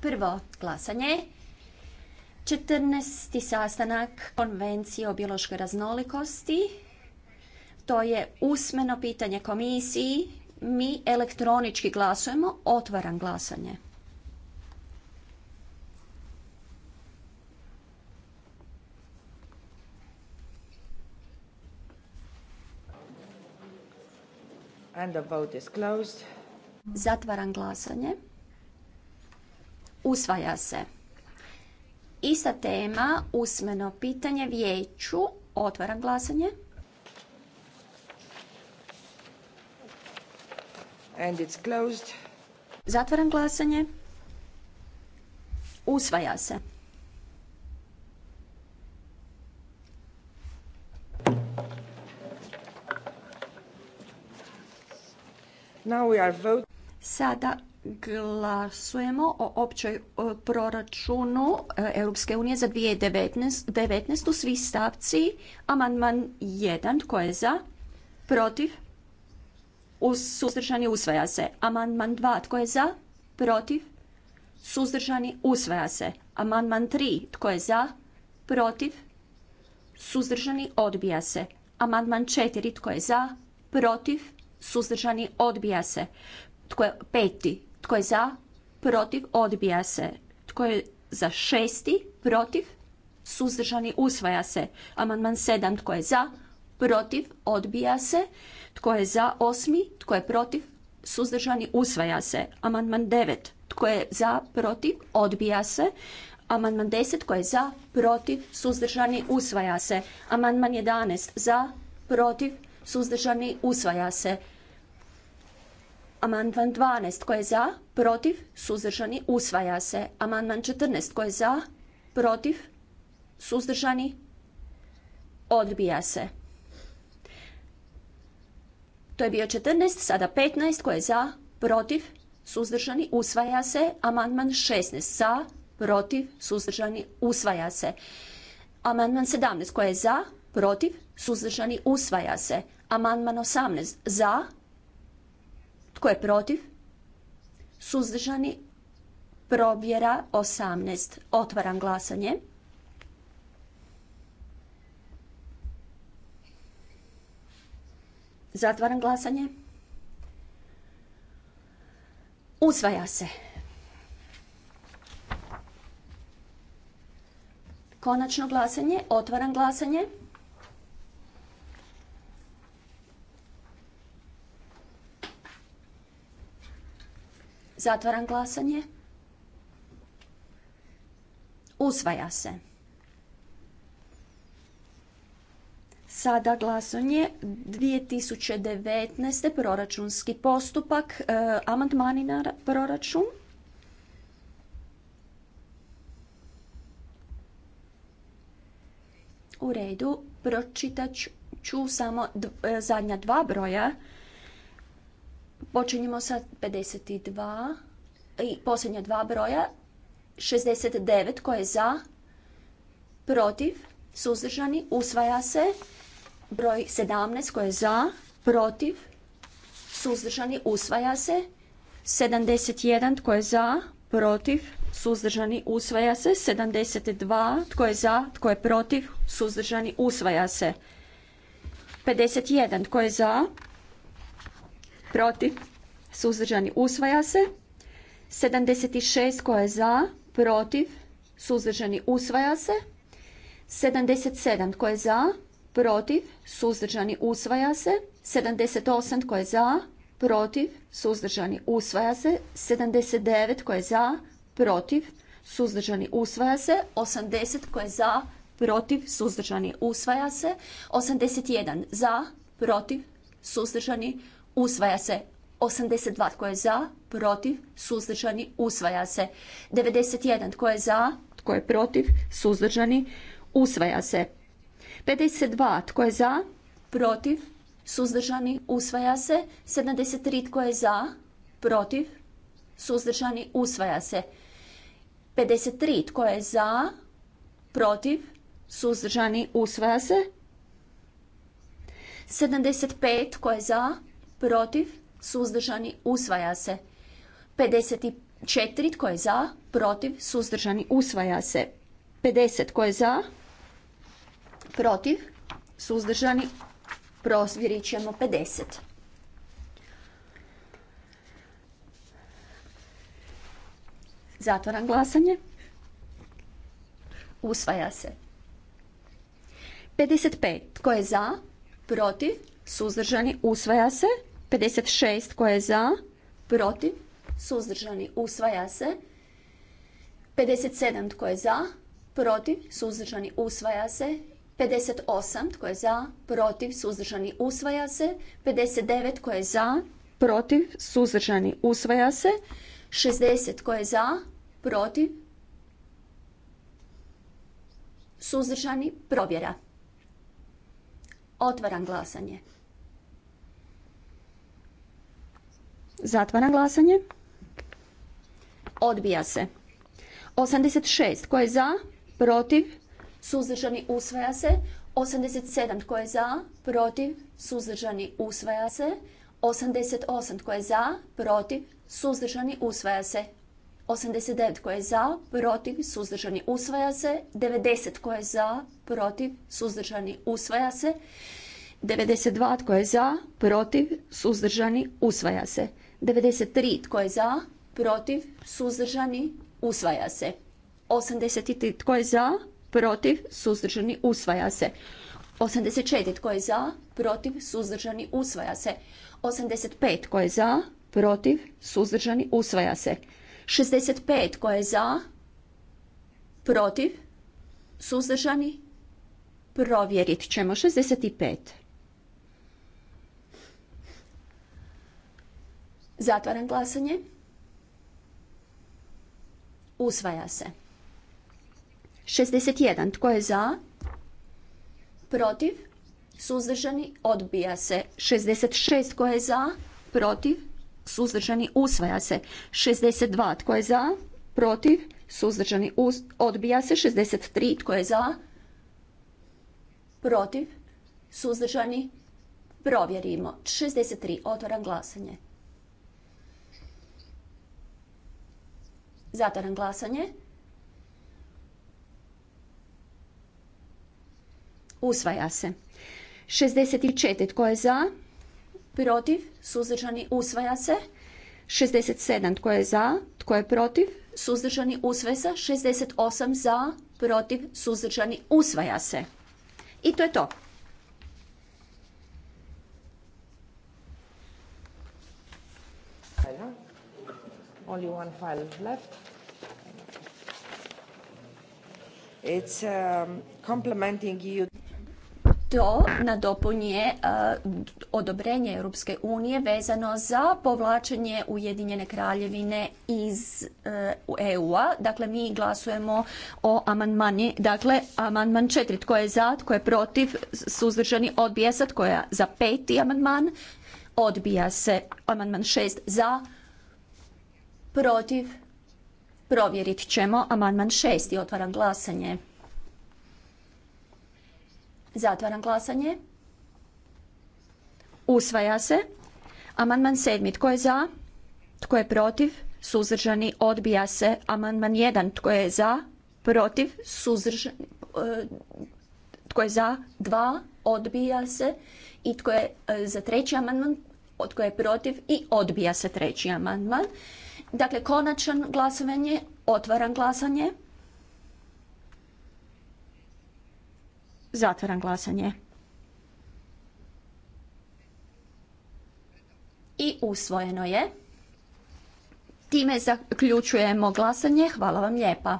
Prvo glasanje. 14. sastanak Konvencije o biološkoj raznolikosti. To je usmeno pitanje komisiji. Mi elektronički glasujemo. Otvaram glasanje. Zatvaram glasanje. Usvaja se. Ista tema, usmeno pitanje vijeću. Otvaram glasanje. And closed. Zatvaram glasanje. Usvaja se. Sada Glasujemo o općoj proračunu e, Europske unije za 2019. 19. Svi stavci. Amandman 1. Tko je za? Protiv? Suzdržani usvaja se. Amandman 2. Tko je za? Protiv? Suzdržani usvaja se. Amandman 3. Tko je za? Protiv? Suzdržani odbija se. Amandman 4. Tko je za? Protiv? Suzdržani odbija se. Tko je peti? Tko je za? Protiv? Odbija se. Tko je za šesti? Protiv? Suzdržani? Usvaja se. Amandman sedam Tko je za? Protiv? Odbija se. Tko je za osmi? Tko je protiv? Suzdržani? Usvaja se. Amandman devet Tko je za? Protiv? Odbija se. Amandman deset Tko je za? Protiv? Suzdržani? Usvaja se. Amandman 11. Za? Protiv? Suzdržani? Usvaja se. Amandman 12. Tko je za? Protiv? Suzdržani? Usvaja se. Amandman 14. Tko je za? Protiv? Suzdržani? Odbija se. To je bio 14, sada 15. Tko je za? Protiv? Suzdržani? Usvaja se. Amandman 16. Za? Protiv? Suzdržani? Usvaja se. Amandman 17. Tko je za? Protiv? Suzdržani? Usvaja se. Amandman 18. Za? Tko je protiv? Suzdržani? Provjera 18. Otvaram glasanje. Zatvaram glasanje. Usvaja se. Konačno glasanje. Otvaram glasanje. Zatvaram glasanje. Usvaja se. Sada glasanje 2019. proračunski postupak, e, amandmani na proračun. U redu, pročitat ću samo e, zadnja dva broja. Počinjemo sa 52 i posljednja dva broja. 69 koje je za, protiv, suzdržani, usvaja se. Broj 17 koje je za, protiv, suzdržani, usvaja se. 71 tko je za, protiv, suzdržani, usvaja se. 72 tko je za, tko je protiv, suzdržani, usvaja se. 51 tko je za, protiv, suzdržani, usvaja se. 76 koje je za, protiv, suzdržani, usvaja se. 77 koje je za, protiv, suzdržani, usvaja se. 78 koje je za, protiv, suzdržani, usvaja se. 79 koje je za, protiv, suzdržani, usvaja se. 80 koje je za, protiv, suzdržani, usvaja se. 81 za, protiv, suzdržani, usvaja usvaja se. 82 tko je za, protiv, suzdržani, usvaja se. 91 tko je za, tko je protiv, suzdržani, usvaja se. 52 tko je za, protiv, suzdržani, usvaja se. 73 tko je za, protiv, suzdržani, usvaja se. 53 tko je za, protiv, suzdržani, usvaja se. 75 tko je za, protiv, suzdržani, usvaja se. 54 tko je za, protiv, suzdržani, usvaja se. 50 tko je za, protiv, suzdržani, prosvjerit ćemo 50. Zatvaram glasanje. Usvaja se. 55. Tko je za? Protiv? Suzdržani? Usvaja se. 56 koje je za, protiv, suzdržani, usvaja se. 57 tko je za, protiv, suzdržani, usvaja se. 58 tko je za, protiv, suzdržani, usvaja se. 59 tko je za, protiv, suzdržani, usvaja se. 60 tko je za, protiv, suzdržani, provjera. Otvaram glasanje. Zatvaram glasanje. Odbija se. 86. Tko je za? Protiv? Suzdržani usvaja se. 87. Tko je za? Protiv? Suzdržani usvaja se. 88. Tko je za? Protiv? Suzdržani usvaja se. 89 tko je za, protiv, suzdržani, usvaja se. 90 tko je za, protiv, suzdržani, usvaja se. 92 tko je za, protiv, suzdržani, usvaja se. 93 tko je za, protiv, suzdržani, usvaja se. 83 tko je za, protiv, suzdržani, usvaja se. 84 tko je za, protiv, suzdržani, usvaja se. 85 tko je za, protiv, suzdržani, usvaja se. 65 tko je za, protiv, suzdržani, provjerit ćemo. 65. Zatvaram glasanje. Usvaja se. 61. Tko je za? Protiv? Suzdržani? Odbija se. 66. Tko je za? Protiv? Suzdržani? Usvaja se. 62. Tko je za? Protiv? Suzdržani? Odbija se. 63. Tko je za? Protiv? Suzdržani? Provjerimo. 63. Otvaram glasanje. Zatvaram glasanje. Usvaja se. 64. Tko je za? Protiv? Suzdržani? Usvaja se. 67. Tko je za? Tko je protiv? Suzdržani? Usvaja se. 68. Za? Protiv? Suzdržani? Usvaja se. I to je to. Only one file left. It's um, complementing to nadopunje uh, odobrenje Europske unije vezano za povlačenje Ujedinjene kraljevine iz uh, EU-a. Dakle, mi glasujemo o amandmani, dakle, amandman četiri. Tko je za, tko je protiv, suzdržani odbija se, tko je za peti amandman, odbija se amandman šest za, protiv, provjerit ćemo amandman šest i otvaram glasanje. Zatvaram glasanje. Usvaja se. Amandman sedmi, Tko je za? Tko je protiv? Suzdržani odbija se. Amandman jedan, Tko je za? Protiv? Suzdržani. E, tko je za? dva, Odbija se. I tko je e, za treći amandman? Tko je protiv? I odbija se treći amandman. Dakle, konačan glasovanje, otvaram glasanje. Zatvaram glasanje. I usvojeno je. Time zaključujemo glasanje. Hvala vam lijepa.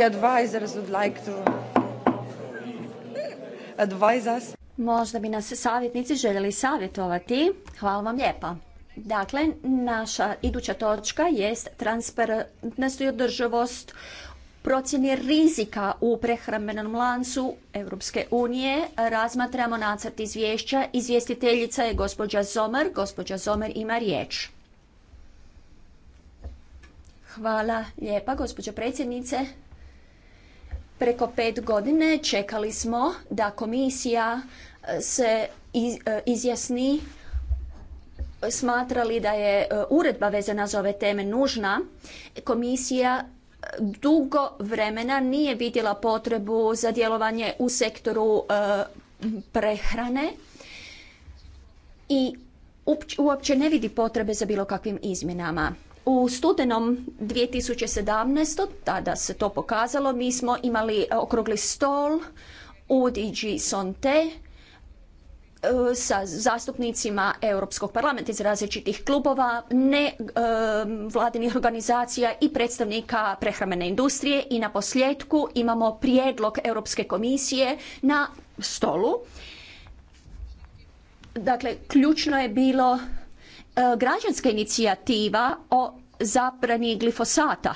the advisors would like to advise Možda bi nas savjetnici željeli savjetovati. Hvala vam lijepa. Dakle, naša iduća točka jest transparentnost i održivost procjeni rizika u prehrambenom lancu Europske unije. Razmatramo nacrt izvješća. Izvjestiteljica je gospođa Zomer. Gospođa Zomer ima riječ. Hvala lijepa, gospođa predsjednice. Preko pet godine čekali smo da komisija e, se e, izjasni smatrali da je e, uredba vezana za ove teme nužna. Komisija dugo vremena nije vidjela potrebu za djelovanje u sektoru prehrane i uopće ne vidi potrebe za bilo kakvim izmjenama. U studenom 2017. tada se to pokazalo, mi smo imali okrugli stol u DG Sonte e, sa zastupnicima Europskog parlamenta iz različitih klubova, ne e, vladinih organizacija i predstavnika prehrambene industrije i na posljedku imamo prijedlog Europske komisije na stolu. Dakle, ključno je bilo e, građanska inicijativa o zabrani glifosata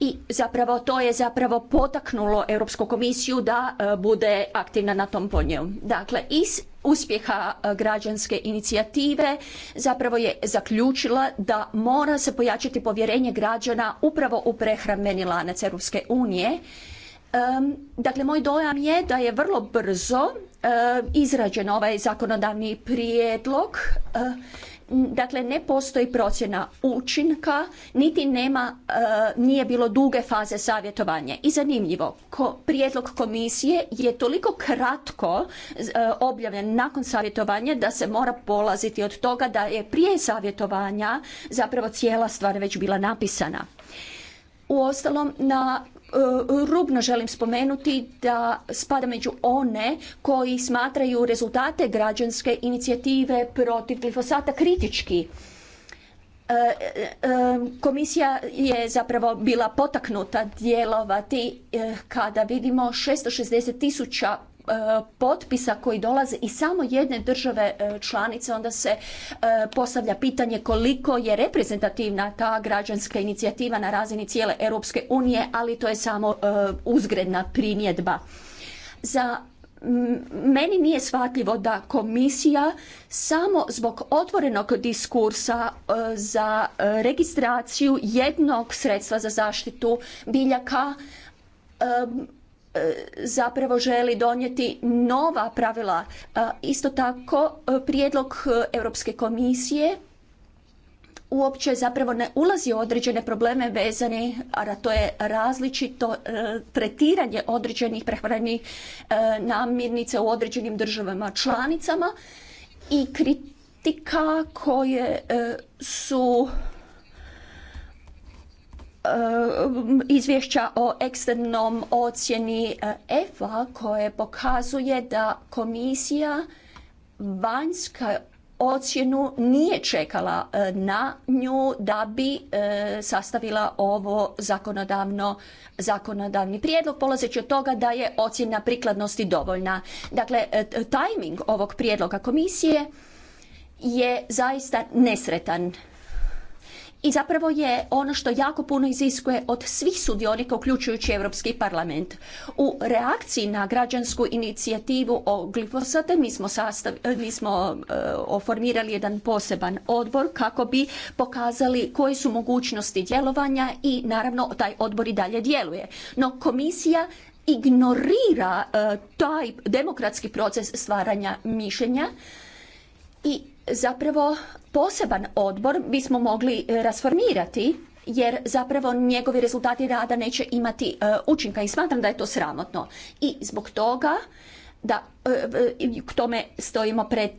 i zapravo to je zapravo potaknulo Europsku komisiju da e, bude aktivna na tom polju. Dakle, iz uspjeha e, građanske inicijative zapravo je zaključila da mora se pojačati povjerenje građana upravo u prehrambeni lanac Europske unije. Dakle, moj dojam je da je vrlo brzo e, izrađen ovaj zakonodavni prijedlog dakle ne postoji procjena učinka, niti nema, e, nije bilo duge faze savjetovanja. I zanimljivo, ko, prijedlog komisije je toliko kratko e, objavljen nakon savjetovanja da se mora polaziti od toga da je prije savjetovanja zapravo cijela stvar već bila napisana. Uostalom, na Eh, rubno želim spomenuti da spada među one koji smatraju rezultate građanske inicijative protiv glifosata kritički. Eh, eh, komisija je zapravo bila potaknuta djelovati kada vidimo 660 tisuća E, potpisa koji dolaze iz samo jedne države e, članice, onda se e, postavlja pitanje koliko je reprezentativna ta građanska inicijativa na razini cijele Europske unije, ali to je samo uzgredna primjedba. Za meni nije shvatljivo da komisija samo zbog otvorenog diskursa za registraciju jednog sredstva za zaštitu biljaka zapravo želi donijeti nova pravila. E, isto tako e, prijedlog e, Europske komisije uopće zapravo ne ulazi u određene probleme vezane a to je različito tretiranje određenih prehranih namirnica u određenim državama članicama i kritika koje su E, izvješća o eksternom ocjeni e, EFA koje pokazuje da komisija vanjska ocjenu nije čekala e, na nju da bi sastavila ovo zakonodavno zakonodavni prijedlog polazeći od toga da je ocjena prikladnosti dovoljna. Dakle, tajming ovog prijedloga komisije je zaista nesretan i zapravo je ono što jako puno iziskuje od svih sudionika, uključujući Europski parlament. U reakciji na građansku inicijativu o glifosate mi smo, sastav, eh, mi smo eh, oformirali jedan poseban odbor kako bi pokazali koje su mogućnosti djelovanja i naravno taj odbor i dalje djeluje. No komisija ignorira eh, taj demokratski proces stvaranja mišljenja i zapravo poseban odbor bismo mogli e, rasformirati jer zapravo njegovi rezultati rada neće imati e, učinka i smatram da je to sramotno. I zbog toga da e, k tome stojimo pred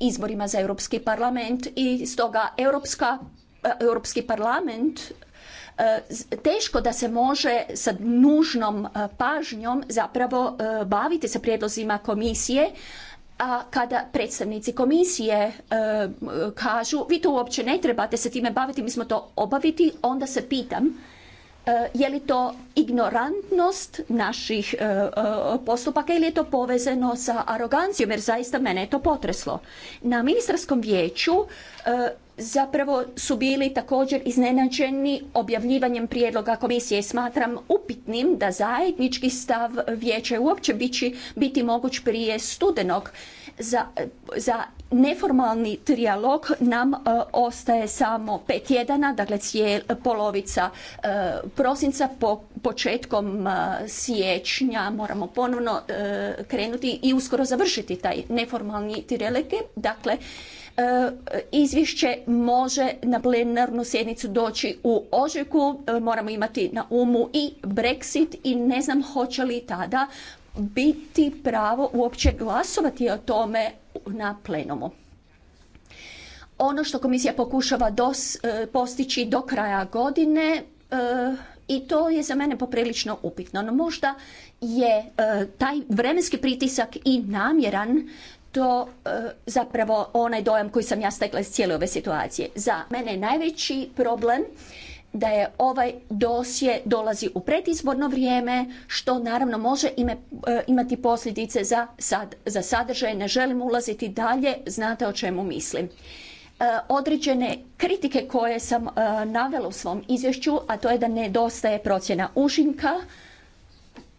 izborima za Europski parlament i stoga Europska, Europski parlament teško da se može sa nužnom pažnjom zapravo baviti sa prijedlozima komisije a kada predstavnici komisije e, kažu vi to uopće ne trebate se time baviti, mi smo to obaviti, onda se pitam e, je li to ignorantnost naših e, postupaka ili je to povezano sa arogancijom, jer zaista mene je to potreslo. Na ministarskom vijeću zapravo su bili također iznenađeni objavljivanjem prijedloga komisije. Smatram upitnim da zajednički stav vijeća uopće biti, biti moguć prije studenog. Za, za neformalni trijalog nam e, ostaje samo pet tjedana, dakle cijel, polovica e, prosinca, po, početkom e, siječnja moramo ponovno krenuti i uskoro završiti taj neformalni trijalog. Dakle, E, izvješće može na plenarnu sjednicu doći u ožujku. E, moramo imati na umu i Brexit i ne znam hoće li tada biti pravo uopće glasovati o tome na plenumu. Ono što komisija pokušava dos, e, postići do kraja godine i to je za mene poprilično upitno. No možda je taj vremenski pritisak i namjeran to e, zapravo onaj dojam koji sam ja stekla iz cijele ove situacije. Za mene je najveći problem da je ovaj dosje dolazi u predizborno vrijeme, što naravno može e, imati posljedice za, sadržaj. Ne želim ulaziti dalje, znate o čemu mislim. E, određene kritike koje sam navela u svom izvješću, a to je da nedostaje procjena učinka,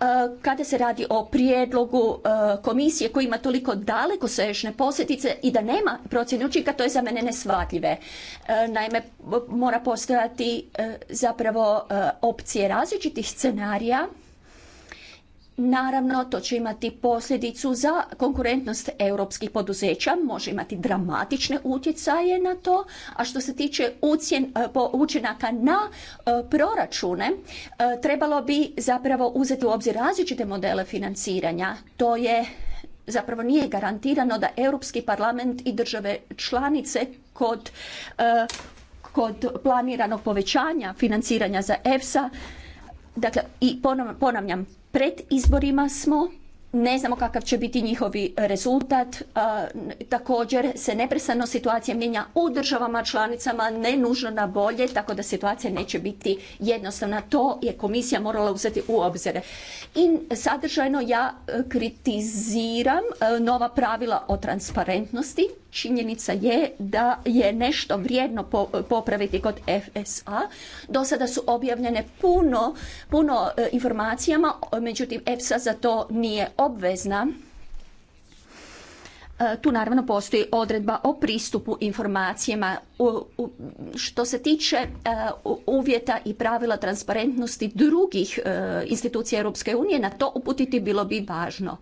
E, kada se radi o prijedlogu e, komisije koji ima toliko daleko posljedice i da nema procjene učinka, to je za mene nesvatljive. E, naime, mora postojati zapravo opcije različitih scenarija Naravno, to će imati posljedicu za konkurentnost europskih poduzeća, može imati dramatične utjecaje na to, a što se tiče e, učinaka na e, proračune, e, trebalo bi zapravo uzeti u obzir različite modele financiranja. To je zapravo nije garantirano da Europski parlament i države članice kod, kod planiranog povećanja financiranja za EFSA Dakle, i ponavljam, Pred izborima smo, ne znamo kakav će biti njihovi rezultat. Također se neprestano situacija mijenja u državama članicama, ne nužno na bolje, tako da situacija neće biti jednostavna. To je komisija morala uzeti u obzir. I sadržajno ja e, kritiziram e, nova pravila o transparentnosti činjenica je da je nešto vrijedno popraviti kod FSA. Do sada su objavljene puno, puno e, informacijama, međutim FSA za to nije obvezna. E, tu naravno postoji odredba o pristupu informacijama. što se tiče e, uvjeta i pravila transparentnosti drugih institucija Europske unije, na to uputiti bilo bi važno.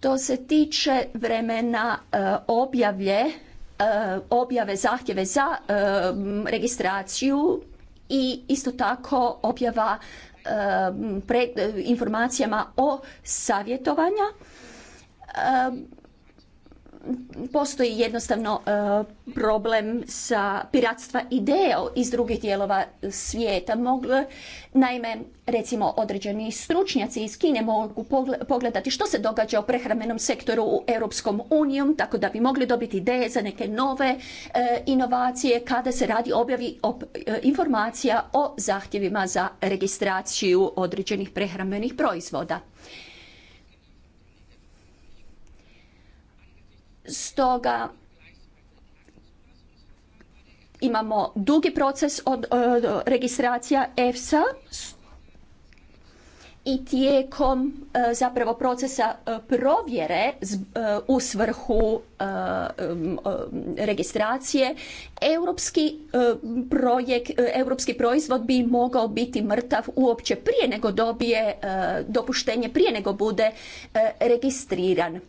Što se tiče vremena e, objavlje, e, objave zahtjeve za e, registraciju i isto tako objava informacijama o savjetovanja postoji jednostavno e, problem sa piratstva ideja iz drugih dijelova svijeta. Mogle, naime, recimo određeni stručnjaci iz Kine mogu pogledati što se događa u prehrambenom sektoru u Europskom unijom, tako da bi mogli dobiti ideje za neke nove e, inovacije kada se radi objavi e, informacija o zahtjevima za registraciju određenih prehrambenih proizvoda. Stoga imamo dugi proces od e, registracija EFSA i tijekom e, zapravo procesa e, provjere u svrhu registracije europski projekt europski proizvod bi mogao biti mrtav uopće prije nego dobije dopuštenje prije nego bude registriran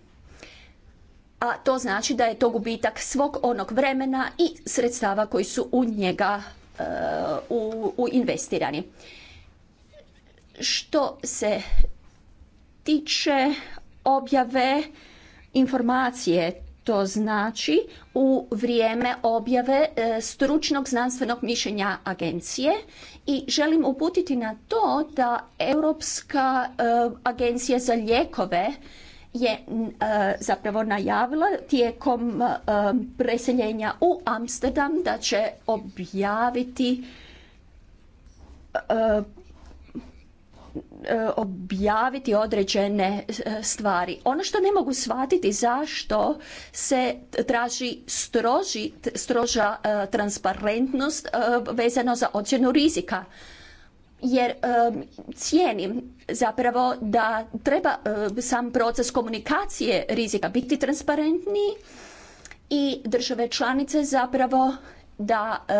a to znači da je to gubitak svog onog vremena i sredstava koji su u njega e, u, investirani. Što se tiče objave informacije, to znači u vrijeme objave e, stručnog znanstvenog mišljenja agencije i želim uputiti na to da Europska e, agencija za lijekove je e, zapravo najavila tijekom e, preseljenja u Amsterdam da će objaviti e, objaviti određene stvari. Ono što ne mogu shvatiti zašto se traži stroži, stroža transparentnost vezano za ocjenu rizika jer cijenim zapravo da treba sam proces komunikacije rizika biti transparentniji i države članice zapravo da e,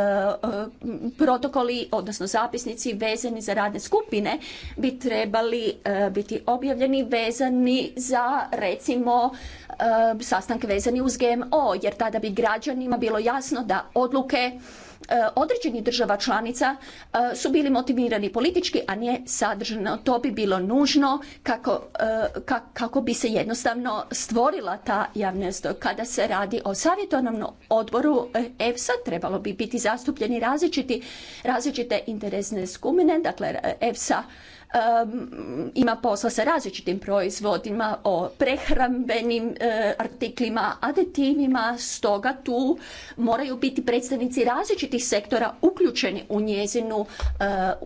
e, protokoli, odnosno zapisnici vezani za radne skupine bi trebali e, biti objavljeni vezani za recimo sastanke vezani uz GMO, jer tada bi građanima bilo jasno da odluke određenih država članica su bili motivirani politički, a nije sadržano. To bi bilo nužno kako, kako bi se jednostavno stvorila ta javnost. Kada se radi o savjetodavnom odboru EFSA treba trebalo bi biti zastupljeni različiti, različite interesne skupine, dakle EFSA ima posla sa različitim proizvodima, o prehrambenim e, artiklima, aditivima, stoga tu moraju biti predstavnici različitih sektora uključeni u njezinu e,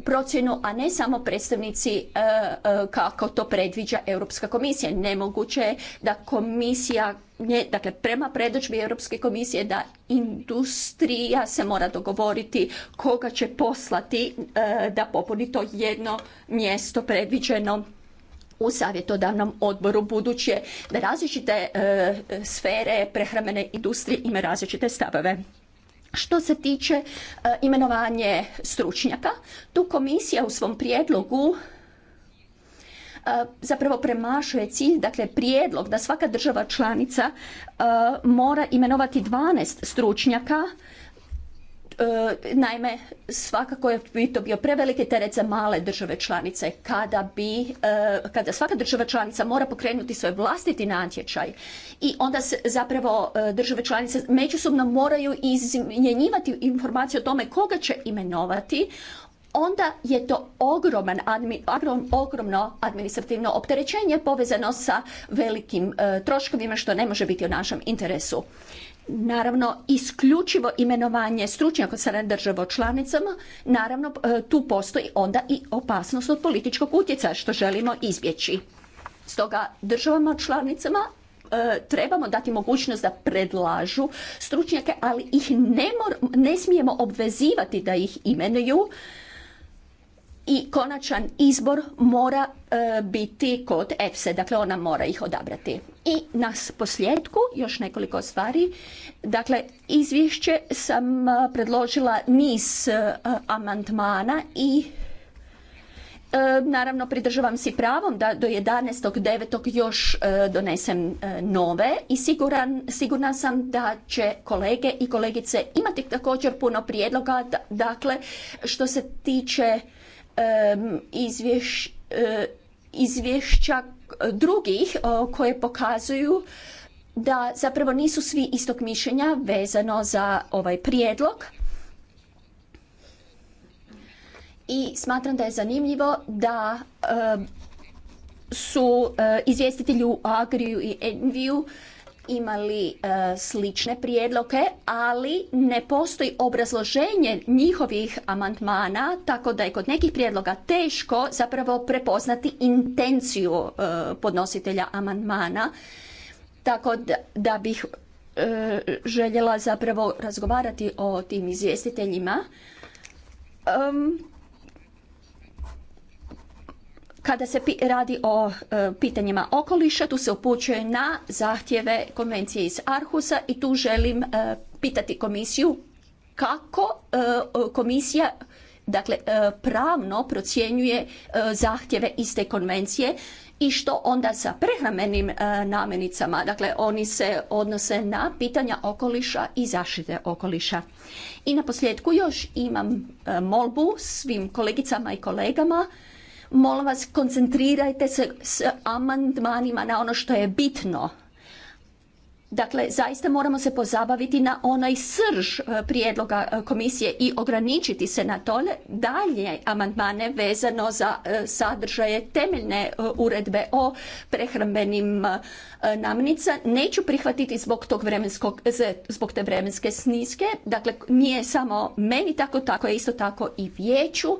procjenu, a ne samo predstavnici e, kako to predviđa Europska komisija. Nemoguće je da komisija nje, dakle prema predođbi Europske komisije da industrija se mora dogovoriti koga će poslati e, da popuni to jedno mjesto predviđeno u savjetodavnom odboru buduće da različite e, sfere prehrambene industrije imaju različite stavove. Što se tiče e, imenovanje stručnjaka, tu komisija u svom prijedlogu zapravo premašuje cilj, dakle prijedlog da svaka država članica mora imenovati 12 stručnjaka e, Naime, svakako je bi to bio preveliki teret za male države članice kada bi, e, kada svaka država članica mora pokrenuti svoj vlastiti natječaj i onda se zapravo e, države članice međusobno moraju izmjenjivati informacije o tome koga će imenovati onda je to ogroman, ogromno administrativno opterećenje povezano sa velikim e, troškovima što ne može biti u našem interesu. Naravno, isključivo imenovanje stručnjaka sa država članicama, naravno e, tu postoji onda i opasnost od političkog utjecaja što želimo izbjeći. Stoga državama članicama e, trebamo dati mogućnost da predlažu stručnjake, ali ih ne smijemo obvezivati da ih imenuju i konačan izbor mora e, biti kod EFSE, dakle ona mora ih odabrati. I na posljedku još nekoliko stvari. Dakle, izvješće sam e, predložila niz amantmana e, amandmana i naravno pridržavam si pravom da do 11.9. još donesem nove i sigurna sam da će kolege i kolegice imati također puno prijedloga, dakle što se tiče izvješ, e, izvješća drugih koje pokazuju da zapravo nisu svi istog mišljenja vezano za ovaj prijedlog. I smatram da je zanimljivo da e, su e, izvjestitelji u Agriju i Enviju imali e, slične prijedloge, ali ne postoji obrazloženje njihovih amandmana, tako da je kod nekih prijedloga teško zapravo prepoznati intenciju e, podnositelja amandmana. Tako da, bih e, željela zapravo razgovarati o tim izvjestiteljima. Um, kada se radi o e, pitanjima okoliša, tu se upućuje na zahtjeve konvencije iz Arhusa i tu želim e, pitati komisiju kako e, komisija dakle pravno procjenjuje zahtjeve iz te konvencije i što onda sa prehramenim namenicama, dakle oni se odnose na pitanja okoliša i zaštite okoliša. I na posljedku još imam molbu svim kolegicama i kolegama Molim vas, koncentrirajte se s amandmanima na ono što je bitno. Dakle, zaista moramo se pozabaviti na onaj srž e, prijedloga e, komisije i ograničiti se na to dalje amandmane vezano za e, sadržaje temeljne uredbe o prehrambenim namnica. Neću prihvatiti zbog, tog vremenskog, zbog te vremenske sniske. Dakle, nije samo meni tako, tako je isto tako i vijeću.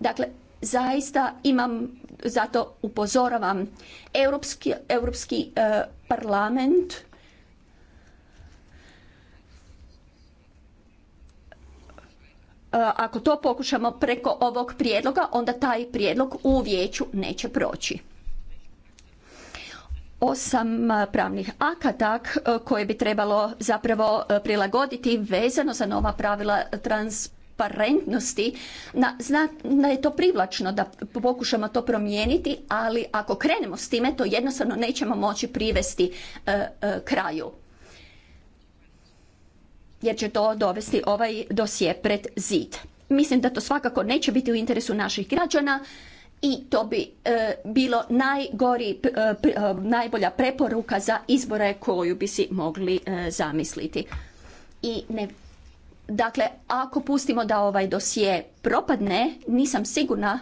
Dakle, zaista imam, zato upozoravam, Europski, e, parlament e, ako to pokušamo preko ovog prijedloga, onda taj prijedlog u vijeću neće proći. Osam e, pravnih akata koje bi trebalo zapravo prilagoditi vezano za nova pravila trans transparentnosti, na, zna, da je to privlačno da pokušamo to promijeniti, ali ako krenemo s time, to jednostavno nećemo moći privesti e, e, kraju. Jer će to dovesti ovaj dosje pred zid. Mislim da to svakako neće biti u interesu naših građana i to bi e, bilo najgori, najbolja preporuka za izbore koju bi si mogli zamisliti. I ne Dakle, ako pustimo da ovaj dosje propadne, nisam sigurna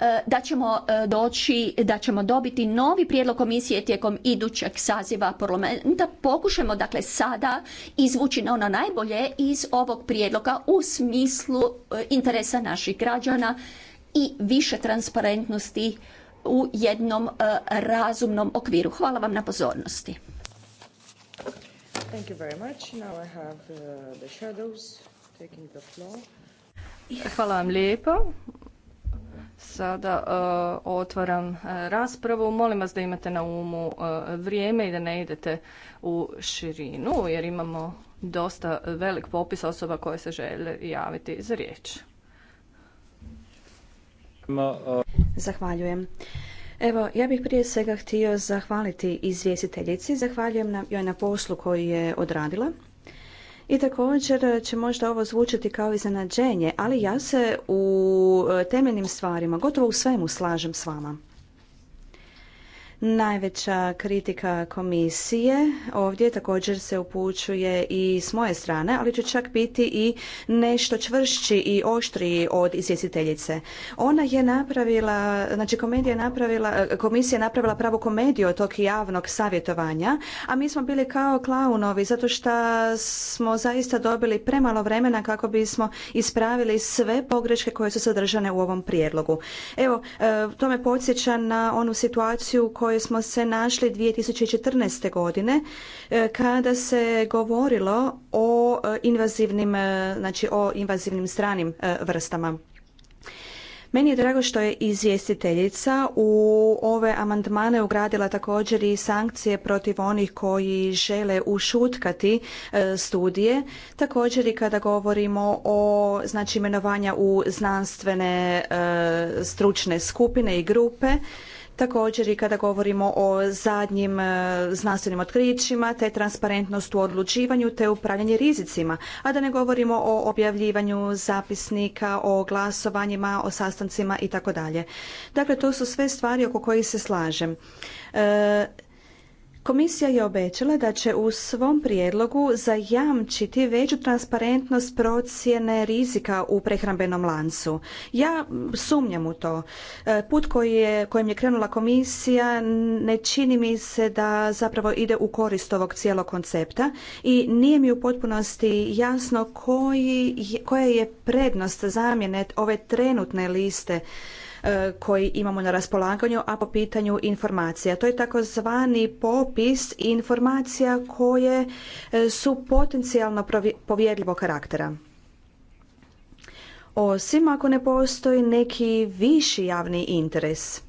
e, da ćemo e, doći, da ćemo dobiti novi prijedlog komisije tijekom idućeg saziva parlamenta. Pokušajmo dakle sada izvući na ono najbolje iz ovog prijedloga u smislu e, interesa naših građana i više transparentnosti u jednom razumnom okviru. Hvala vam na pozornosti. Thank you very much. Now I have uh, the shadows taking the floor. Hvala vam lijepo. Sada uh, otvaram uh, raspravu. Molim vas da imate na umu uh, vrijeme i da ne idete u širinu, jer imamo dosta velik popis osoba koje se žele javiti za riječ. Zahvaljujem. Evo, ja bih prije svega htio zahvaliti izvjestiteljici, zahvaljujem joj na poslu koji je odradila. I također će možda ovo zvučiti kao iznenađenje, ali ja se u e, temeljnim stvarima, gotovo u svemu slažem s vama. Najveća kritika komisije ovdje također se upućuje i s moje strane, ali će čak biti i nešto čvršći i oštriji od izvjestiteljice. Ona je napravila, znači komedija napravila, komisija je napravila pravu komediju od tog javnog savjetovanja, a mi smo bili kao klaunovi zato što smo zaista dobili premalo vremena kako bismo ispravili sve pogreške koje su sadržane u ovom prijedlogu. Evo, e, to me podsjeća na onu situaciju kojoj kojoj smo se našli 2014. godine e, kada se govorilo o e, invazivnim, e, znači o invazivnim stranim vrstama. Meni je drago što je izvjestiteljica u ove amandmane ugradila također i sankcije protiv onih koji žele ušutkati studije, također i kada govorimo o znači imenovanja u znanstvene stručne skupine i grupe Također i kada govorimo o zadnjim e, znanstvenim otkrićima, te transparentnost u odlučivanju, te upravljanje rizicima. A da ne govorimo o objavljivanju zapisnika, o glasovanjima, o sastancima i tako dalje. Dakle, to su sve stvari oko kojih se slažem. E, Komisija je obećala da će u svom prijedlogu zajamčiti veću transparentnost procjene rizika u prehrambenom lancu. Ja sumnjam u to. E, put koji je, kojim je krenula komisija ne čini mi se da zapravo ide u korist ovog cijelog koncepta i nije mi u potpunosti jasno koja je prednost zamjene ove trenutne liste E, koji imamo na raspolaganju, a po pitanju informacija. To je takozvani popis informacija koje e, su potencijalno povjerljivog karaktera. Osim ako ne postoji neki viši javni interes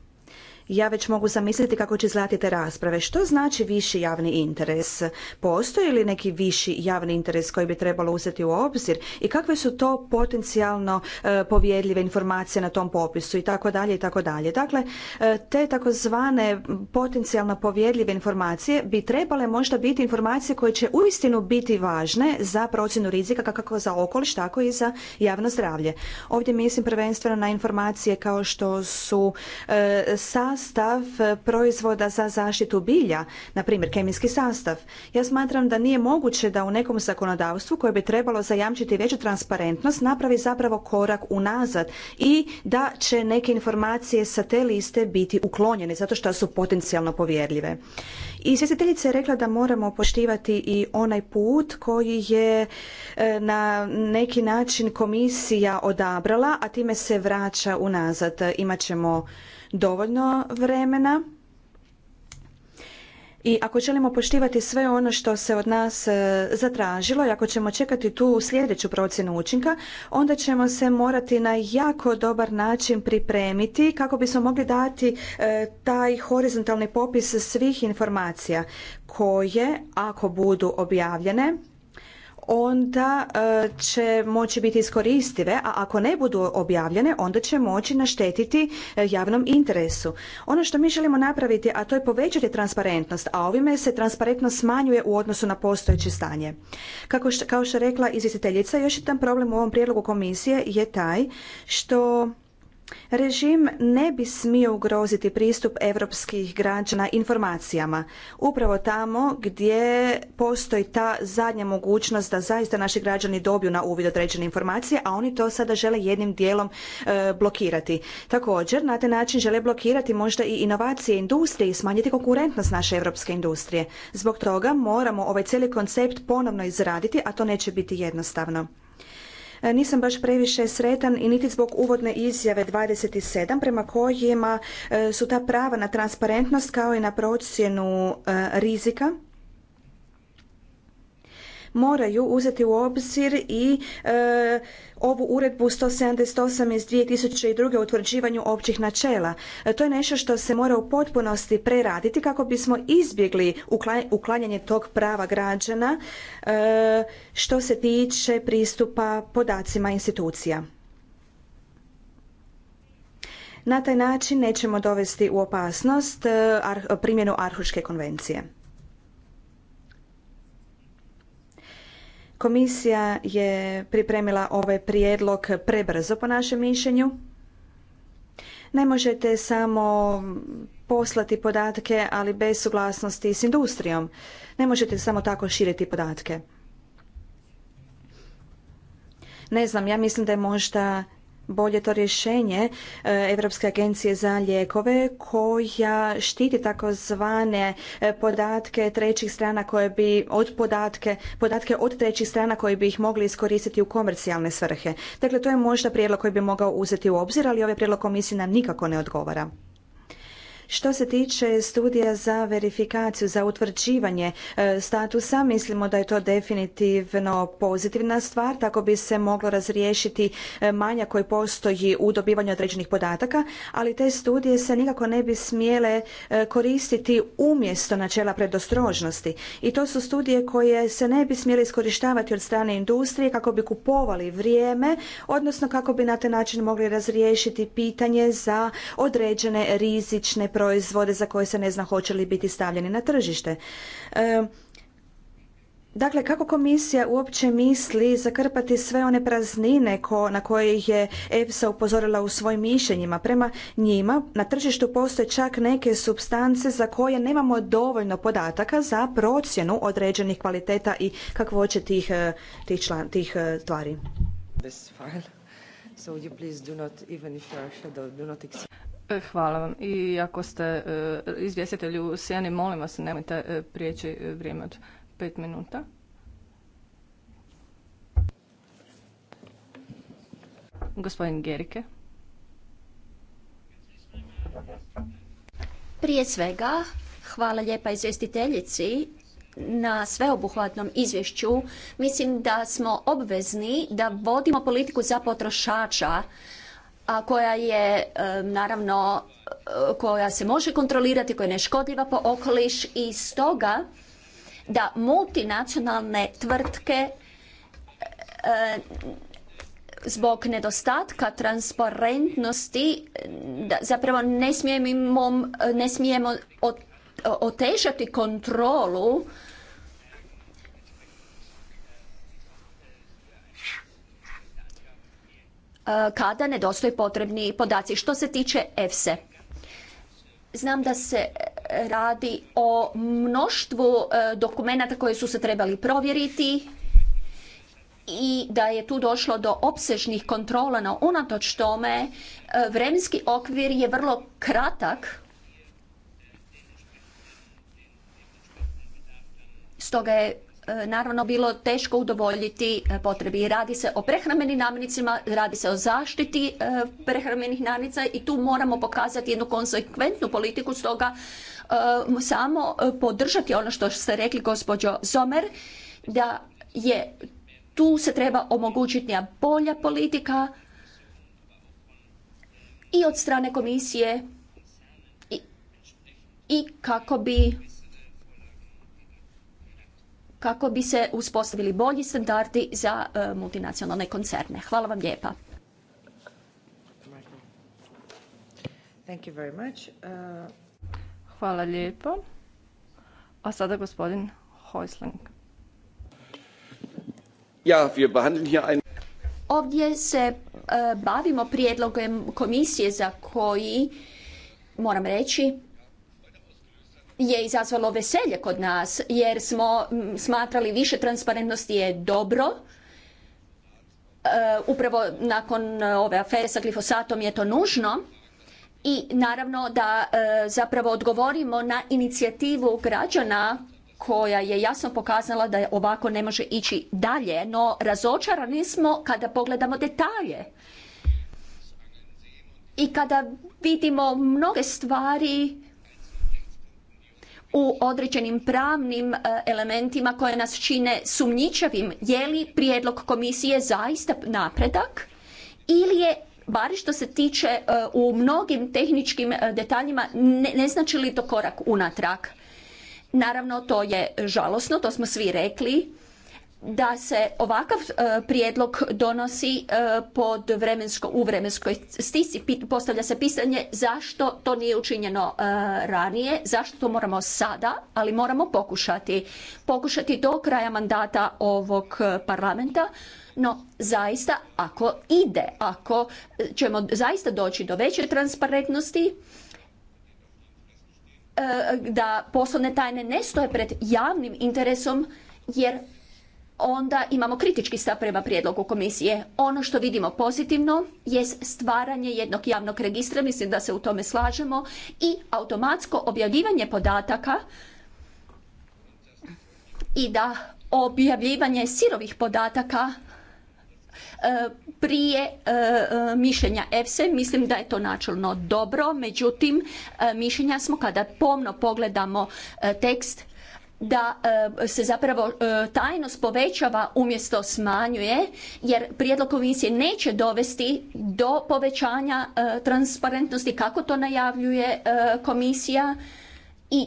ja već mogu zamisliti kako će izgledati te rasprave. Što znači viši javni interes? Postoji li neki viši javni interes koji bi trebalo uzeti u obzir i kakve su to potencijalno e, povjerljive informacije na tom popisu i tako dalje i tako dalje. Dakle, e, te takozvane potencijalno povjerljive informacije bi trebale možda biti informacije koje će uistinu biti važne za procjenu rizika kako za okoliš, tako i za javno zdravlje. Ovdje mislim prvenstveno na informacije kao što su e, sa sastav proizvoda za zaštitu bilja, na primjer kemijski sastav. Ja smatram da nije moguće da u nekom zakonodavstvu koje bi trebalo zajamčiti veću transparentnost napravi zapravo korak unazad i da će neke informacije sa te liste biti uklonjene zato što su potencijalno povjerljive. I svjestiteljica je rekla da moramo poštivati i onaj put koji je e, na neki način komisija odabrala, a time se vraća unazad. Imat ćemo dovoljno vremena i ako želimo poštivati sve ono što se od nas e, zatražilo i ako ćemo čekati tu sljedeću procjenu učinka, onda ćemo se morati na jako dobar način pripremiti kako bismo mogli dati e, taj horizontalni popis svih informacija koje, ako budu objavljene, onda e, će moći biti iskoristive, a ako ne budu objavljene, onda će moći naštetiti e, javnom interesu. Ono što mi želimo napraviti, a to je povećati transparentnost, a ovime se transparentnost smanjuje u odnosu na postojeće stanje. Kako kao što rekla izvjestiteljica, još jedan problem u ovom prijedlogu komisije je taj što Režim ne bi smio ugroziti pristup europskih građana informacijama. Upravo tamo gdje postoji ta zadnja mogućnost da zaista naši građani dobiju na uvid određene informacije, a oni to sada žele jednim dijelom e, blokirati. Također, na taj način žele blokirati možda i inovacije industrije i smanjiti konkurentnost naše europske industrije. Zbog toga moramo ovaj cijeli koncept ponovno izraditi, a to neće biti jednostavno. E, nisam baš previše sretan i niti zbog uvodne izjave 27 prema kojima e, su ta prava na transparentnost kao i na procjenu e, rizika moraju uzeti u obzir i e, ovu uredbu 178 iz 2002. o utvrđivanju općih načela. E, to je nešto što se mora u potpunosti preraditi kako bismo izbjegli uklanjanje tog prava građana e, što se tiče pristupa podacima institucija. Na taj način nećemo dovesti u opasnost primjenu Arhuške konvencije. Komisija je pripremila ovaj prijedlog prebrzo po našem mišljenju. Ne možete samo poslati podatke, ali bez suglasnosti s industrijom. Ne možete samo tako širiti podatke. Ne znam, ja mislim da je možda bolje to rješenje Europske agencije za lijekove koja štiti takozvane e, podatke trećih strana koje bi od podatke, podatke od trećih strana koji bi ih mogli iskoristiti u komercijalne svrhe. Dakle, to je možda prijedlog koji bi mogao uzeti u obzir, ali ovaj prijedlog komisije nam nikako ne odgovara. Što se tiče studija za verifikaciju, za utvrđivanje e, statusa, mislimo da je to definitivno pozitivna stvar, tako bi se moglo razriješiti e, manja koji postoji u dobivanju određenih podataka, ali te studije se nikako ne bi smjele e, koristiti umjesto načela predostrožnosti. I to su studije koje se ne bi smjele iskorištavati od strane industrije kako bi kupovali vrijeme, odnosno kako bi na taj način mogli razriješiti pitanje za određene rizične proizvode za koje se ne zna hoće li biti stavljeni na tržište. E, dakle, kako komisija uopće misli zakrpati sve one praznine ko, na koje ih je EFSA upozorila u svojim mišljenjima? Prema njima na tržištu postoje čak neke substance za koje nemamo dovoljno podataka za procjenu određenih kvaliteta i kakvoće tih, tih, tih tvari. E, hvala vam. I ako ste e, izvjestitelji u sjeni, molim vas, nemojte e, prijeći vrijeme od pet minuta. Gospodin Gerike. Prije svega, hvala lijepa izvjestiteljici na sveobuhvatnom izvješću. Mislim da smo obvezni da vodimo politiku za potrošača a koja je e, naravno e, koja se može kontrolirati, koja je neškodljiva po okoliš i stoga da multinacionalne tvrtke e, zbog nedostatka transparentnosti zapravo ne ne smijemo otežati kontrolu E, kada nedostoje potrebni podaci. Što se tiče EFSE, znam da se radi o mnoštvu e, dokumenata koje su se trebali provjeriti i da je tu došlo do opsežnih kontrola, no unatoč tome e, vremenski okvir je vrlo kratak. Stoga je E, naravno bilo teško udovoljiti e, potrebi. Radi se o prehrambenim namirnicama, radi se o zaštiti e, prehrambenih namirnica i tu moramo pokazati jednu konsekventnu politiku, stoga samo podržati ono što ste rekli gospođo Zomer, da je tu se treba omogućiti bolja politika i od strane komisije i kako bi kako bi se uspostavili bolji standardi za e, multinacionalne koncerne. Hvala vam lijepa. Uh, Hvala lijepo. A sada gospodin Hojsling. Ja, wir behandeln hier ein... Ovdje se e, bavimo prijedlogom komisije za koji, moram reći, je izazvalo veselje kod nas jer smo smatrali više transparentnosti je dobro. E, upravo nakon ove afere sa glifosatom je to nužno i naravno da e, zapravo odgovorimo na inicijativu građana koja je jasno pokazala da ovako ne može ići dalje, no razočarani smo kada pogledamo detalje. I kada vidimo mnoge stvari u određenim pravnim e, elementima koje nas čine sumnjičavim je li prijedlog komisije zaista napredak ili je bar što se tiče e, u mnogim tehničkim e, detaljima ne, ne znači li to korak unatrag. Naravno to je žalosno, to smo svi rekli da se ovakav e, prijedlog donosi e, pod vremensko, u vremenskoj stisci. Postavlja se pitanje zašto to nije učinjeno e, ranije, zašto to moramo sada, ali moramo pokušati. Pokušati do kraja mandata ovog parlamenta, no zaista ako ide, ako ćemo zaista doći do veće transparentnosti, da poslovne tajne ne stoje pred javnim interesom, jer onda imamo kritički stav prema prijedlogu komisije. Ono što vidimo pozitivno je stvaranje jednog javnog registra, mislim da se u tome slažemo, i automatsko objavljivanje podataka i da objavljivanje sirovih podataka e, prije e, e, mišljenja EFSE, mislim da je to načelno dobro, međutim mišljenja smo kada pomno pogledamo tekst da e, se zapravo e, tajnost povećava umjesto smanjuje jer prijedlog komisije neće dovesti do povećanja e, transparentnosti kako to najavljuje komisija i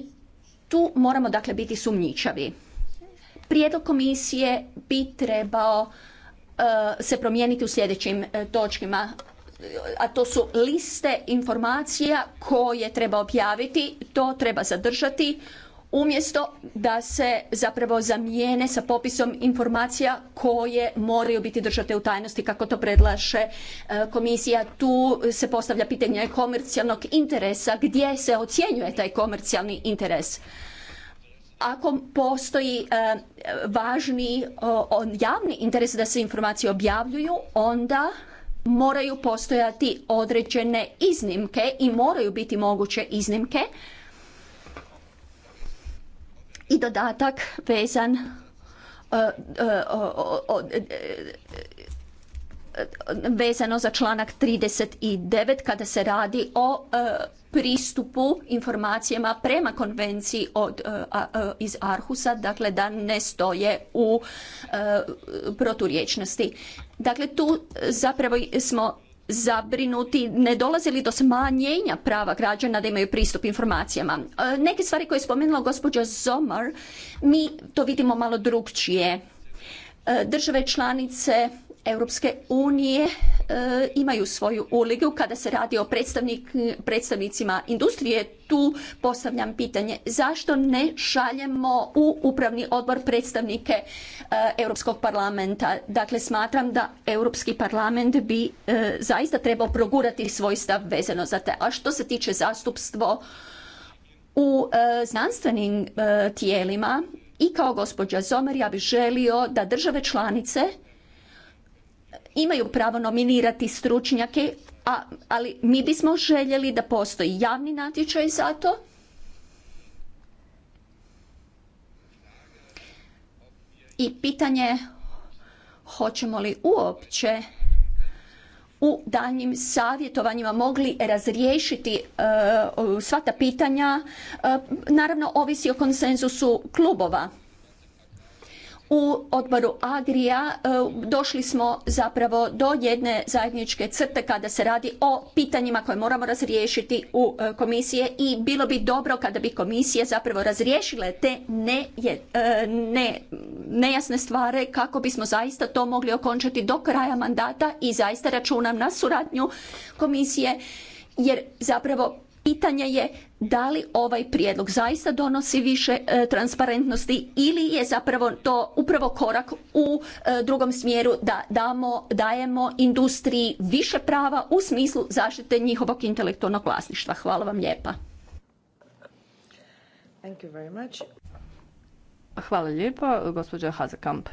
tu moramo dakle biti sumnjičavi. Prijedlog komisije bi trebao se promijeniti u sljedećim točkima a to su liste informacija koje treba objaviti, to treba zadržati, umjesto da se zapravo zamijene sa popisom informacija koje moraju biti držate u tajnosti kako to predlaže e, komisija. Tu se postavlja pitanje komercijalnog interesa, gdje se ocjenjuje taj komercijalni interes ako postoji e, važni javni interes da se informacije objavljuju onda moraju postojati određene iznimke i moraju biti moguće iznimke i dodatak vezan e, e, e, vezano za članak 39 kada se radi o pristupu informacijama prema konvenciji od, iz Arhusa, dakle da ne stoje u proturječnosti. Dakle, tu zapravo smo zabrinuti ne dolazi li do smanjenja prava građana da imaju pristup informacijama. E, neke stvari koje je spomenula gospođa Zomar, mi to vidimo malo drugčije. E, države članice Europske unije e, imaju svoju uligu kada se radi o predstavnik, predstavnicima industrije. Tu postavljam pitanje zašto ne šaljemo u upravni odbor predstavnike e, Europskog parlamenta. Dakle, smatram da Europski parlament bi e, zaista trebao progurati svoj stav vezano za te. A što se tiče zastupstvo u znanstvenim tijelima i kao gospođa Zomer ja bih želio da države članice imaju pravo nominirati stručnjake, ali mi bismo željeli da postoji javni natječaj za to. I pitanje hoćemo li uopće u daljnjim savjetovanjima mogli razriješiti e, sva ta pitanja, e, naravno ovisi o konsenzusu klubova u odboru Agrija e, došli smo zapravo do jedne zajedničke crte kada se radi o pitanjima koje moramo razriješiti u e, komisije i bilo bi dobro kada bi komisije zapravo razriješile te ne, e, ne, nejasne stvari kako bismo zaista to mogli okončati do kraja mandata i zaista računam na suradnju komisije jer zapravo Pitanje je da li ovaj prijedlog zaista donosi više e, transparentnosti ili je zapravo to upravo korak u e, drugom smjeru da damo, dajemo industriji više prava u smislu zaštite njihovog intelektualnog vlasništva. Hvala vam lijepa. Hvala lijepa, gospođa Hazekamp.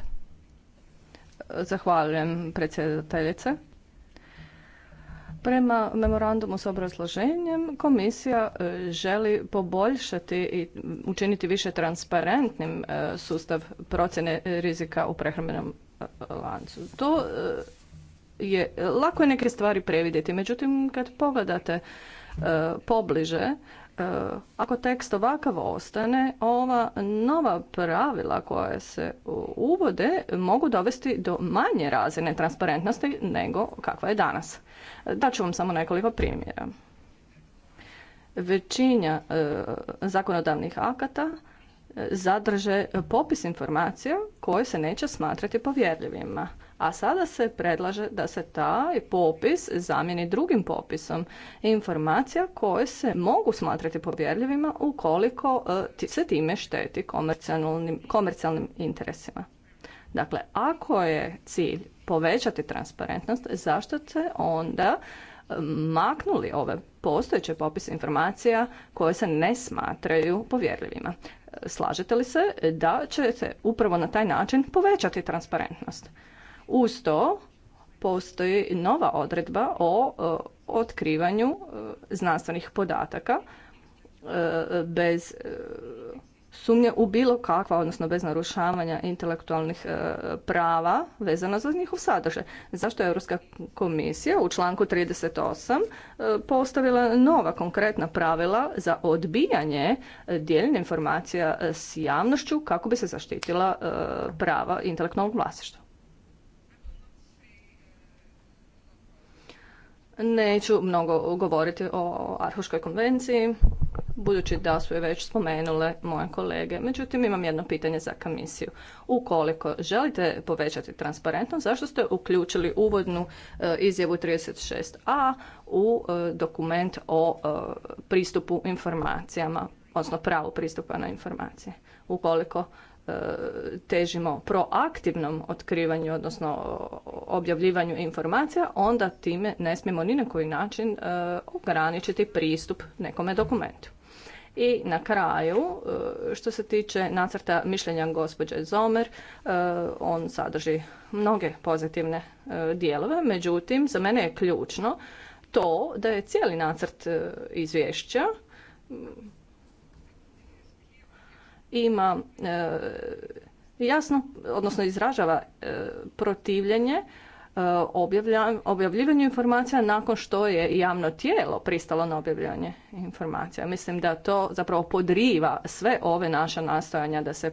Zahvaljujem predsjedateljice. Prema memorandumu s obrazloženjem komisija e, želi poboljšati i učiniti više transparentnim e, sustav procjene rizika u prehrambenom e, lancu. To je, lako je neke stvari previdjeti, međutim kad pogledate pobliže, ako tekst ovakav ostane, ova nova pravila koja se uvode mogu dovesti do manje razine transparentnosti nego kakva je danas. Daću vam samo nekoliko primjera. Većinja e, zakonodavnih akata e, zadrže popis informacija koje se neće smatrati povjerljivima. A sada se predlaže da se taj popis zamijeni drugim popisom informacija koje se mogu smatrati povjerljivima ukoliko e, se time šteti komercijalnim interesima. Dakle, ako je cilj povećati transparentnost, zašto ste onda maknuli ove postojeće popise informacija koje se ne smatraju povjerljivima? Slažete li se da ćete upravo na taj način povećati transparentnost? Uz to postoji nova odredba o e, otkrivanju e, znanstvenih podataka e, bez sumnje u bilo kakva, odnosno bez narušavanja intelektualnih e, prava vezana za njihov sadržaj. Zašto je Europska komisija u članku 38 e, postavila nova konkretna pravila za odbijanje e, dijeljenja informacija s javnošću kako bi se zaštitila prava intelektualnog vlasništva? Neću mnogo govoriti o Arhuškoj konvenciji, budući da su je već spomenule moje kolege. Međutim, imam jedno pitanje za komisiju. Ukoliko želite povećati transparentnost, zašto ste uključili uvodnu e, izjavu 36a u e, dokument o e, pristupu informacijama, odnosno pravu pristupa na informacije? Ukoliko E, težimo proaktivnom otkrivanju, odnosno objavljivanju informacija, onda time ne smijemo ni na koji način e, ograničiti pristup nekome dokumentu. I na kraju, e, što se tiče nacrta mišljenja gospođe Zomer, on sadrži mnoge pozitivne dijelove, međutim, za mene je ključno to da je cijeli nacrt izvješća ima e, jasno, odnosno izražava e, protivljenje e, objavljivanju informacija nakon što je javno tijelo pristalo na objavljivanje informacija. Mislim da to zapravo podriva sve ove naša nastojanja da se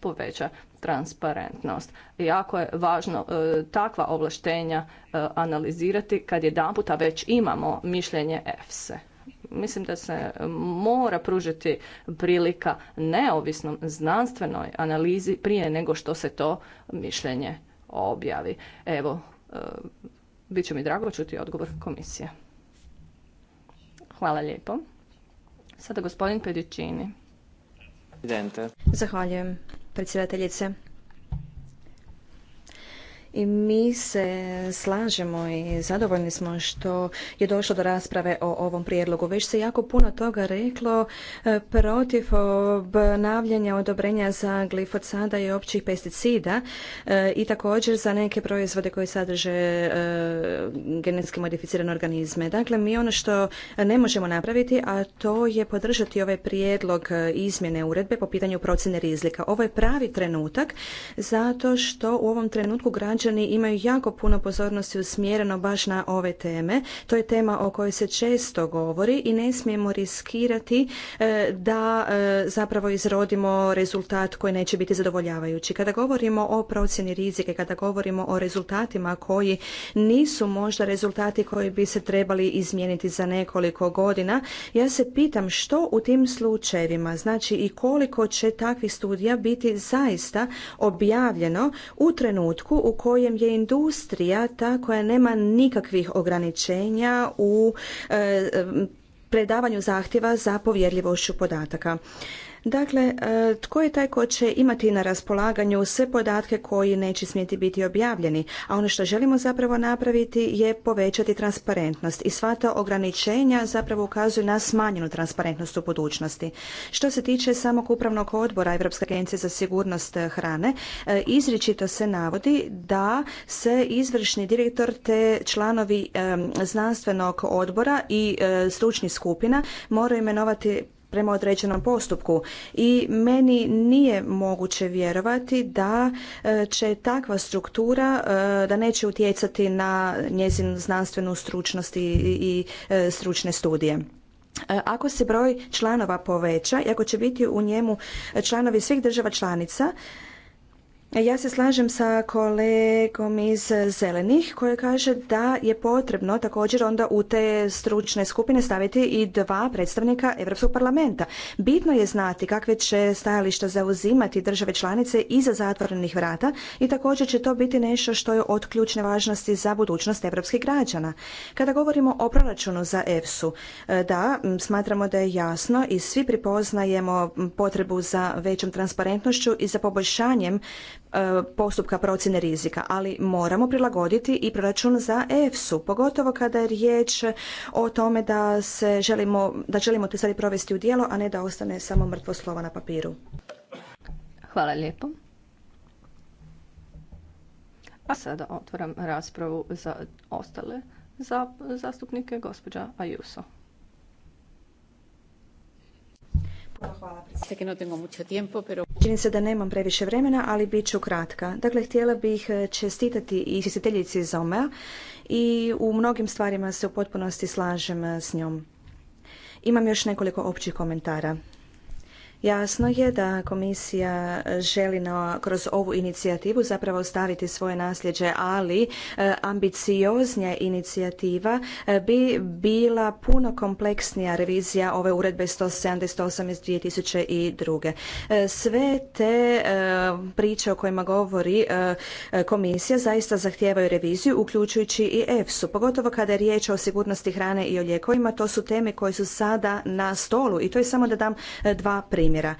poveća transparentnost. Jako je važno takva ovlaštenja analizirati kad jedanputa već imamo mišljenje EFSE mislim da se mora pružiti prilika neovisnom znanstvenoj analizi prije nego što se to mišljenje objavi. Evo, e, bit će mi drago čuti odgovor komisije. Hvala lijepo. Sada gospodin Pedicini. Zahvaljujem predsjedateljice. I mi se slažemo i zadovoljni smo što je došlo do rasprave o ovom prijedlogu. Već se jako puno toga reklo e, protiv obnavljanja odobrenja za glifosada i općih pesticida e, i također za neke proizvode koji sadrže e, genetski modificirane organizme. Dakle, mi ono što ne možemo napraviti, a to je podržati ovaj prijedlog izmjene uredbe po pitanju procjene rizika. Ovo je pravi trenutak zato što u ovom trenutku građani imaju jako puno pozornosti usmjereno baš na ove teme. To je tema o kojoj se često govori i ne smijemo riskirati e, da e, zapravo izrodimo rezultat koji neće biti zadovoljavajući. Kada govorimo o procjeni rizike, kada govorimo o rezultatima koji nisu možda rezultati koji bi se trebali izmijeniti za nekoliko godina, ja se pitam što u tim slučajevima, znači i koliko će takvih studija biti zaista objavljeno u trenutku u kojem kojem je industrija ta koja nema nikakvih ograničenja u e, predavanju zahtjeva za povjerljivošću podataka. Dakle, e, tko je taj ko će imati na raspolaganju sve podatke koji neće smjeti biti objavljeni, a ono što želimo zapravo napraviti je povećati transparentnost i sva ta ograničenja zapravo ukazuju na smanjenu transparentnost u budućnosti. Što se tiče samog upravnog odbora Europske agencije za sigurnost hrane, e, izričito se navodi da se izvršni direktor te članovi e, znanstvenog odbora i stručnih skupina moraju imenovati prema određenom postupku i meni nije moguće vjerovati da e, će takva struktura e, da neće utjecati na njezinu znanstvenu stručnost i e, stručne studije. Ako se broj članova poveća i ako će biti u njemu članovi svih država članica, E, ja se slažem sa kolegom iz Zelenih koji kaže da je potrebno također onda u te stručne skupine staviti i dva predstavnika Europskog parlamenta. Bitno je znati kakve će stajališta zauzimati države članice iza zatvorenih vrata i također će to biti nešto što je od ključne važnosti za budućnost europskih građana. Kada govorimo o proračunu za EFSU, e, da, smatramo da je jasno i svi prepoznajemo potrebu za većom transparentnošću i za poboljšanjem E, postupka procjene rizika, ali moramo prilagoditi i proračun za EFSU, pogotovo kada je riječ o tome da se želimo, da želimo to stvari provesti u djelo, a ne da ostane samo mrtvo slovo na papiru. Hvala lijepo. A sada otvaram raspravu za ostale zastupnike, gospođa Ajuso. hvala Čini se da nemam previše vremena, ali bit ću kratka. Dakle, htjela bih eh, čestitati i sjesiteljici Zomea i u mnogim stvarima se u potpunosti slažem eh, s njom. Imam još nekoliko općih komentara. Jasno je da komisija želi kroz ovu inicijativu zapravo ostaviti svoje nasljeđe, ali e, ambicioznija inicijativa e, bi bila puno kompleksnija revizija ove uredbe 178 iz 2002. E, sve te priče o kojima govori komisija zaista zahtijevaju reviziju, uključujući i EFSU. Pogotovo kada je riječ o sigurnosti hrane i o lijekovima, to su teme koje su sada na stolu i to je samo da dam dva primjera primjera.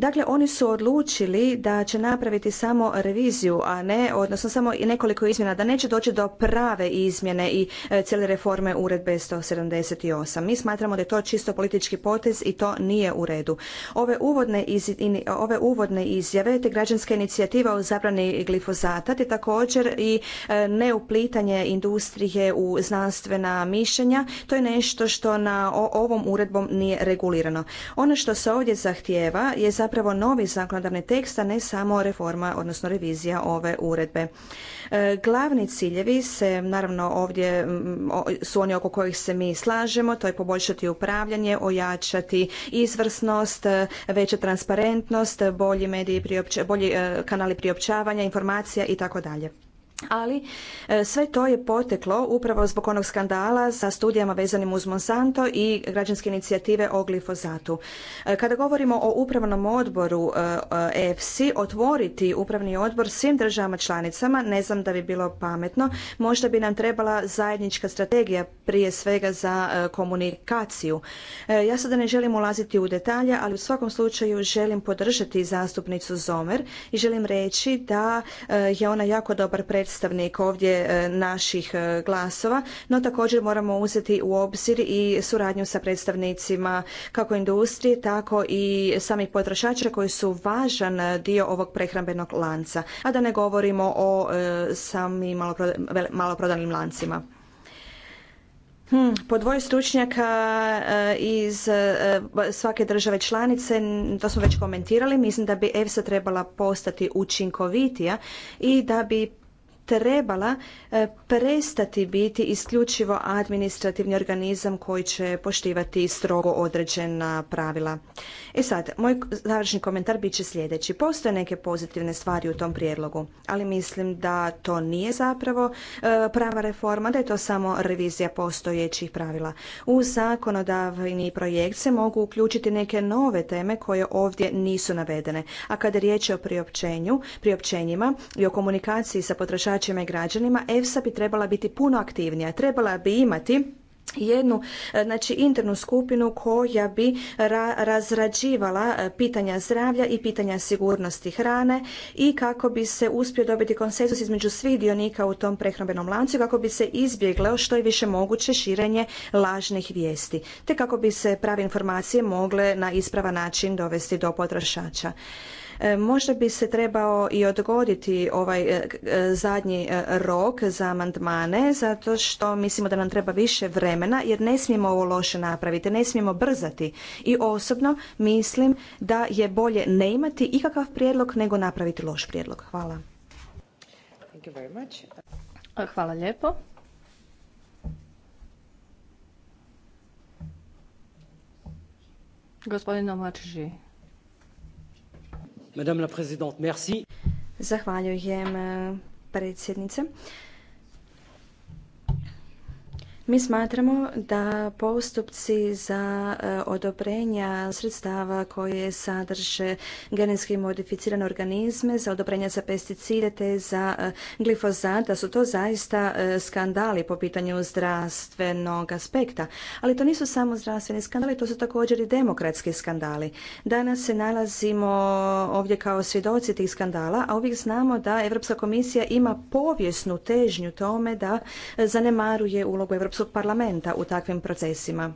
Dakle, oni su odlučili da će napraviti samo reviziju, a ne, odnosno samo nekoliko izmjena, da neće doći do prave izmjene i e, cijele reforme uredbe 178. Mi smatramo da je to čisto politički potez i to nije u redu. Ove uvodne, ove uvodne izjave te građanska inicijativa o zabrani glifozata te također i e, neuplitanje industrije u znanstvena mišljenja, to je nešto što na ovom uredbom nije regulirano. Ono što se ovdje zahtijeva je za zapravo novi zakonodavni tekst, a ne samo reforma, odnosno revizija ove uredbe. E, glavni ciljevi se, naravno ovdje su oni oko kojih se mi slažemo, to je poboljšati upravljanje, ojačati izvrsnost, veća transparentnost, bolji mediji, bolji e, kanali priopćavanja, informacija i tako dalje ali e, sve to je poteklo upravo zbog onog skandala sa studijama vezanim uz Monsanto i građanske inicijative o glifozatu. E, kada govorimo o upravnom odboru EFSI, e, otvoriti upravni odbor svim državama članicama, ne znam da bi bilo pametno, možda bi nam trebala zajednička strategija prije svega za komunikaciju. Ja sada ne želim ulaziti u detalje, ali u svakom slučaju želim podržati zastupnicu Zomer i želim reći da je ona jako dobar predstavnik predstavnik ovdje e, naših e, glasova, no također moramo uzeti u obzir i suradnju sa predstavnicima kako industrije, tako i samih potrošača koji su važan dio ovog prehrambenog lanca, a da ne govorimo o e, samim maloprodanim lancima. Hmm, po dvoje stručnjaka iz svake države članice, to smo već komentirali, mislim da bi EFSA trebala postati učinkovitija i da bi trebala e, prestati biti isključivo administrativni organizam koji će poštivati strogo određena pravila. E sad, moj završni komentar bit će sljedeći. Postoje neke pozitivne stvari u tom prijedlogu, ali mislim da to nije zapravo e, prava reforma, da je to samo revizija postojećih pravila. U zakonodavni projekt se mogu uključiti neke nove teme koje ovdje nisu navedene. A kada je riječ o priopćenju, priopćenjima i o komunikaciji sa potrošačima i građanima, EFSA bi trebala biti puno aktivnija. Trebala bi imati jednu e, znači internu skupinu koja bi razrađivala e, pitanja zdravlja i pitanja sigurnosti hrane i kako bi se uspio dobiti konsenzus između svih dionika u tom prehrambenom lancu kako bi se izbjeglo što je više moguće širenje lažnih vijesti te kako bi se prave informacije mogle na ispravan način dovesti do potrošača. E, možda bi se trebao i odgoditi ovaj e, e, zadnji rok za amandmane zato što mislimo da nam treba više vremena jer ne smijemo ovo loše napraviti, ne smijemo brzati. I osobno mislim da je bolje ne imati ikakav prijedlog nego napraviti loš prijedlog. Hvala. Thank you very much. Hvala lijepo. Gospodin Madame la présidente, merci. Zahvaljujem eh, predsjednice. Mi smatramo da postupci za e, odobrenja sredstava koje sadrže genetski modificirane organizme, za odobrenja za pesticide te za e, glifozat, da su to zaista e, skandali po pitanju zdravstvenog aspekta. Ali to nisu samo zdravstveni skandali, to su također i demokratski skandali. Danas se nalazimo ovdje kao svjedoci tih skandala, a uvijek znamo da Europska komisija ima povijesnu težnju tome da zanemaruje ulogu Europskog parlamenta u takvim procesima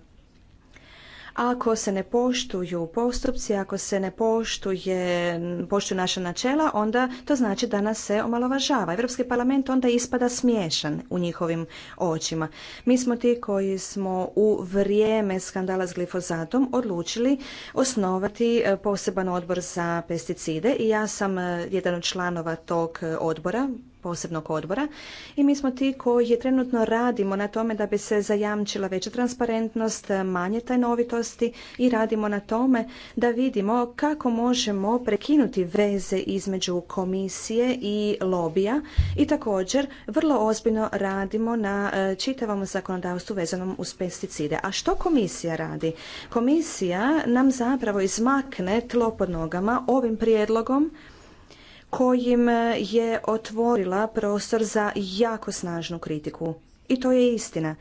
ako se ne poštuju postupci, ako se ne poštuje, poštuju naša načela, onda to znači da nas se omalovažava. Europski parlament onda ispada smiješan u njihovim očima. Mi smo ti koji smo u vrijeme skandala s glifozatom odlučili osnovati e, poseban odbor za pesticide i ja sam e, jedan od članova tog odbora, posebnog odbora i mi smo ti koji trenutno radimo na tome da bi se zajamčila veća transparentnost, manje tajnovitosti i radimo na tome da vidimo kako možemo prekinuti veze između komisije i lobija i također vrlo ozbiljno radimo na e, čitavom zakonodavstvu vezanom uz pesticide. A što komisija radi? Komisija nam zapravo izmakne tlo pod nogama ovim prijedlogom kojim e, je otvorila prostor za jako snažnu kritiku. I to je istina.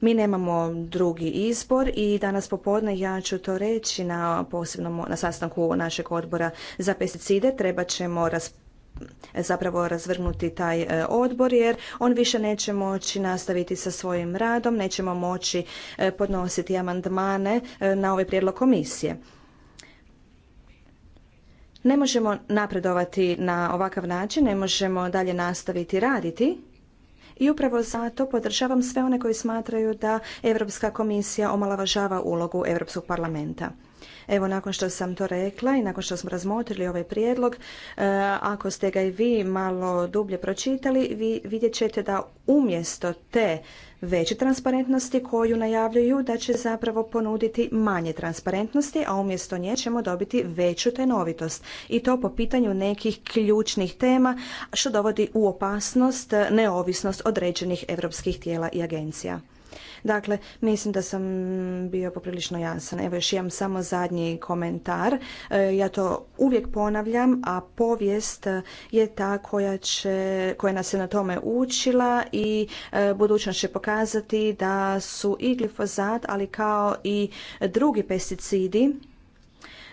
Mi nemamo drugi izbor i danas popodne ja ću to reći na posebnom na sastanku našeg odbora za pesticide. Treba ćemo zapravo razvrgnuti taj e, odbor jer on više neće moći nastaviti sa svojim radom, nećemo moći e, podnositi amandmane na ovaj prijedlog komisije. Ne možemo napredovati na ovakav način, ne možemo dalje nastaviti raditi. I upravo zato podržavam sve one koji smatraju da Europska komisija omalovažava ulogu Europskog parlamenta. Evo, nakon što sam to rekla i nakon što smo razmotrili ovaj prijedlog, e, ako ste ga i vi malo dublje pročitali, vi vidjet ćete da umjesto te veće transparentnosti koju najavljuju da će zapravo ponuditi manje transparentnosti, a umjesto nje ćemo dobiti veću tenovitost. I to po pitanju nekih ključnih tema što dovodi u opasnost neovisnost određenih europskih tijela i agencija. Dakle, mislim da sam bio poprilično jasan. Evo još imam samo zadnji komentar. E, ja to uvijek ponavljam, a povijest je ta koja, će, koja nas je na tome učila i e, budućnost će pokazati da su i glifozat, ali kao i drugi pesticidi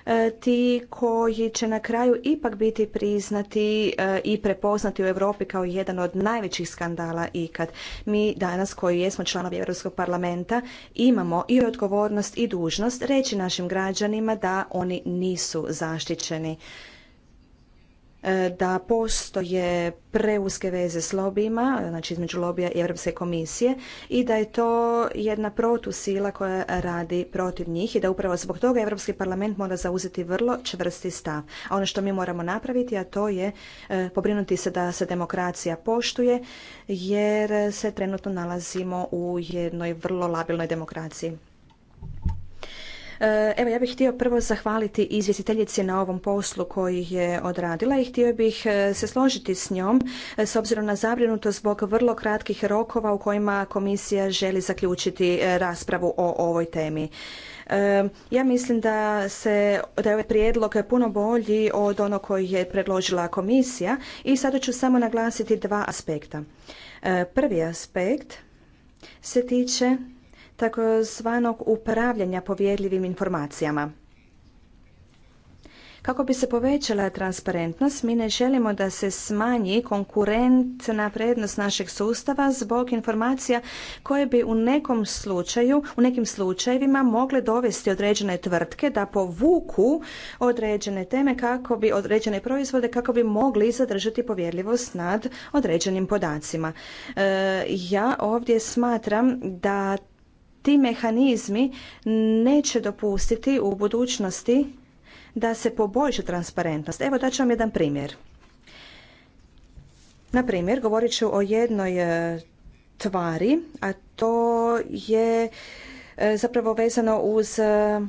E, ti koji će na kraju ipak biti priznati e, i prepoznati u Europi kao jedan od najvećih skandala ikad. Mi danas koji jesmo članovi Europskog parlamenta imamo i odgovornost i dužnost reći našim građanima da oni nisu zaštićeni E, da postoje preuske veze s lobijima, znači između lobija i Europske komisije i da je to jedna protusila koja radi protiv njih i da upravo zbog toga Europski parlament mora zauzeti vrlo čvrsti stav. A ono što mi moramo napraviti, a to je e, pobrinuti se da se demokracija poštuje jer se trenutno nalazimo u jednoj vrlo labilnoj demokraciji. Evo ja bih htio prvo zahvaliti izvjestiteljici na ovom poslu koji je odradila i htio bih e, se složiti s njom e, s obzirom na zabrinutost zbog vrlo kratkih rokova u kojima komisija želi zaključiti e, raspravu o ovoj temi. Ja mislim da se da je ovaj prijedlog puno bolji od onog koji je predložila komisija i sada ću samo naglasiti dva aspekta. Prvi aspekt se tiče takozvanog upravljanja povjerljivim informacijama. Kako bi se povećala transparentnost, mi ne želimo da se smanji konkurentna prednost našeg sustava zbog informacija koje bi u nekom slučaju, u nekim slučajevima mogle dovesti određene tvrtke da povuku određene teme kako bi određene proizvode kako bi mogli zadržati povjerljivost nad određenim podacima. E, ja ovdje smatram da ti mehanizmi neće dopustiti u budućnosti da se poboljša transparentnost. Evo daću vam jedan primjer. Na primjer, govorit ću o jednoj e, tvari, a to je e, zapravo vezano uz e,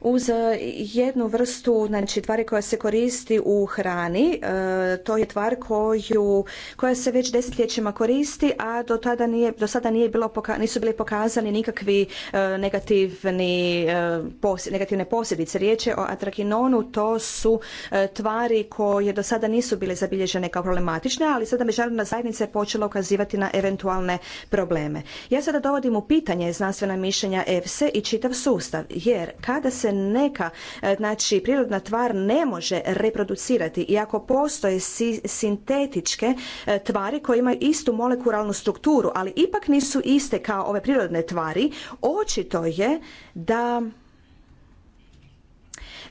uz e, jednu vrstu znači, tvari koja se koristi u hrani. E, to je tvar koju, koja se već desetljećima koristi, a do, tada nije, do sada nije bilo nisu bili pokazani nikakvi e, negativni, negativne posljedice. Riječ je o atrakinonu, to su tvari koje do sada nisu bile zabilježene kao problematične, ali sada međunarodna zajednica je počela ukazivati na eventualne probleme. Ja sada dovodim u pitanje znanstvena mišljenja EFSE i čitav sustav, jer kada se neka e, znači prirodna tvar ne može reproducirati i ako postoje sintetičke e, tvari koje imaju istu molekularnu strukturu, ali ipak nisu iste kao ove prirodne tvari, očito je da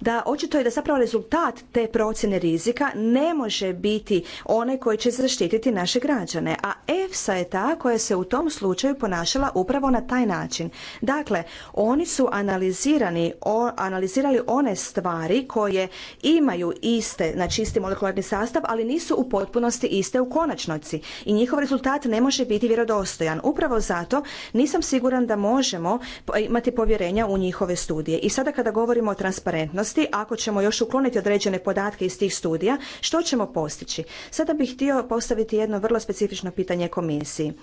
da očito je da zapravo rezultat te procjene rizika ne može biti onaj koji će zaštititi naše građane. A EFSA je ta koja se u tom slučaju ponašala upravo na taj način. Dakle, oni su analizirani, analizirali one stvari koje imaju iste, znači isti molekularni sastav, ali nisu u potpunosti iste u konačnoci i njihov rezultat ne može biti vjerodostojan. Upravo zato nisam siguran da možemo imati povjerenja u njihove studije. I sada kada govorimo o transparentnosti, budućnosti, ako ćemo još ukloniti određene podatke iz tih studija, što ćemo postići? Sada bih htio postaviti jedno vrlo specifično pitanje komisiji.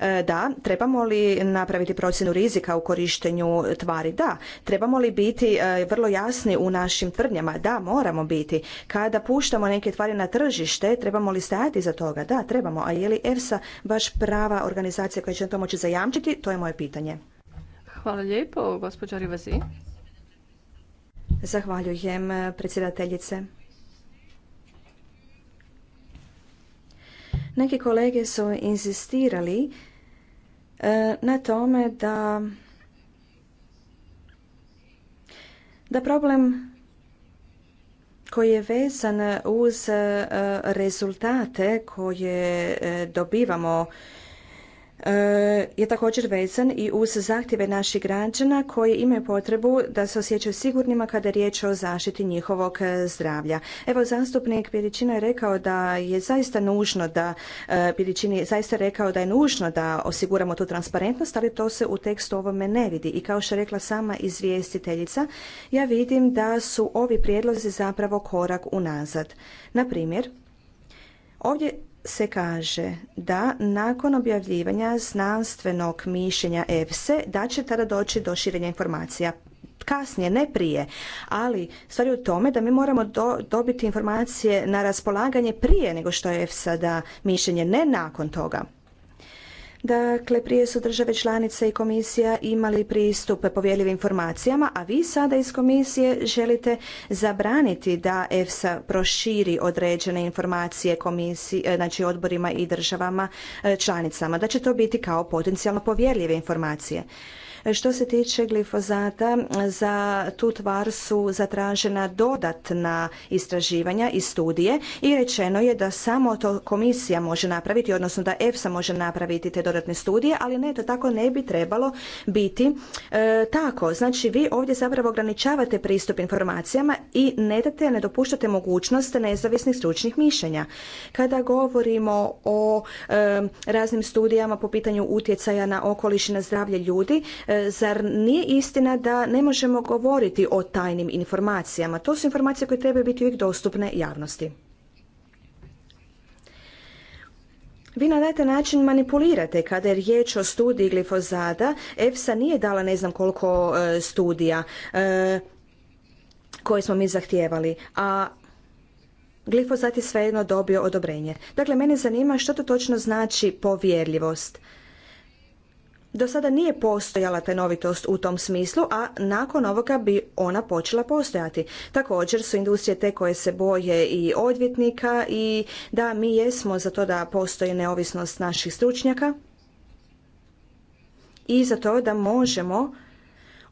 E, da, trebamo li napraviti procjenu rizika u korištenju tvari? Da. Trebamo li biti e, vrlo jasni u našim tvrdnjama? Da, moramo biti. Kada puštamo neke tvari na tržište, trebamo li stajati za toga? Da, trebamo. A je li EFSA baš prava organizacija koja će to moći zajamčiti? To je moje pitanje. Hvala lijepo, gospođa Zahvaljujem eh, predsjedateljice. Neki kolege su insistirali eh, na tome da da problem koji je vezan uz eh, rezultate koje dobivamo E, je također vezan i uz zahtjeve naših građana koji imaju potrebu da se osjećaju sigurnima kada je riječ o zaštiti njihovog e, zdravlja. Evo zastupnik Pjedičina je rekao da je zaista nužno da e, zaista rekao da je nužno da osiguramo tu transparentnost, ali to se u tekstu ovome ne vidi. I kao što je rekla sama izvjestiteljica, ja vidim da su ovi prijedlozi zapravo korak unazad. Na primjer, ovdje se kaže da nakon objavljivanja znanstvenog mišljenja EFSE da će tada doći do širenja informacija kasnije, ne prije, ali stvar je u tome da mi moramo dobiti informacije na raspolaganje prije nego što je EFSA da mišljenje, ne nakon toga. Dakle, prije su države članice i komisija imali pristup povjerljivim informacijama, a vi sada iz komisije želite zabraniti da EFSA proširi određene informacije komisiji, e, znači odborima i državama e, članicama, da će to biti kao potencijalno povjerljive informacije. Što se tiče glifozata, za tu tvar su zatražena dodatna istraživanja i studije i rečeno je da samo to komisija može napraviti, odnosno da EFSA može napraviti te dodatne studije, ali ne, to tako ne bi trebalo biti e, tako. Znači, vi ovdje zapravo ograničavate pristup informacijama i ne date, ne dopuštate mogućnost nezavisnih stručnih mišljenja. Kada govorimo o e, raznim studijama po pitanju utjecaja na okoliš i na zdravlje ljudi, e, E, zar nije istina da ne možemo govoriti o tajnim informacijama? To su informacije koje trebaju biti uvijek dostupne javnosti. Vi na taj način manipulirate kada je riječ o studiji glifozada. EFSA nije dala ne znam koliko e, studija e, koje smo mi zahtijevali, a glifozat je svejedno dobio odobrenje. Dakle, mene zanima što to točno znači povjerljivost. Do sada nije postojala tenovitost u tom smislu, a nakon ovoga bi ona počela postojati. Također su industrije te koje se boje i odvjetnika i da mi jesmo za to da postoji neovisnost naših stručnjaka i za to da možemo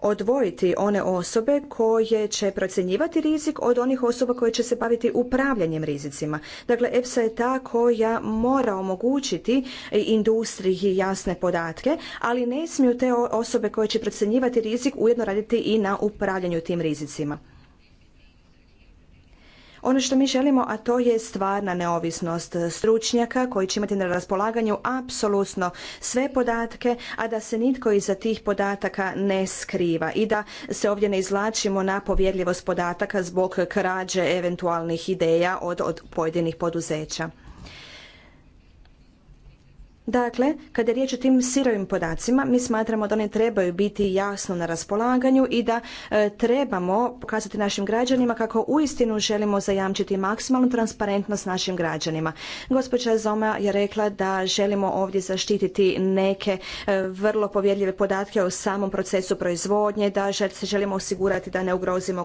odvojiti one osobe koje će procjenjivati rizik od onih osoba koje će se baviti upravljanjem rizicima. Dakle, EFSA je ta koja mora omogućiti industriji jasne podatke, ali ne smiju te osobe koje će procjenjivati rizik ujedno raditi i na upravljanju tim rizicima ono što mi želimo, a to je stvarna neovisnost stručnjaka koji će imati na raspolaganju apsolutno sve podatke, a da se nitko iza tih podataka ne skriva i da se ovdje ne izlačimo na povjerljivost podataka zbog krađe eventualnih ideja od, od pojedinih poduzeća. Dakle, kada je riječ o tim sirovim podacima, mi smatramo da oni trebaju biti jasno na raspolaganju i da e, trebamo pokazati našim građanima kako uistinu želimo zajamčiti maksimalnu transparentnost našim građanima. Gospođa Zoma je rekla da želimo ovdje zaštititi neke e, vrlo povjerljive podatke o samom procesu proizvodnje, da se želimo osigurati da ne ugrozimo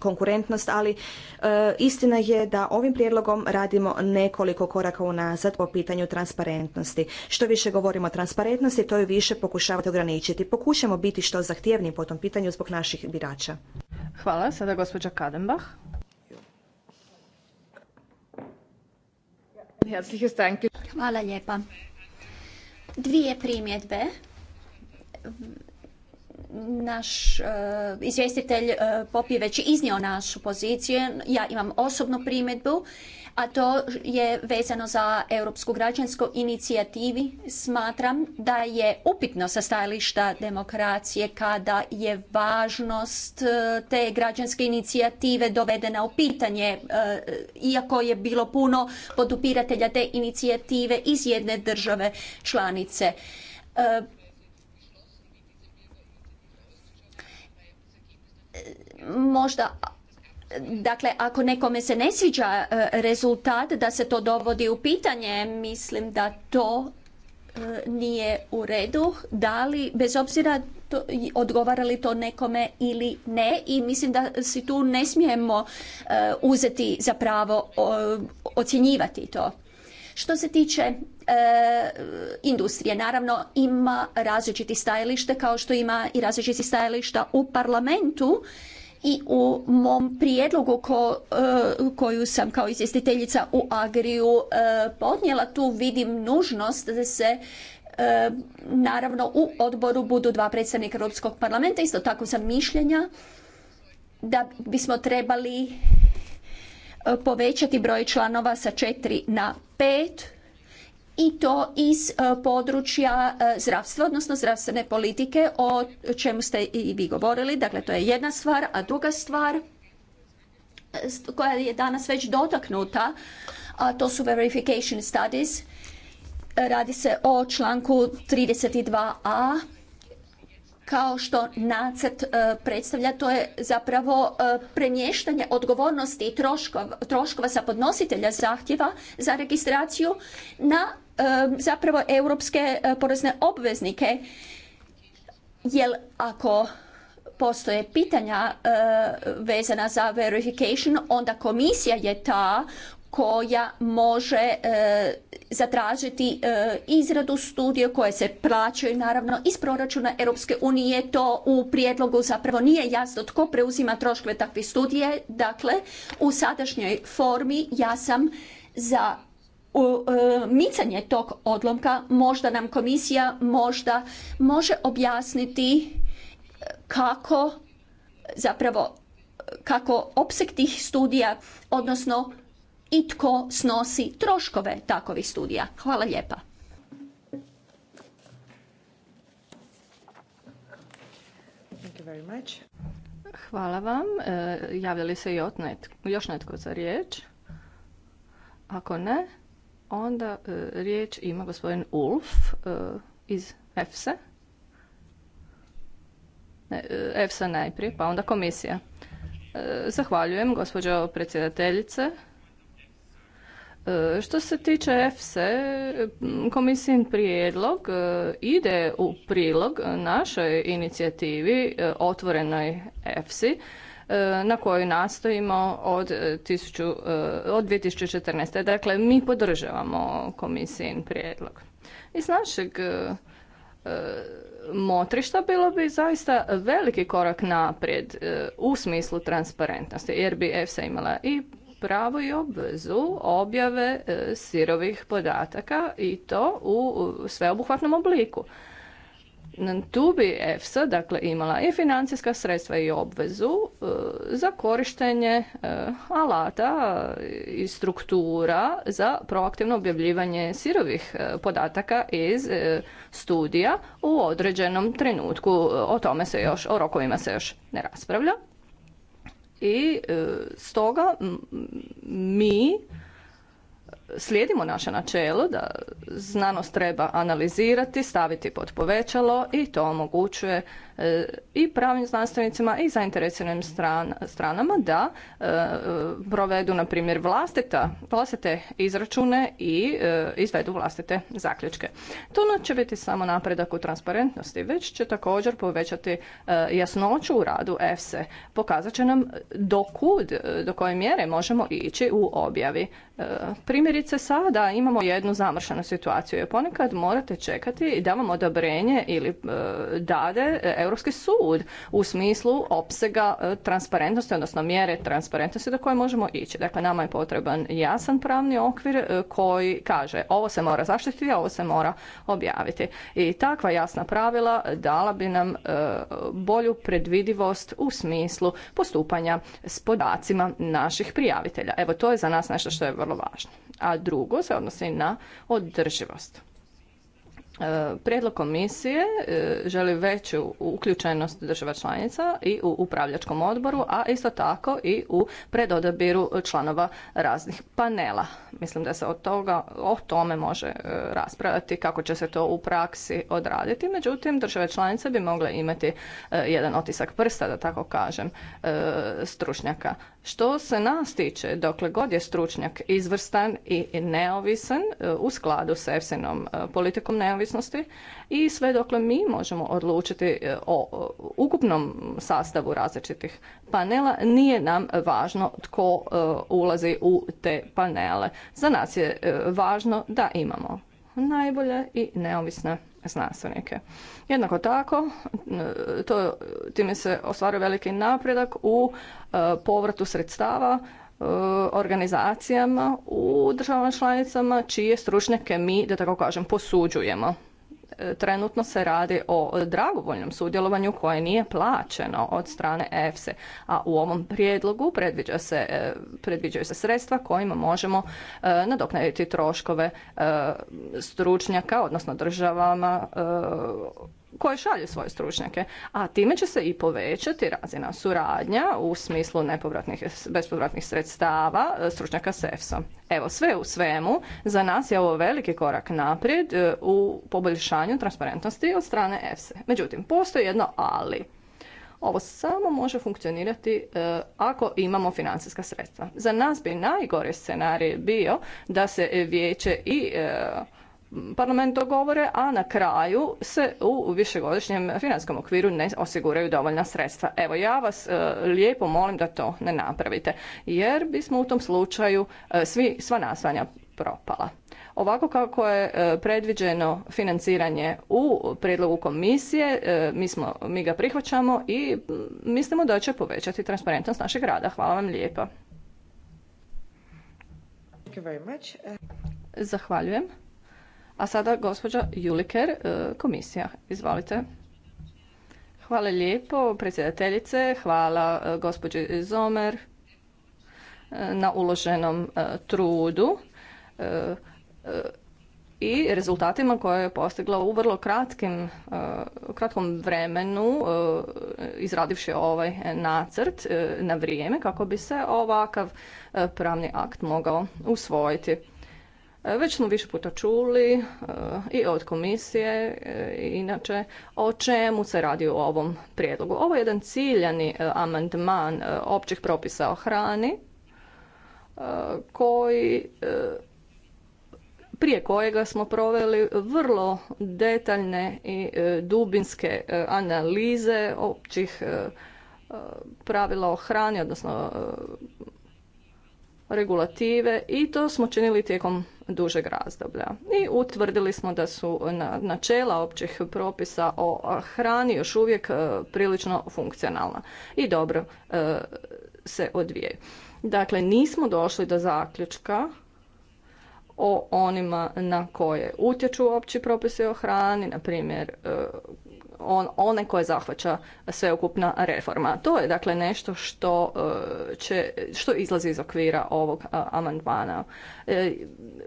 konkurentnost, ali e, istina je da ovim prijedlogom radimo nekoliko koraka unazad po pitanju transparentnosti što više govorimo o transparentnosti, to je više pokušavate ograničiti. Pokušamo biti što zahtjevniji po tom pitanju zbog naših birača. Hvala. Sada gospođa Kadenbach. Hvala Dvije primjedbe naš e, izvjestitelj e, Pop je već iznio našu poziciju. Ja imam osobnu primjedbu, a to je vezano za Europsku građansku inicijativu. Smatram da je upitno sa stajališta demokracije kada je važnost e, te građanske inicijative dovedena u pitanje, iako je bilo puno podupiratelja te inicijative iz jedne države članice možda Dakle, ako nekome se ne sviđa e, rezultat da se to dovodi u pitanje, mislim da to e, nije u redu, da li, bez obzira to, odgovara li to nekome ili ne i mislim da si tu ne smijemo e, uzeti za pravo ocjenjivati to. Što se tiče industrije, naravno ima različiti stajalište kao što ima i različiti stajališta u parlamentu i u mom prijedlogu e, koju sam kao izvjestiteljica u Agriju e, podnijela tu vidim nužnost da se e, naravno u odboru budu dva predstavnika Europskog parlamenta. Isto tako sam mišljenja da bismo trebali povećati broj članova sa četiri na pet i to iz e, područja e, zdravstva, odnosno zdravstvene politike o čemu ste i vi govorili. Dakle, to je jedna stvar, a druga stvar e, koja je danas već dotaknuta, a to su verification studies. Radi se o članku 32a kao što nacrt predstavlja, to je zapravo premještanje odgovornosti i troškova, troškova sa podnositelja zahtjeva za registraciju na zapravo europske e, porezne obveznike. Jer ako postoje pitanja e, vezana za verification, onda komisija je ta koja može e, zatražiti izradu studije koje se plaćaju naravno iz proračuna Europske unije. To u prijedlogu zapravo nije jasno tko preuzima troškove takvih studije. Dakle, u sadašnjoj formi ja sam za u e, micanje tog odlomka možda nam komisija možda može objasniti e, kako zapravo kako opseg tih studija odnosno i tko snosi troškove takovih studija. Hvala lijepa. Hvala vam. E, se i još netko za riječ? Ako ne, Onda e, riječ ima gospodin Ulf e, iz EFSA. Ne, e, EFSA najprije, pa onda komisija. zahvaljujem, gospođo predsjedateljice. Što se tiče EFSE, komisijin prijedlog ide u prilog našoj inicijativi otvorenoj EFSI, E, na koju nastojimo od, 1000, e, e, od 2014. Dakle, mi podržavamo komisijin prijedlog. Iz našeg motrišta bilo bi zaista veliki korak naprijed u smislu transparentnosti, jer bi EFSA imala i pravo i obvezu objave sirovih podataka i to u sveobuhvatnom obliku. Tu bi EFSA dakle, imala i financijska sredstva i obvezu e, za korištenje e, alata i struktura za proaktivno objavljivanje sirovih e, podataka iz studija u određenom trenutku. O tome se još, o rokovima se još ne raspravlja. I stoga mi slijedimo naše načelo da znanost treba analizirati, staviti pod povećalo i to omogućuje E, i pravnim znanstvenicima i zainteresiranim stran, stranama da e, e, provedu, na primjer, vlastita, vlastite izračune i izvedu vlastite zaključke. To neće biti samo napredak u transparentnosti, već će također povećati jasnoću u radu EFSE. Pokazat će nam do do koje mjere možemo ići u objavi. Primjerice sada imamo jednu zamršenu situaciju, jer ponekad morate čekati da vam odobrenje ili dade Europski sud u smislu opsega e, transparentnosti, odnosno mjere transparentnosti do koje možemo ići. Dakle, nama je potreban jasan pravni okvir e, koji kaže ovo se mora zaštititi, a ovo se mora objaviti. I takva jasna pravila dala bi nam e, bolju predvidivost u smislu postupanja s podacima naših prijavitelja. Evo, to je za nas nešto što je vrlo važno. A drugo se odnosi na održivost. E, prijedlog komisije e, želi veću uključenost država članica i u upravljačkom odboru, a isto tako i u predodabiru članova raznih panela. Mislim da se od toga, o tome može e, raspravljati kako će se to u praksi odraditi. Međutim, države članice bi mogle imati jedan otisak prsta, da tako kažem, stručnjaka što se nas tiče, dokle god je stručnjak izvrstan i neovisan e, u skladu s EFSINom e, politikom neovisnosti i sve dokle mi možemo odlučiti e, o ukupnom sastavu različitih panela, nije nam važno tko ulazi u te panele. Za nas je važno da imamo najbolje i neovisne znanstvenike. Jednako tako, e, to, time se ostvaruje veliki napredak u e, povratu sredstava e, organizacijama u državama članicama čije stručnjake mi, da tako kažem, posuđujemo. E, trenutno se radi o dragovoljnom sudjelovanju koje nije plaćeno od strane EFSE, a u ovom prijedlogu predviđa se, e, predviđaju se sredstva kojima možemo e, nadoknaditi troškove stručnjaka, odnosno državama koje šalju svoje stručnjake, a time će se i povećati razina suradnja u smislu nepovratnih, bespovratnih sredstava e, stručnjaka s EFSA. Evo, sve u svemu, za nas je ovo veliki korak naprijed e, u poboljšanju transparentnosti od strane EFSA. Međutim, postoji jedno ali. Ovo samo može funkcionirati e, ako imamo financijska sredstva. Za nas bi najgori scenarij bio da se vijeće i parlament govore, a na kraju se u višegodišnjem financijskom okviru ne osiguraju dovoljna sredstva. Evo, ja vas e, lijepo molim da to ne napravite, jer bismo u tom slučaju e, svi, sva nasvanja propala. Ovako kako je e, predviđeno financiranje u prijedlogu komisije, mi, smo, mi ga prihvaćamo i mislimo da će povećati transparentnost našeg rada. Hvala vam lijepa. Zahvaljujem. A sada gospođa Juliker, e, komisija. Izvolite. Hvala lijepo predsjedateljice, hvala e, gospođi Zomer e, na uloženom trudu i rezultatima koje je postigla u vrlo kratkom vremenu izradivši ovaj nacrt na vrijeme kako bi se ovakav pravni akt mogao usvojiti. E, već smo više puta čuli e, i od komisije, e, inače, o čemu se radi u ovom prijedlogu. Ovo je jedan ciljani amandman općih propisa o hrani koji prije kojega smo proveli vrlo detaljne i dubinske analize općih pravila o hrani, odnosno regulative i to smo činili tijekom dužeg razdoblja. I utvrdili smo da su načela općih propisa o hrani još uvijek e, prilično funkcionalna i dobro e, se odvijaju. Dakle, nismo došli do zaključka o onima na koje utječu opći propisi o hrani, na primjer e, on, one koje zahvaća sveukupna reforma. To je dakle nešto što, e, će, što izlazi iz okvira ovog e, amandmana. E,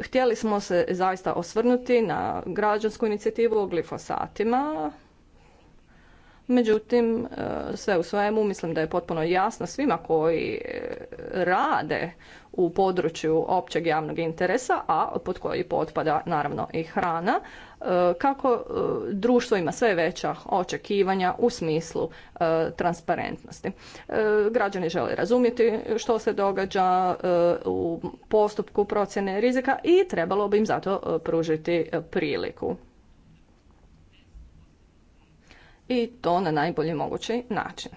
htjeli smo se zaista osvrnuti na građansku inicijativu o glifosatima, Međutim, e, sve u svemu mislim da je potpuno jasno svima koji e, rade u području općeg javnog interesa, a pod koji potpada naravno i hrana, e, kako društvo ima sve veća očekivanja u smislu transparentnosti. Građani žele razumjeti što se događa u postupku procjene rizika i trebalo bi im zato pružiti priliku i to na najbolji mogući način. E,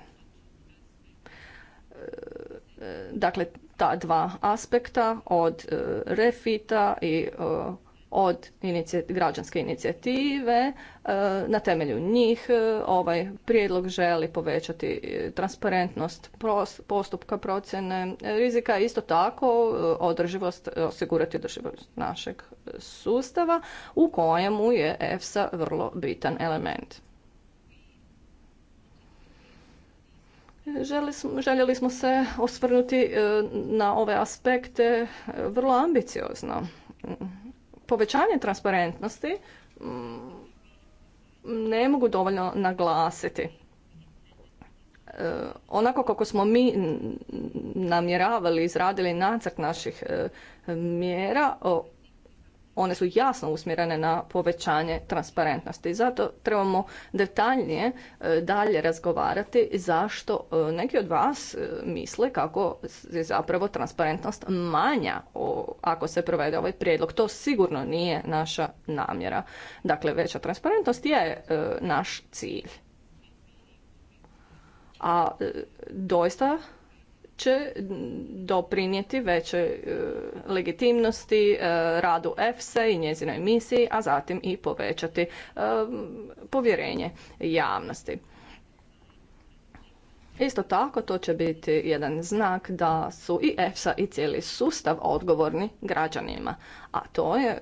e, dakle, ta dva aspekta od e, refita i od građanske inicijative. Na temelju njih ovaj prijedlog želi povećati transparentnost postupka procjene rizika, isto tako održivost, osigurati održivost našeg sustava u kojemu je EFSA vrlo bitan element. Željeli smo se osvrnuti e, na ove aspekte e, vrlo ambiciozno. Mm, povećanje transparentnosti mm, ne mogu dovoljno naglasiti. E, onako kako smo mi namjeravali, izradili nacrt naših mjera, one su jasno usmjerene na povećanje transparentnosti. I zato trebamo detaljnije e, dalje razgovarati zašto e, neki od vas e, misle kako je zapravo transparentnost manja ako se provede ovaj prijedlog. To sigurno nije naša namjera. Dakle, veća transparentnost je naš cilj. A doista će doprinijeti većoj e, legitimnosti, e, radu EFSA i njezinoj misiji, a zatim i povećati e, povjerenje javnosti. Isto tako, to će biti jedan znak da su i EFSA i cijeli sustav odgovorni građanima, a to je e,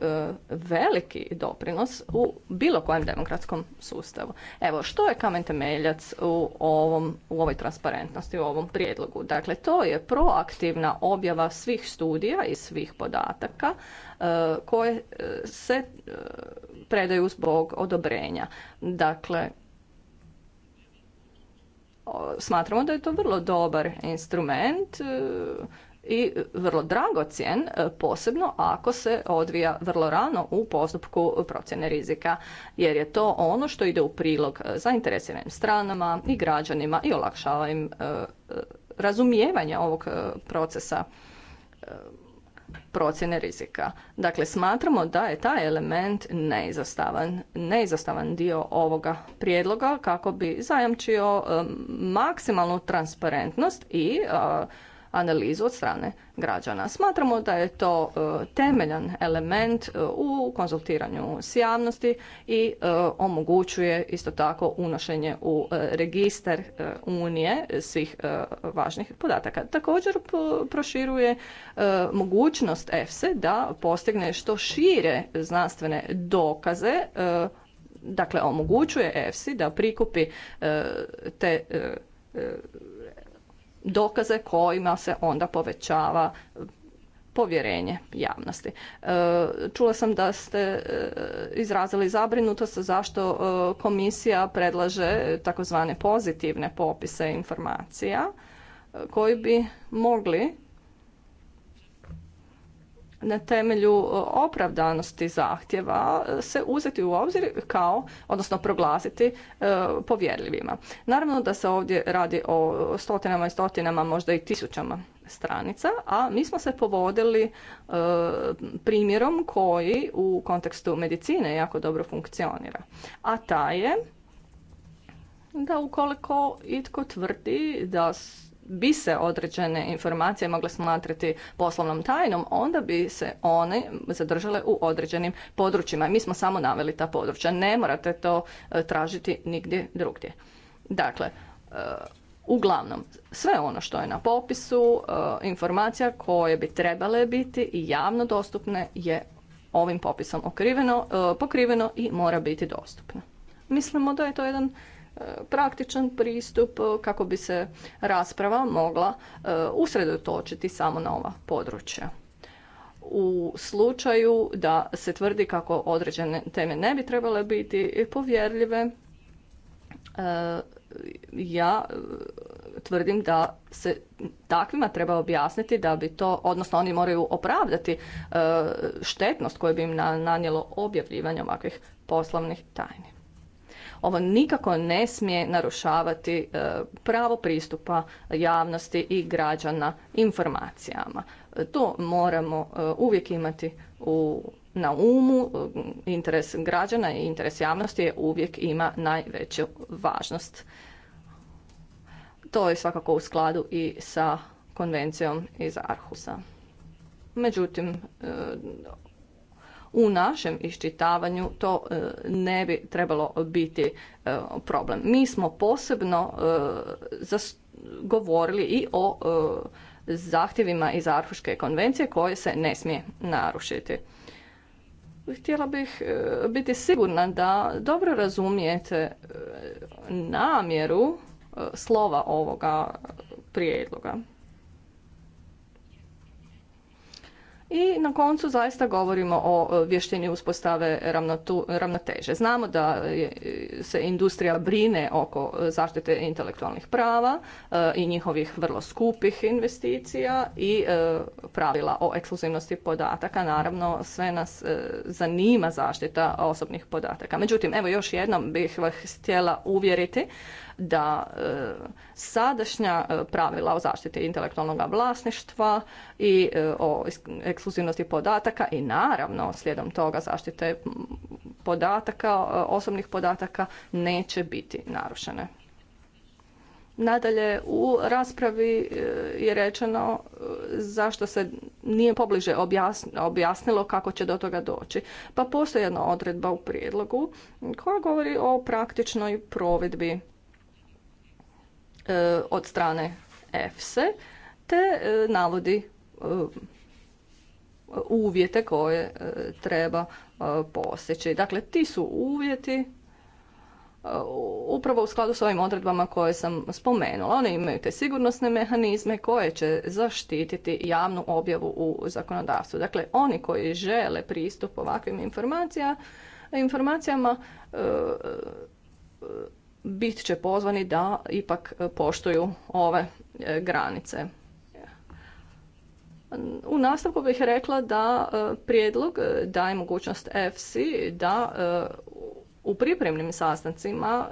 veliki doprinos u bilo kojem demokratskom sustavu. Evo, što je kamen temeljac u, ovom, u ovoj transparentnosti, u ovom prijedlogu? Dakle, to je proaktivna objava svih studija i svih podataka e, koje e, se predaju zbog odobrenja. Dakle, smatramo da je to vrlo dobar instrument e, i vrlo dragocjen, e, posebno ako se odvija vrlo rano u postupku procjene rizika, jer je to ono što ide u prilog e, zainteresiranim stranama i građanima i olakšava im razumijevanje ovog procesa procjene rizika. Dakle, smatramo da je taj element neizostavan, neizostavan dio ovoga prijedloga kako bi zajamčio eh, maksimalnu transparentnost i eh, analizu od strane građana. Smatramo da je to e, temeljan element e, u konzultiranju s javnosti i e, omogućuje isto tako unošenje u registar Unije svih važnih podataka. Također proširuje mogućnost EFSE da postigne što šire znanstvene dokaze dakle omogućuje EFSI da prikupi te dokaze kojima se onda povećava eh, povjerenje javnosti. Eh, čula sam da ste eh, izrazili zabrinutost zašto komisija predlaže takozvane pozitivne popise informacija koji bi mogli na temelju e, opravdanosti zahtjeva e, se uzeti u obzir kao, odnosno proglasiti e, povjerljivima. Naravno da se ovdje radi o stotinama i stotinama, možda i tisućama stranica, a mi smo se povodili primjerom koji u kontekstu medicine jako dobro funkcionira. A ta je da ukoliko itko tvrdi da bi se određene informacije mogle smatrati poslovnom tajnom, onda bi se one zadržale u određenim područjima. Mi smo samo naveli ta područja. Ne morate to e, tražiti nigdje drugdje. Dakle, e, uglavnom, sve ono što je na popisu, e, informacija koje bi trebale biti i javno dostupne je ovim popisom pokriveno i mora biti dostupno. Mislimo da je to jedan praktičan pristup e, kako bi se rasprava mogla e, usredotočiti samo na ova područja. U slučaju da se tvrdi kako određene teme ne bi trebale biti povjerljive, e, ja tvrdim da se takvima treba objasniti da bi to, odnosno oni moraju opravdati štetnost koju bi im nanijelo objavljivanje ovakvih poslovnih tajni. Ovo nikako ne smije narušavati e, pravo pristupa javnosti i građana informacijama. E, to moramo e, uvijek imati u na umu, interes građana i interes javnosti je uvijek ima najveću važnost. To je svakako u skladu i sa konvencijom iz Arhusa. Međutim, u našem iščitavanju to e, ne bi trebalo biti e, problem. Mi smo posebno e, govorili i o zahtjevima iz Arhuške konvencije koje se ne smije narušiti. Htjela bih biti sigurna da dobro razumijete namjeru slova ovoga prijedloga. I na koncu zaista govorimo o e, vještini uspostave ravnoteže. Znamo da e, se industrija brine oko e, zaštite intelektualnih prava i njihovih vrlo skupih investicija i pravila o ekskluzivnosti podataka. Naravno, sve nas zanima zaštita osobnih podataka. Međutim, evo još jednom bih vas htjela uvjeriti da e, sadašnja e, pravila o zaštiti intelektualnog vlasništva i e, o ekskluzivnosti podataka i naravno slijedom toga zaštite podataka, osobnih podataka neće biti narušene. Nadalje, u raspravi je rečeno zašto se nije pobliže objasnilo kako će do toga doći. Pa postoji jedna odredba u prijedlogu koja govori o praktičnoj provedbi E, od strane EFSE te e, navodi e, uvjete koje treba poseći. Dakle, ti su uvjeti upravo u skladu s ovim odredbama koje sam spomenula. One imaju te sigurnosne mehanizme koje će zaštititi javnu objavu u zakonodavstvu. Dakle, oni koji žele pristup ovakvim informacija, informacijama bit će pozvani da ipak e, poštuju ove e, granice. U nastavku bih rekla da e, prijedlog daje mogućnost EFSI da u pripremnim sastancima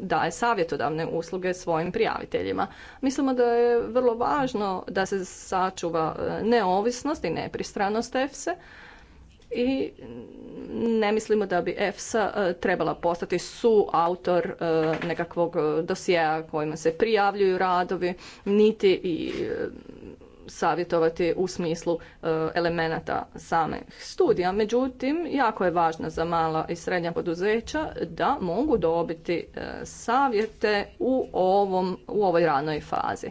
daje savjetodavne usluge svojim prijaviteljima. Mislimo da je vrlo važno da se sačuva neovisnost i nepristranost EFSE, i ne mislimo da bi EFSA e, trebala postati suautor e, nekakvog e, dosjea kojima se prijavljuju radovi, niti i savjetovati u smislu elemenata same studija. Međutim, jako je važno za mala i srednja poduzeća da mogu dobiti savjete u, ovom, u ovoj ranoj fazi.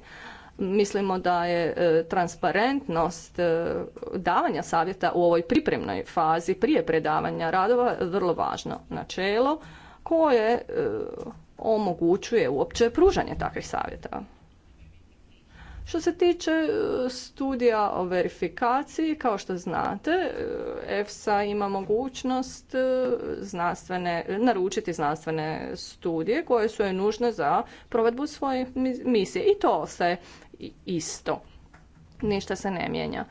Mislimo da je e, transparentnost e, davanja savjeta u ovoj pripremnoj fazi prije predavanja radova vrlo važno načelo koje e, omogućuje uopće pružanje takvih savjeta. Što se tiče studija o verifikaciji, kao što znate, EFSA ima mogućnost znanstvene, naručiti znanstvene studije koje su je nužne za provedbu svoje misije. I to se isto. Ništa se ne mijenja.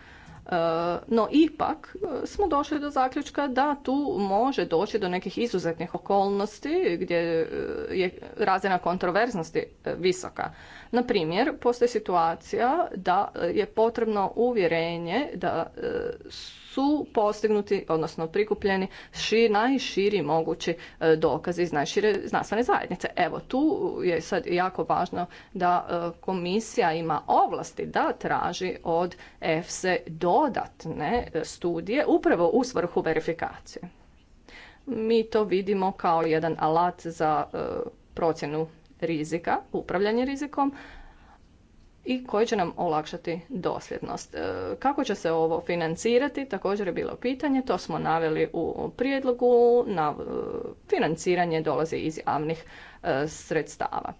E, no ipak e, smo došli do zaključka da tu može doći do nekih izuzetnih okolnosti gdje e, je razina kontroverznosti visoka. Na primjer, postoji situacija da je potrebno uvjerenje da su postignuti, odnosno prikupljeni šir, najširi mogući e, dokazi iz najšire znanstvene zajednice. Evo, tu je sad jako važno da e, komisija ima ovlasti da traži od EFSE dodatne e, studije upravo u svrhu verifikacije. Mi to vidimo kao jedan alat za procjenu rizika, upravljanje rizikom, i koji će nam olakšati dosljednost. E, kako će se ovo financirati, također je bilo pitanje, to smo naveli u prijedlogu, na e, financiranje dolazi iz javnih e, sredstava,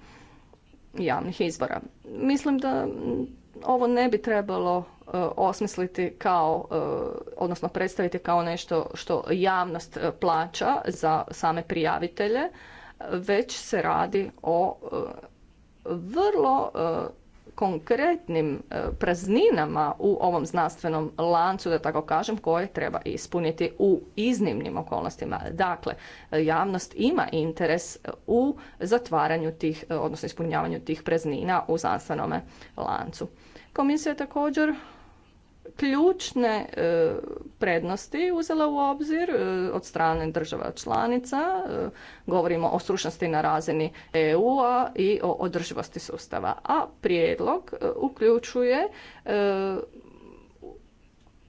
javnih izvora. Mislim da ovo ne bi trebalo osmisliti kao, odnosno predstaviti kao nešto što javnost plaća za same prijavitelje, već se radi o vrlo konkretnim e, prazninama u ovom znanstvenom lancu, da tako kažem, koje treba ispuniti u iznimnim okolnostima. Dakle, javnost ima interes u zatvaranju tih, e, odnosno ispunjavanju tih praznina u znanstvenome lancu. Komisija je također ključne e, prednosti uzela u obzir e, od strane država članica. E, govorimo o stručnosti na razini EU-a i o održivosti sustava. A prijedlog uključuje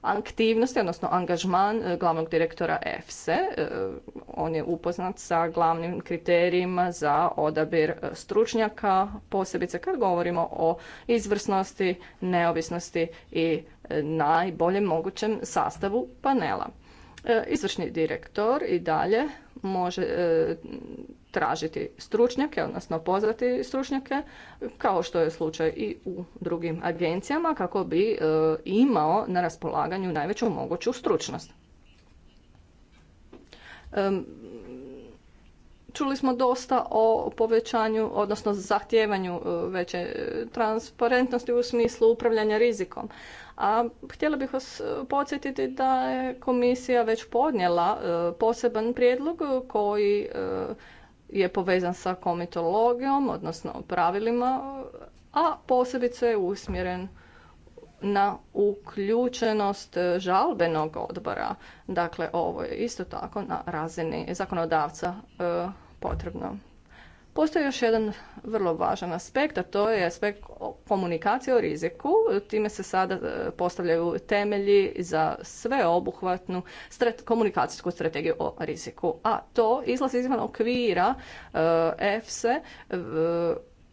aktivnosti, odnosno angažman e, glavnog direktora EFSE. E, on je upoznat sa glavnim kriterijima za odabir e, stručnjaka, posebice kad govorimo o izvrsnosti, neovisnosti i najboljem mogućem sastavu panela. Izvršni direktor i dalje može tražiti stručnjake, odnosno pozvati stručnjake, kao što je slučaj i u drugim agencijama, kako bi e, imao na raspolaganju najveću moguću stručnost. Čuli smo dosta o povećanju, odnosno zahtijevanju e, veće transparentnosti u smislu upravljanja rizikom. A htjela bih vas e, podsjetiti da je komisija već podnijela poseban prijedlog koji je povezan sa komitologijom, odnosno pravilima, a posebice je usmjeren na uključenost žalbenog odbora. Dakle, ovo je isto tako na razini zakonodavca e, potrebno. Postoji još jedan vrlo važan aspekt, a to je aspekt komunikacije o riziku. Time se sada e, postavljaju temelji za sveobuhvatnu komunikacijsku strategiju o riziku. A to izlazi izvan okvira EFSE e,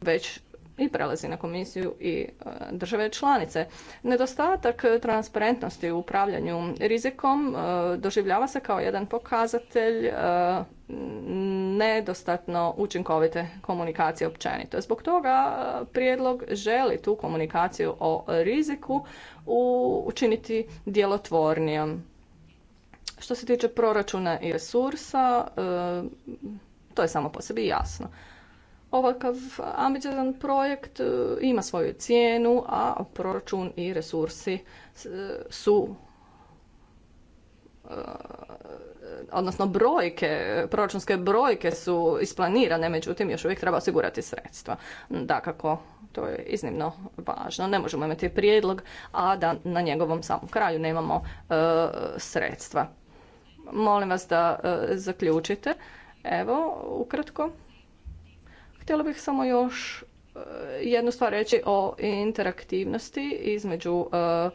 već i prelazi na komisiju i e, države članice. Nedostatak transparentnosti u upravljanju rizikom e, doživljava se kao jedan pokazatelj e, nedostatno učinkovite komunikacije općenito. Zbog toga prijedlog želi tu komunikaciju o riziku učiniti djelotvornijom. Što se tiče proračuna i resursa, to je samo po sebi jasno. Ovakav ambiciozan projekt e, ima svoju cijenu, a proračun i resursi e, su e, odnosno brojke, proračunske brojke su isplanirane, međutim još uvijek treba osigurati sredstva. Dakako, to je iznimno važno. Ne možemo imati prijedlog, a da na njegovom samom kraju nemamo sredstva. Molim vas da zaključite. Evo, ukratko, Htjela bih samo još e, jednu stvar reći o interaktivnosti između e,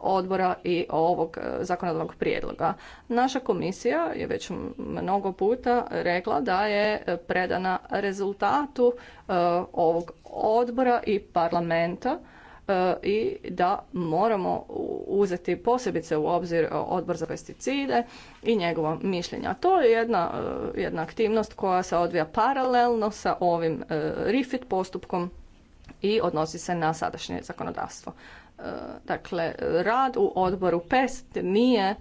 odbora i ovog e, zakonodavnog prijedloga. Naša komisija je već mnogo puta rekla da je predana rezultatu ovog odbora i parlamenta E, i da moramo uzeti posebice u obzir e, odbor za pesticide i njegovo mišljenja. To je jedna, e, jedna aktivnost koja se odvija paralelno sa ovim RIFIT postupkom i odnosi se na sadašnje zakonodavstvo. Dakle, rad u odboru PEST nije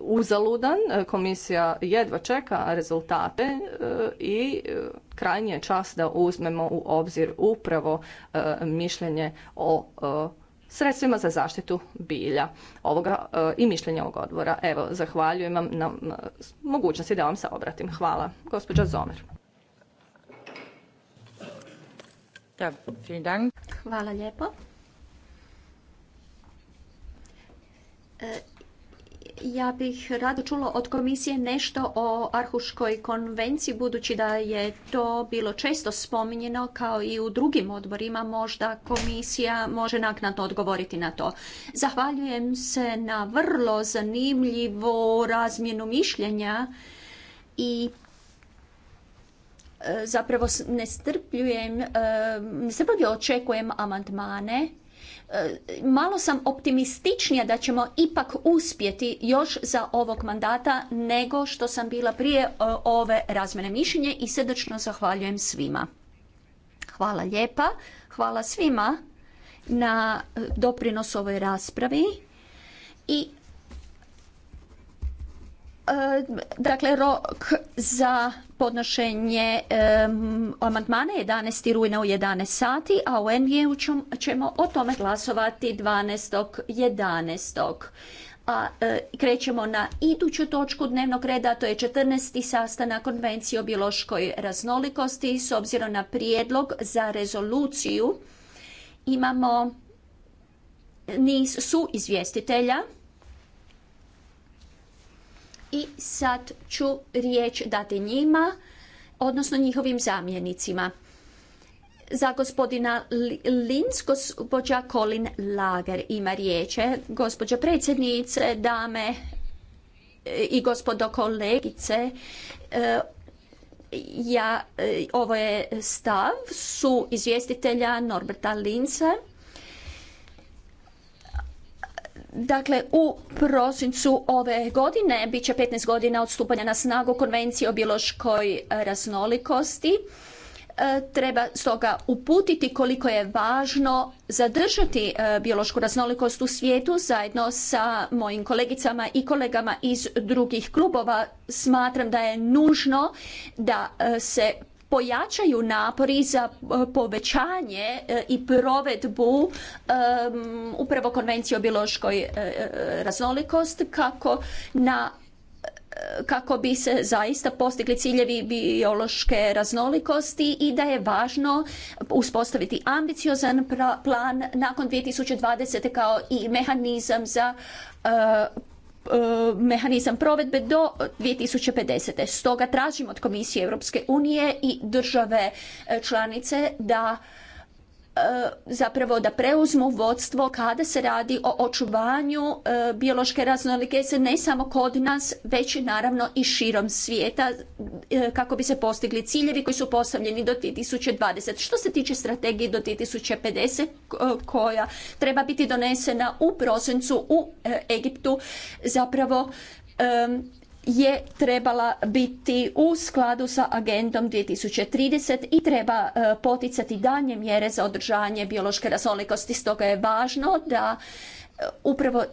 uzaludan, e, komisija jedva čeka rezultate e, i e, krajnji je čas da uzmemo u obzir upravo mišljenje o sredstvima za zaštitu bilja i mišljenja ovog odbora. Evo, zahvaljujem vam na mogućnosti da vam se obratim. Hvala. Gospođa Zomer. Hvala lijepo ja bih rado čula od komisije nešto o Arhuškoj konvenciji, budući da je to bilo često spominjeno kao i u drugim odborima, možda komisija može naknadno odgovoriti na to. Zahvaljujem se na vrlo zanimljivu razmjenu mišljenja i e, zapravo ne strpljujem, e, ne očekujem amandmane malo sam optimističnija da ćemo ipak uspjeti još za ovog mandata nego što sam bila prije e, ove razmene mišljenja i srdačno zahvaljujem svima. Hvala lijepa, hvala svima na e, doprinos ovoj raspravi i E, dakle, rok za podnošenje e, amandmana je 11. rujna u 11 sati, a u NGU ćemo o tome glasovati 12.11. A e, krećemo na iduću točku dnevnog reda, to je 14. sastanak konvencije o biološkoj raznolikosti. S obzirom na prijedlog za rezoluciju imamo niz su izvjestitelja i sad ću riječ dati njima, odnosno njihovim zamjenicima. Za gospodina Linz, gospođa Colin Lager ima riječe. Gospođa predsjednice, dame e, i gospodo kolegice, e, ja, e, ovo je stav su izvjestitelja Norberta Linza. Dakle, u prosincu ove godine bit će 15 godina od stupanja na snagu konvencije o biološkoj raznolikosti. E, treba stoga uputiti koliko je važno zadržati e, biološku raznolikost u svijetu zajedno sa mojim kolegicama i kolegama iz drugih klubova. Smatram da je nužno da e, se pojačaju napori za e, povećanje e, i provedbu upravo konvencije o biološkoj e, raznolikosti kako na kako bi se zaista postigli ciljevi biološke raznolikosti i da je važno uspostaviti ambiciozan plan nakon 2020. kao i mehanizam za E, mehanizam provedbe do 2050. Stoga tražimo od Komisije Europske unije i države e, članice da E, zapravo da preuzmu vodstvo kada se radi o očuvanju e, biološke raznolikosti ne samo kod nas već naravno i širom svijeta e, kako bi se postigli ciljevi koji su postavljeni do 2020. Što se tiče strategije do 2050 koja treba biti donesena u prosincu u Egiptu zapravo je trebala biti u skladu sa agendom 2030 i treba e, poticati danje mjere za održanje biološke raznolikosti. Stoga je važno da e, upravo e,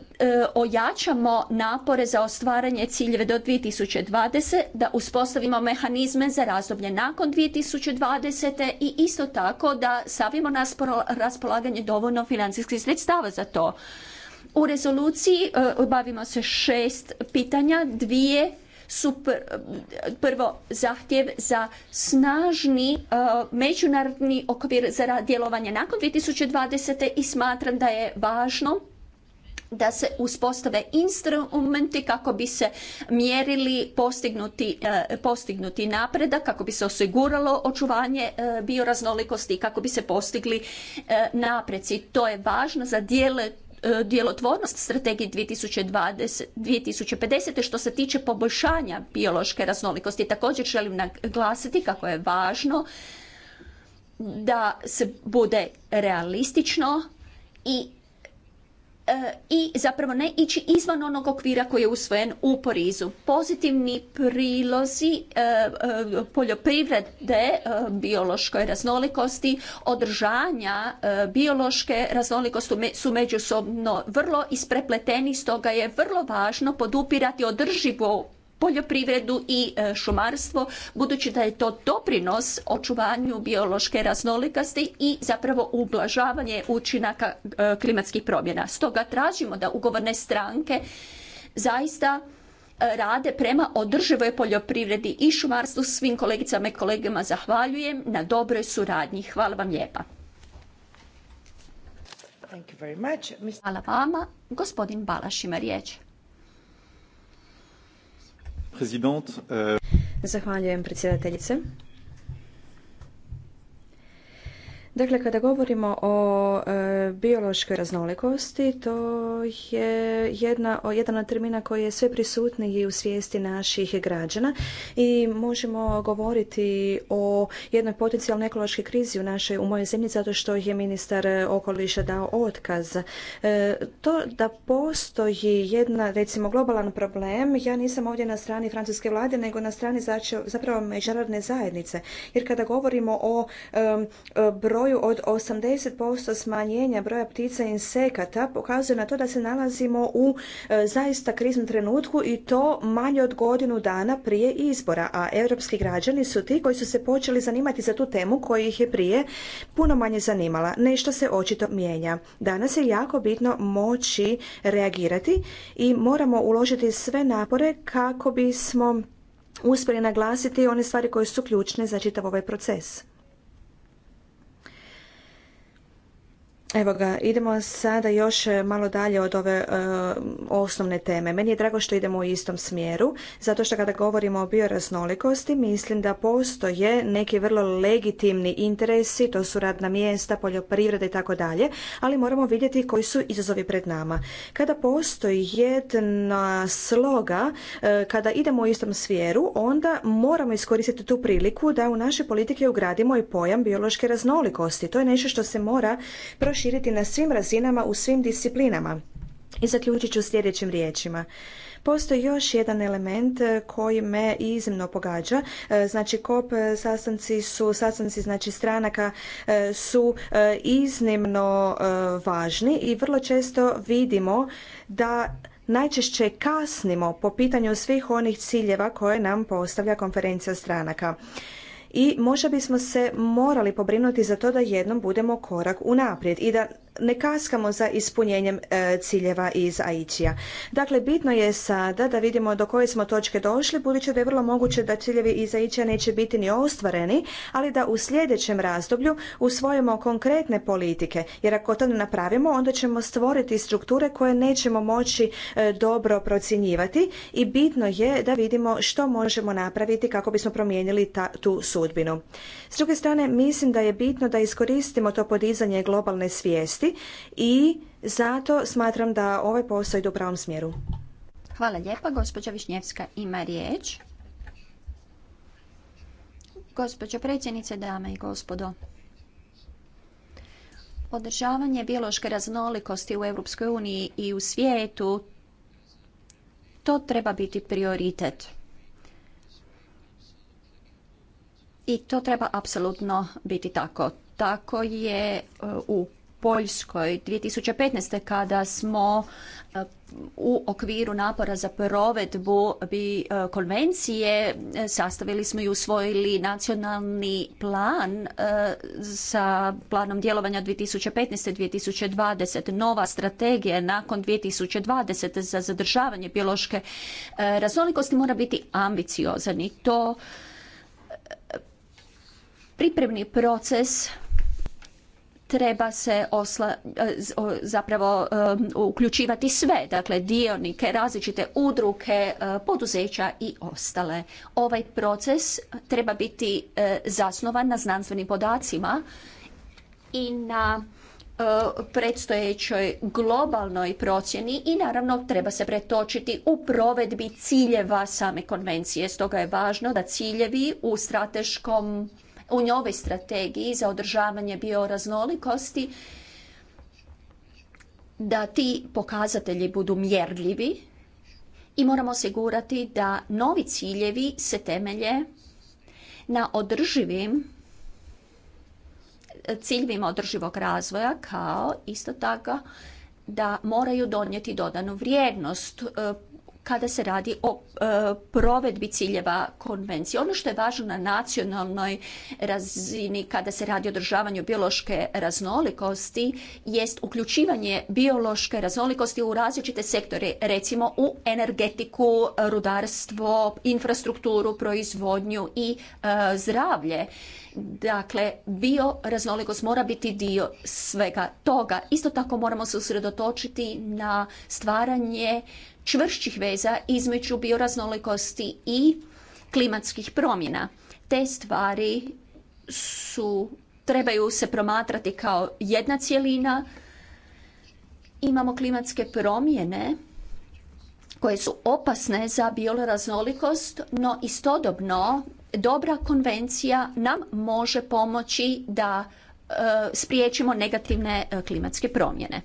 ojačamo napore za ostvaranje ciljeve do 2020, da uspostavimo mehanizme za razdoblje nakon 2020. i isto tako da savimo na raspolaganje dovoljno financijskih sredstava za to. U rezoluciji e, bavimo se šest pitanja, dvije su prvo zahtjev za snažni e, međunarodni okvir za djelovanje nakon 2020. i smatram da je važno da se uspostave instrumenti kako bi se mjerili postignuti, e, postignuti napredak, kako bi se osiguralo očuvanje bioraznolikosti i kako bi se postigli napreci. To je važno za djel, E, djelotvornost strategije 2020, 2050. što se tiče poboljšanja biološke raznolikosti. Također želim naglasiti kako je važno da se bude realistično i E, i zapravo ne ići izvan onog okvira koji je usvojen u porizu. Pozitivni prilozi e, e, poljoprivrede, biološkoj raznolikosti, održanja biološke raznolikosti su međusobno vrlo isprepleteni, stoga je vrlo važno podupirati održivu poljoprivredu i e, šumarstvo, budući da je to doprinos očuvanju biološke raznolikosti i zapravo ublažavanje učinaka e, klimatskih promjena. Stoga tražimo da ugovorne stranke zaista e, rade prema održivoj poljoprivredi i šumarstvu. Svim kolegicama i kolegama zahvaljujem na dobroj suradnji. Hvala vam lijepa. Hvala vama. Gospodin Balaš ima riječ. Eh, Zahvaljujem predsjedateljice. Dakle, kada govorimo o e, biološkoj raznolikosti, to je jedna, jedan od termina koji je sve prisutniji u svijesti naših građana i možemo govoriti o jednoj potencijalnoj ekološkoj krizi u našoj, u mojoj zemlji zato što je ministar okoliša dao otkaz. E, to da postoji jedna, recimo, globalan problem, ja nisam ovdje na strani francuske vlade, nego na strani zapravo međunarodne zajednice. Jer kada govorimo o e, broju broju od 80% smanjenja broja ptica i insekata pokazuje na to da se nalazimo u e, zaista kriznom trenutku i to manje od godinu dana prije izbora, a europski građani su ti koji su se počeli zanimati za tu temu koji ih je prije puno manje zanimala. Nešto se očito mijenja. Danas je jako bitno moći reagirati i moramo uložiti sve napore kako bismo uspjeli naglasiti one stvari koje su ključne za čitav ovaj proces. Evo ga, idemo sada još e, malo dalje od ove e, osnovne teme. Meni je drago što idemo u istom smjeru, zato što kada govorimo o bioraznolikosti, mislim da postoje neki vrlo legitimni interesi, to su radna mjesta, poljoprivreda i tako dalje, ali moramo vidjeti koji su izazovi pred nama. Kada postoji jedna sloga, e, kada idemo u istom smjeru, onda moramo iskoristiti tu priliku da u naše politike ugradimo i pojam biološke raznolikosti. To je nešto što se mora proširiti širiti na svim razinama u svim disciplinama. I zaključit ću sljedećim riječima. Postoji još jedan element e, koji me iznimno pogađa. E, znači kop e, sastanci su, sastanci znači stranaka su iznimno važni i vrlo često vidimo da najčešće kasnimo po pitanju svih onih ciljeva koje nam postavlja konferencija stranaka i možda bismo se morali pobrinuti za to da jednom budemo korak unaprijed i da ne kaskamo za ispunjenjem e, ciljeva iz Aicija. Dakle, bitno je sada da vidimo do koje smo točke došli, budući da je vrlo moguće da ciljevi iz Aicija neće biti ni ostvareni, ali da u sljedećem razdoblju usvojimo konkretne politike, jer ako to ne napravimo, onda ćemo stvoriti strukture koje nećemo moći e, dobro procjenjivati i bitno je da vidimo što možemo napraviti kako bismo promijenili tu sudbinu. S druge strane, mislim da je bitno da iskoristimo to podizanje globalne svijesti i zato smatram da ovaj posao ide u pravom smjeru. Hvala lijepa. Gospođa Višnjevska ima riječ. Gospođo predsjednice, dame i gospodo. Održavanje biološke raznolikosti u Europskoj uniji i u svijetu to treba biti prioritet. I to treba apsolutno biti tako. Tako je e, u Poljskoj 2015. kada smo u okviru napora za provedbu bi e, konvencije e, sastavili smo i usvojili nacionalni plan e, sa planom djelovanja 2015. 2020. Nova strategija nakon 2020. za zadržavanje biološke raznolikosti mora biti ambiciozan i to pripremni proces treba se osla, e, zapravo e, uključivati sve, dakle dionike, različite udruke, e, poduzeća i ostale. Ovaj proces treba biti zasnovan na znanstvenim podacima i na predstojećoj globalnoj procjeni i naravno treba se pretočiti u provedbi ciljeva same konvencije. Stoga je važno da ciljevi u strateškom u novoj strategiji za održavanje bioraznolikosti da ti pokazatelji budu mjerljivi i moramo osigurati da novi ciljevi se temelje na održivim ciljevima održivog razvoja kao isto tako da moraju donijeti dodanu vrijednost kada se radi o e, provedbi ciljeva konvencije. Ono što je važno na nacionalnoj razini kada se radi o održavanju biološke raznolikosti jest uključivanje biološke raznolikosti u različite sektore, recimo u energetiku, rudarstvo, infrastrukturu, proizvodnju i e, zdravlje. Dakle, bioraznolikost mora biti dio svega toga. Isto tako moramo se usredotočiti na stvaranje čvršćih veza između bioraznolikosti i klimatskih promjena. Te stvari su, trebaju se promatrati kao jedna cjelina. Imamo klimatske promjene koje su opasne za bioraznolikost, no istodobno dobra konvencija nam može pomoći da e, spriječimo negativne e, klimatske promjene.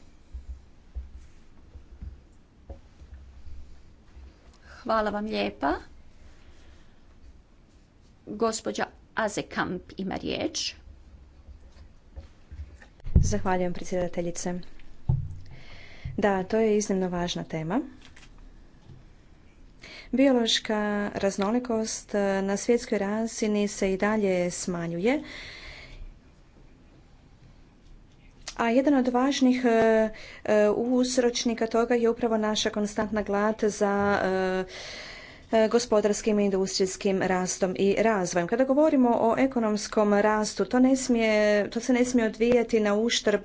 Hvala vam lijepa. Gospođa Azekamp ima riječ. Zahvaljujem predsjedateljice. Da, to je iznimno važna tema. Biološka raznolikost eh, na svjetskoj razini se i dalje smanjuje. A jedan od važnih eh, eh, uzročnika toga je upravo naša konstantna glad za E, gospodarskim i industrijskim rastom i razvojem. Kada govorimo o ekonomskom rastu, to, ne smije, to se ne smije odvijati na uštrb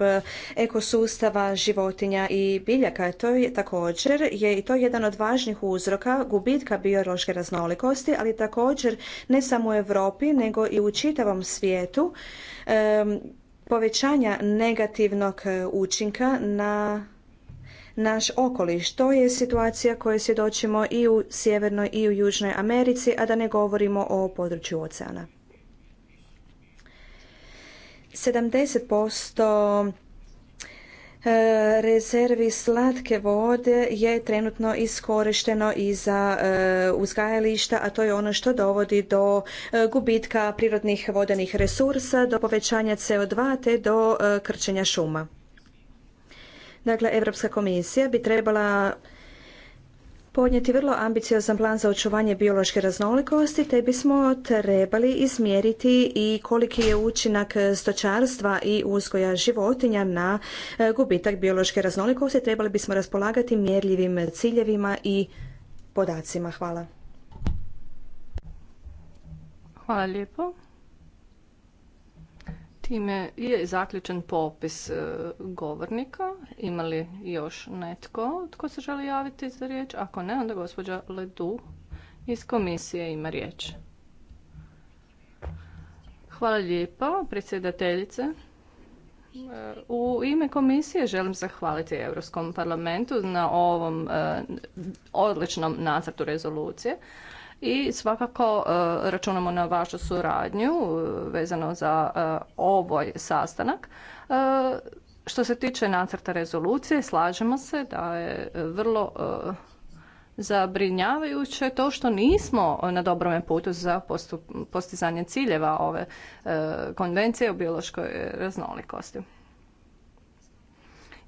ekosustava životinja i biljaka. To je također je i to jedan od važnih uzroka gubitka biološke raznolikosti, ali također ne samo u Europi nego i u čitavom svijetu e, povećanja negativnog učinka na naš okoliš. To je situacija koje svjedočimo i u Sjevernoj i u Južnoj Americi, a da ne govorimo o području oceana. 70% e, rezervi slatke vode je trenutno iskorišteno i za e, uzgajališta, a to je ono što dovodi do e, gubitka prirodnih vodenih resursa, do povećanja CO2 te do krčenja šuma. Dakle, Europska komisija bi trebala podnijeti vrlo ambiciozan plan za očuvanje biološke raznolikosti, te bismo trebali izmjeriti i koliki je učinak stočarstva i uzgoja životinja na e, gubitak biološke raznolikosti. Trebali bismo raspolagati mjerljivim ciljevima i podacima. Hvala. Hvala lijepo. Time je zaključen popis e, govornika. Ima li još netko tko se želi javiti za riječ? Ako ne, onda gospođa Ledu iz komisije ima riječ. Hvala lijepo, predsjedateljice. E, u ime komisije želim zahvaliti Europskom parlamentu na ovom e, odličnom nacrtu rezolucije i svakako e, računamo na vašu suradnju e, vezano za e, ovoj sastanak. Što se tiče nacrta rezolucije, slažemo se da je vrlo zabrinjavajuće to što nismo na dobrome putu za postizanje ciljeva ove konvencije o biološkoj raznolikosti.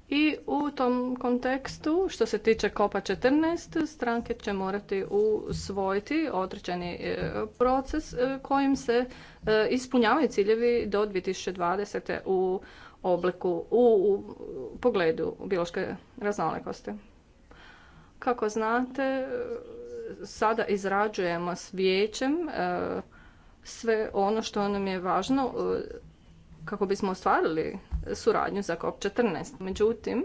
I u tom kontekstu, što se tiče kopa 14, stranke će morati usvojiti određeni e, proces e, kojim se e, ispunjavaju ciljevi do 2020. u obliku, u, u pogledu biološke raznolikosti. Kako znate, sada izrađujemo s vijećem sve ono što nam je važno kako bismo ostvarili suradnju za COP14. Međutim,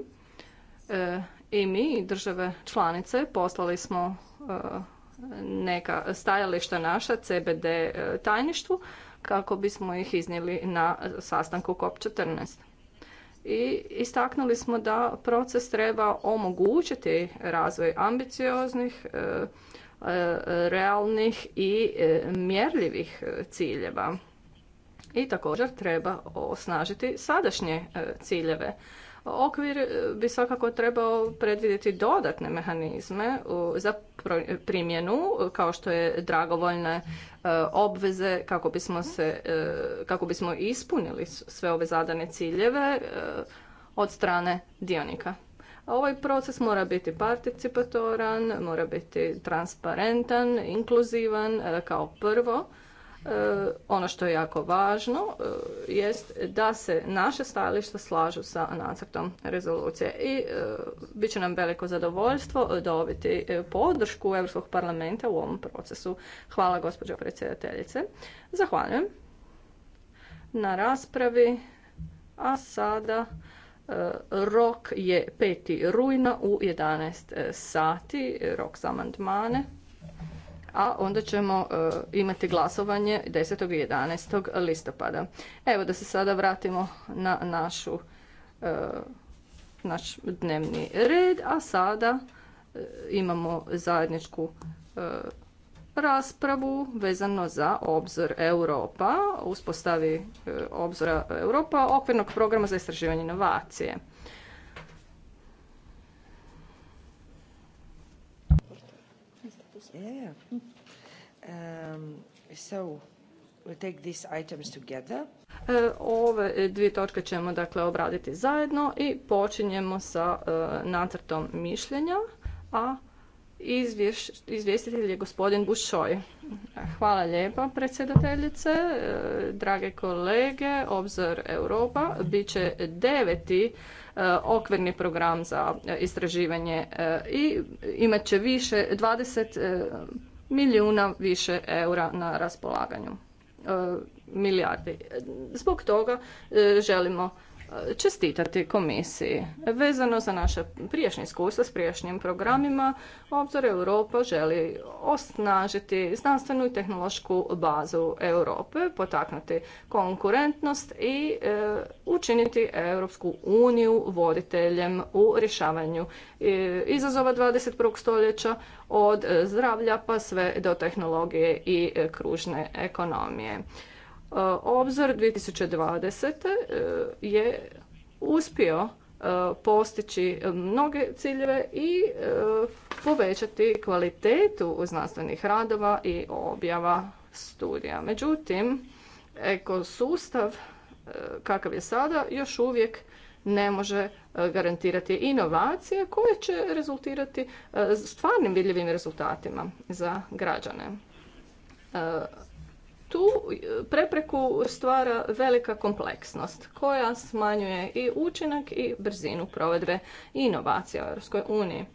e, i mi, države članice, poslali smo e, neka stajališta naša CBD e, tajništvu kako bismo ih iznijeli na sastanku COP14. I istaknuli smo da proces treba omogućiti razvoj ambicioznih, realnih i mjerljivih ciljeva i također treba osnažiti sadašnje e, ciljeve. Okvir e, bi svakako trebao predvidjeti dodatne mehanizme za primjenu kao što je dragovoljne e, obveze kako bismo, se, kako bismo ispunili sve ove zadane ciljeve od strane dionika. Ovaj proces mora biti participatoran, mora biti transparentan, inkluzivan kao prvo E, ono što je jako važno e, jest da se naše stajališta slažu sa nacrtom rezolucije i e, bit će nam veliko zadovoljstvo dobiti podršku Europskog parlamenta u ovom procesu. Hvala gospođo predsjedateljice. Zahvaljujem na raspravi, a sada rok je 5. rujna u 11 sati, rok za amandmane a onda ćemo e, imati glasovanje 10. i 11. listopada. Evo da se sada vratimo na našu, e, naš dnevni red, a sada e, imamo zajedničku raspravu vezano za obzor Europa, uspostavi obzora Europa, okvirnog programa za istraživanje inovacije. yeah, um, so, take these items together. E, ove dvije točke ćemo dakle obraditi zajedno i počinjemo sa e, nacrtom mišljenja, a izvjestitelj je gospodin Bušoj. Hvala lijepa predsjedateljice, e, drage kolege, Obzor Europa bit će deveti e, okvirni program za e, istraživanje i imat će više 20 milijuna više eura na raspolaganju milijardi. Zbog toga želimo čestitati komisiji. Vezano za naše prijašnje iskustva s prijašnjim programima, Obzor Europa želi osnažiti znanstvenu i tehnološku bazu Europe, potaknuti konkurentnost i e, učiniti Europsku uniju voditeljem u rješavanju e, izazova 21. stoljeća od zdravlja pa sve do tehnologije i e, kružne ekonomije. E, obzor 2020. E, je uspio e, postići mnoge ciljeve i povećati kvalitetu znanstvenih radova i objava studija. Međutim, ekosustav kakav je sada još uvijek ne može garantirati inovacije koje će rezultirati stvarnim vidljivim rezultatima za građane tu e, prepreku stvara velika kompleksnost koja smanjuje i učinak i brzinu provedbe inovacija u Europskoj uniji.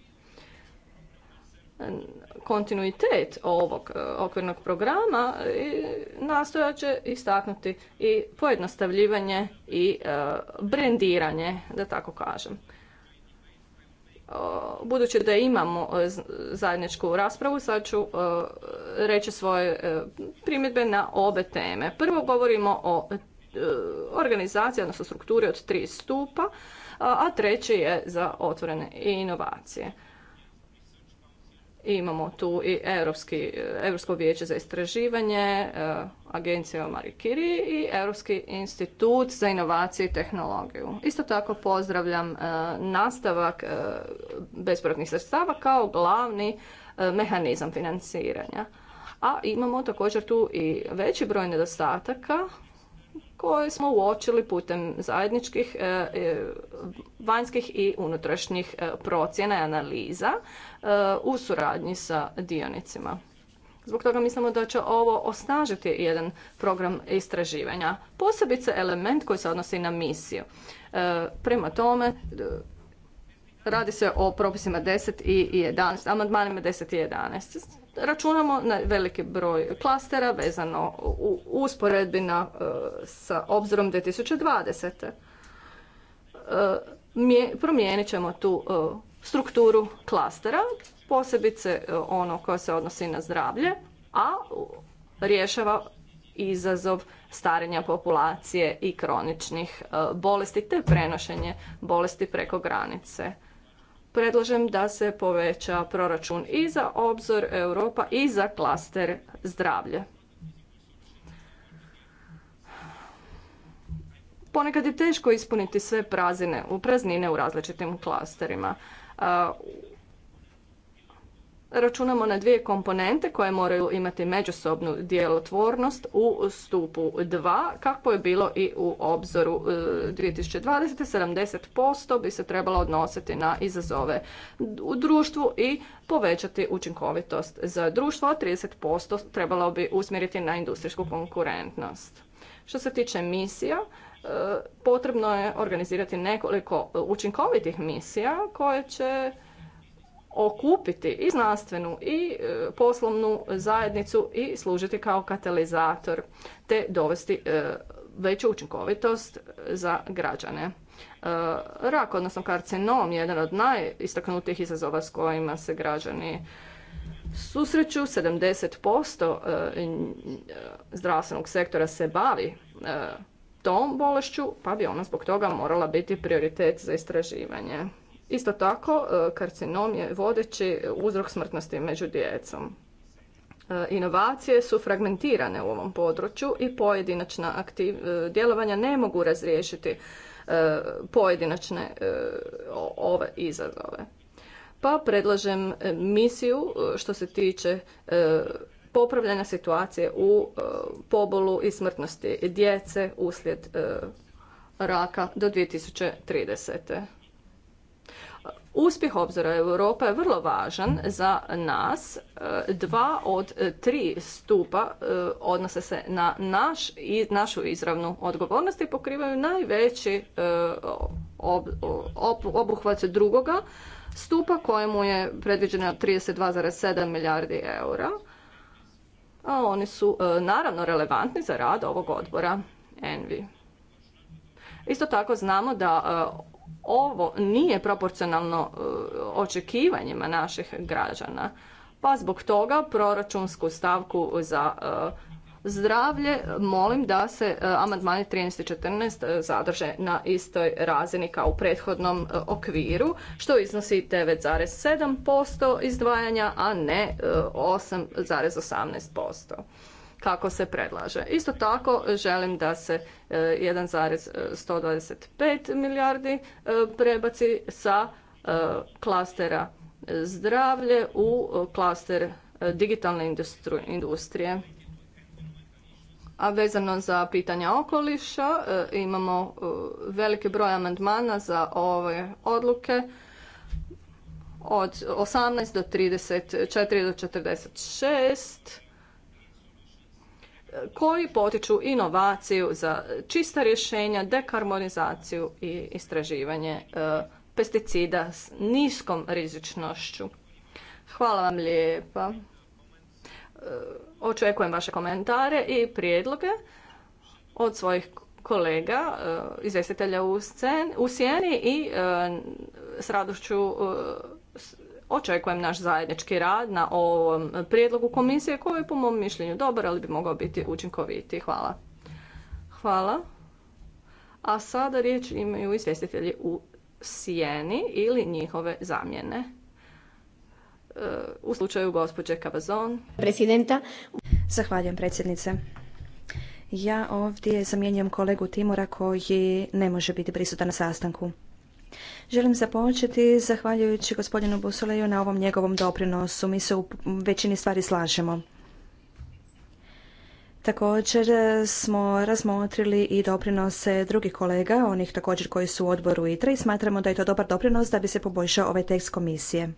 Kontinuitet ovog e, okvirnog programa e, nastoja će istaknuti i pojednostavljivanje i brendiranje, da tako kažem. Uh, budući da imamo uh, zajedničku raspravu, sad ću uh, reći svoje primjedbe na obe teme. Prvo govorimo o organizaciji, odnosno strukturi od tri stupa, a treći je za otvorene inovacije. Imamo tu i Europski, Europsko vijeće za istraživanje, e, Agencija o Marie i Europski institut za inovacije i tehnologiju. Isto tako pozdravljam e, nastavak e, bespovratnih sredstava kao glavni mehanizam financiranja. A imamo također tu i veći broj nedostataka koje smo uočili putem zajedničkih e, e, vanjskih i unutrašnjih e, procjena i analiza u suradnji sa dionicima. Zbog toga mislimo da će ovo osnažiti jedan program istraživanja, posebice element koji se odnosi na misiju. prema tome, radi se o propisima 10 i 11, amandmanima 10 i 11 računamo na veliki broj klastera vezano u usporedbi na, e, sa obzirom 2020. E, promijenit ćemo tu e, strukturu klastera, posebice ono koje se odnosi na zdravlje, a rješava izazov starenja populacije i kroničnih bolesti te prenošenje bolesti preko granice predlažem da se poveća proračun i za obzor Europa i za klaster zdravlje. Ponekad je teško ispuniti sve prazine, praznine u različitim klasterima računamo na dvije komponente koje moraju imati međusobnu djelotvornost u stupu 2, kako je bilo i u obzoru 2020. E, 70% bi se trebalo odnositi na izazove u društvu i povećati učinkovitost za društvo, a 30% trebalo bi usmjeriti na industrijsku konkurentnost. Što se tiče misija, e, potrebno je organizirati nekoliko učinkovitih misija koje će okupiti i znanstvenu i e, poslovnu zajednicu i služiti kao katalizator te dovesti e, veću učinkovitost za građane. E, rak, odnosno karcinom, je jedan od najistaknutijih izazova s kojima se građani susreću. 70% zdravstvenog sektora se bavi tom bolešću, pa bi ona zbog toga morala biti prioritet za istraživanje. Isto tako, e, karcinom je vodeći uzrok smrtnosti među djecom. E, inovacije su fragmentirane u ovom području i pojedinačna e, djelovanja ne mogu razriješiti pojedinačne ove izazove. Pa predlažem misiju što se tiče popravljanja situacije u pobolu i smrtnosti djece uslijed raka do 2030. Uspjeh obzora Europa je vrlo važan za nas. E, dva od tri stupa e, odnose se na naš, našu izravnu odgovornost i pokrivaju najveći e, obuhvat drugoga stupa kojemu je predviđeno 32,7 milijardi eura. A oni su naravno relevantni za rad ovog odbora Envi. Isto tako znamo da ovo nije proporcionalno e, očekivanjima naših građana. Pa zbog toga proračunsku stavku za e, zdravlje molim da se e, amandmani 13 i 14 zadrže na istoj razini kao u prethodnom okviru, što iznosi 9,7% izdvajanja, a ne 8,18% kako se predlaže. Isto tako želim da se 1,125 e, milijardi e, prebaci sa e, klastera zdravlje u klaster digitalne industrije. A vezano za pitanja okoliša imamo veliki broj amandmana za ove odluke od 18 do 34 do 46 koji potiču inovaciju za čista rješenja, dekarbonizaciju i istraživanje e, pesticida s niskom rizičnošću. Hvala vam lijepa. E, očekujem vaše komentare i prijedloge od svojih kolega, e, izvjestitelja u sjeni i s radošću Očekujem naš zajednički rad na ovom prijedlogu komisije koji je po mom mišljenju dobar, ali bi mogao biti učinkoviti. Hvala. Hvala. A sada riječ imaju izvjestitelji u sjeni ili njihove zamjene. E, u slučaju gospođe Kabazon. Presidenta. Zahvaljujem predsjednice. Ja ovdje zamjenjam kolegu Timora koji ne može biti prisutan na sastanku. Želim započeti zahvaljujući gospodinu Busoleju na ovom njegovom doprinosu. Mi se u većini stvari slažemo. Također smo razmotrili i doprinose drugih kolega, onih također koji su u odboru ITRA i smatramo da je to dobar doprinos da bi se poboljšao ovaj tekst komisije.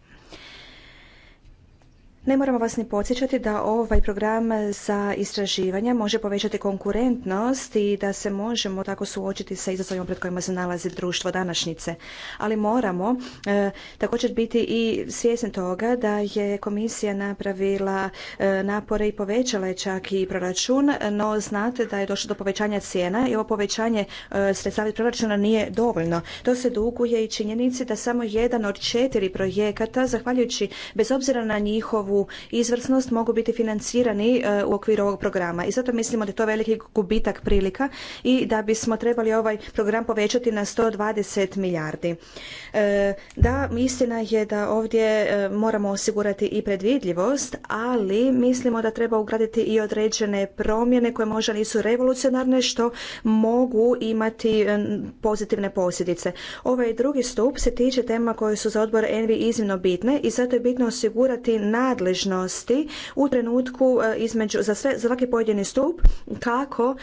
Ne moramo vas ni podsjećati da ovaj program za istraživanje može povećati konkurentnost i da se možemo tako suočiti sa izazovima pred kojima se nalazi društvo današnjice. Ali moramo e, također biti i svjesni toga da je komisija napravila e, napore i povećala je čak i proračun, no znate da je došlo do povećanja cijena i ovo povećanje e, sredstava iz proračuna nije dovoljno. To se duguje i činjenici da samo jedan od četiri projekata, zahvaljujući bez obzira na njihovu izvrsnost mogu biti financirani e, u okviru ovog programa. I zato mislimo da je to veliki gubitak prilika i da bismo trebali ovaj program povećati na 120 milijardi. E, da, istina je da ovdje e, moramo osigurati i predvidljivost, ali mislimo da treba ugraditi i određene promjene koje možda nisu revolucionarne, što mogu imati pozitivne posljedice. Ovaj drugi stup se tiče tema koje su za odbor Envi iznimno bitne i zato je bitno osigurati nad nadležnosti u trenutku e, između, za, sve, svaki pojedini stup kako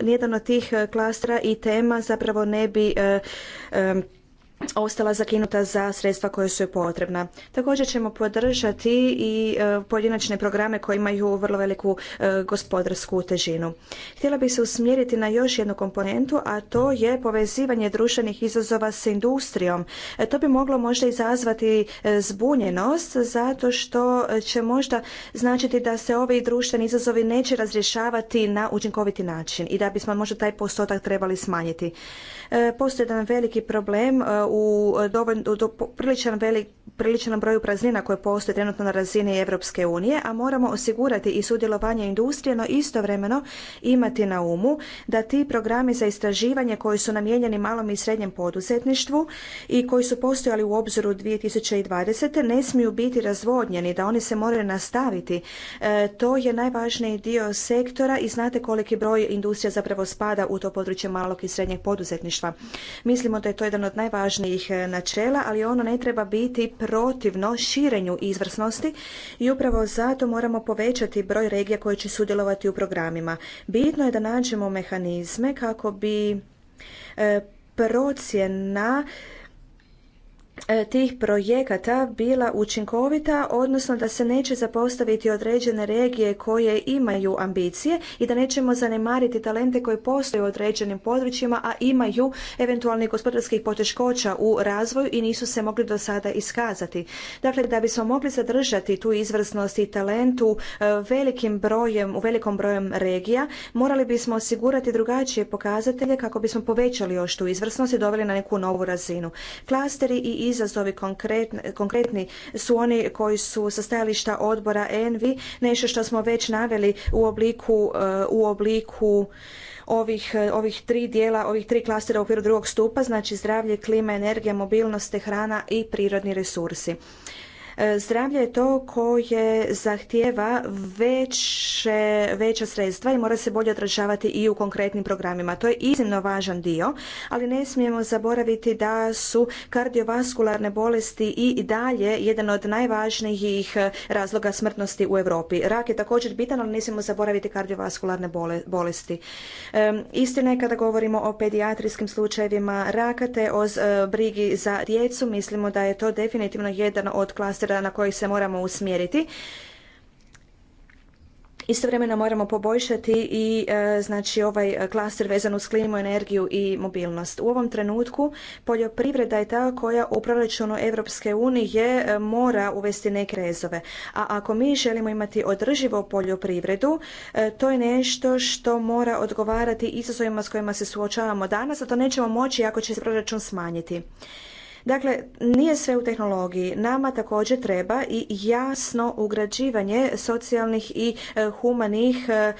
nijedan od tih e, klastra i tema zapravo ne bi e, ostala zakinuta za sredstva koja su joj potrebna. Također ćemo podržati i e, pojedinačne programe koji imaju vrlo veliku e, gospodarsku težinu. Htjela bih se usmjeriti na još jednu komponentu, a to je povezivanje društvenih izazova s industrijom. E, to bi moglo možda izazvati zbunjenost zato što će možda značiti da se ovi društveni izazovi neće razrješavati na učinkoviti način i da bismo možda taj postotak trebali smanjiti. Postoji jedan veliki problem u, e, dovolj, priličan, broju praznina koje postoje trenutno na razini Europske unije, a moramo osigurati i sudjelovanje industrije, no istovremeno imati na umu da ti programi za istraživanje koji su namijenjeni malom i srednjem poduzetništvu i koji su postojali u obzoru 2020. ne smiju biti razvodnjeni, da oni se moraju nastaviti. E, to je najvažniji dio sektora i znate koliki broj industrija zapravo spada u to područje malog i srednjeg poduzetništva. Mislimo da je to jedan od najvažnijih njih e, načela, ali ono ne treba biti protivno širenju izvrsnosti i upravo zato moramo povećati broj regija koje će sudjelovati u programima. Bitno je da nađemo mehanizme kako bi e, procjena E, tih projekata bila učinkovita, odnosno da se neće zapostaviti određene regije koje imaju ambicije i da nećemo zanemariti talente koji postoje u određenim područjima, a imaju eventualnih gospodarskih poteškoća u razvoju i nisu se mogli do sada iskazati. Dakle, da bismo mogli zadržati tu izvrsnost i talentu e, velikim brojem, u velikom brojem regija, morali bismo osigurati drugačije pokazatelje kako bismo povećali još tu izvrsnost i doveli na neku novu razinu. Klasteri i izazovi konkretni, su oni koji su sa stajališta odbora ENVI, nešto što smo već naveli u obliku, eh, u obliku eh, ovih, tri dijela, ovih tri klastera u okviru drugog stupa, znači zdravlje, klima, energija, mobilnost, hrana i prirodni resursi. E, zdravlje je to koje zahtijeva veće, veća sredstva i mora se bolje odražavati i u konkretnim programima. To je iznimno važan dio, ali ne smijemo zaboraviti da su kardiovaskularne bolesti i dalje jedan od najvažnijih e, razloga smrtnosti u Europi. Rak je također bitan, ali ne smijemo zaboraviti kardiovaskularne bolesti. E, istina je kada govorimo o pedijatrijskim slučajevima raka te o brigi za djecu, mislimo da je to definitivno jedan od klaster na koji se moramo usmjeriti. Istovremeno moramo poboljšati i e, znači ovaj klaster vezan uz klimu, energiju i mobilnost. U ovom trenutku poljoprivreda je ta koja u proračunu Europske unije e, mora uvesti neke rezove. A ako mi želimo imati održivo poljoprivredu, e, to je nešto što mora odgovarati izazovima s kojima se suočavamo danas, a to nećemo moći ako će se proračun smanjiti. Dakle, nije sve u tehnologiji. Nama također treba i jasno ugrađivanje socijalnih i e, humanih e,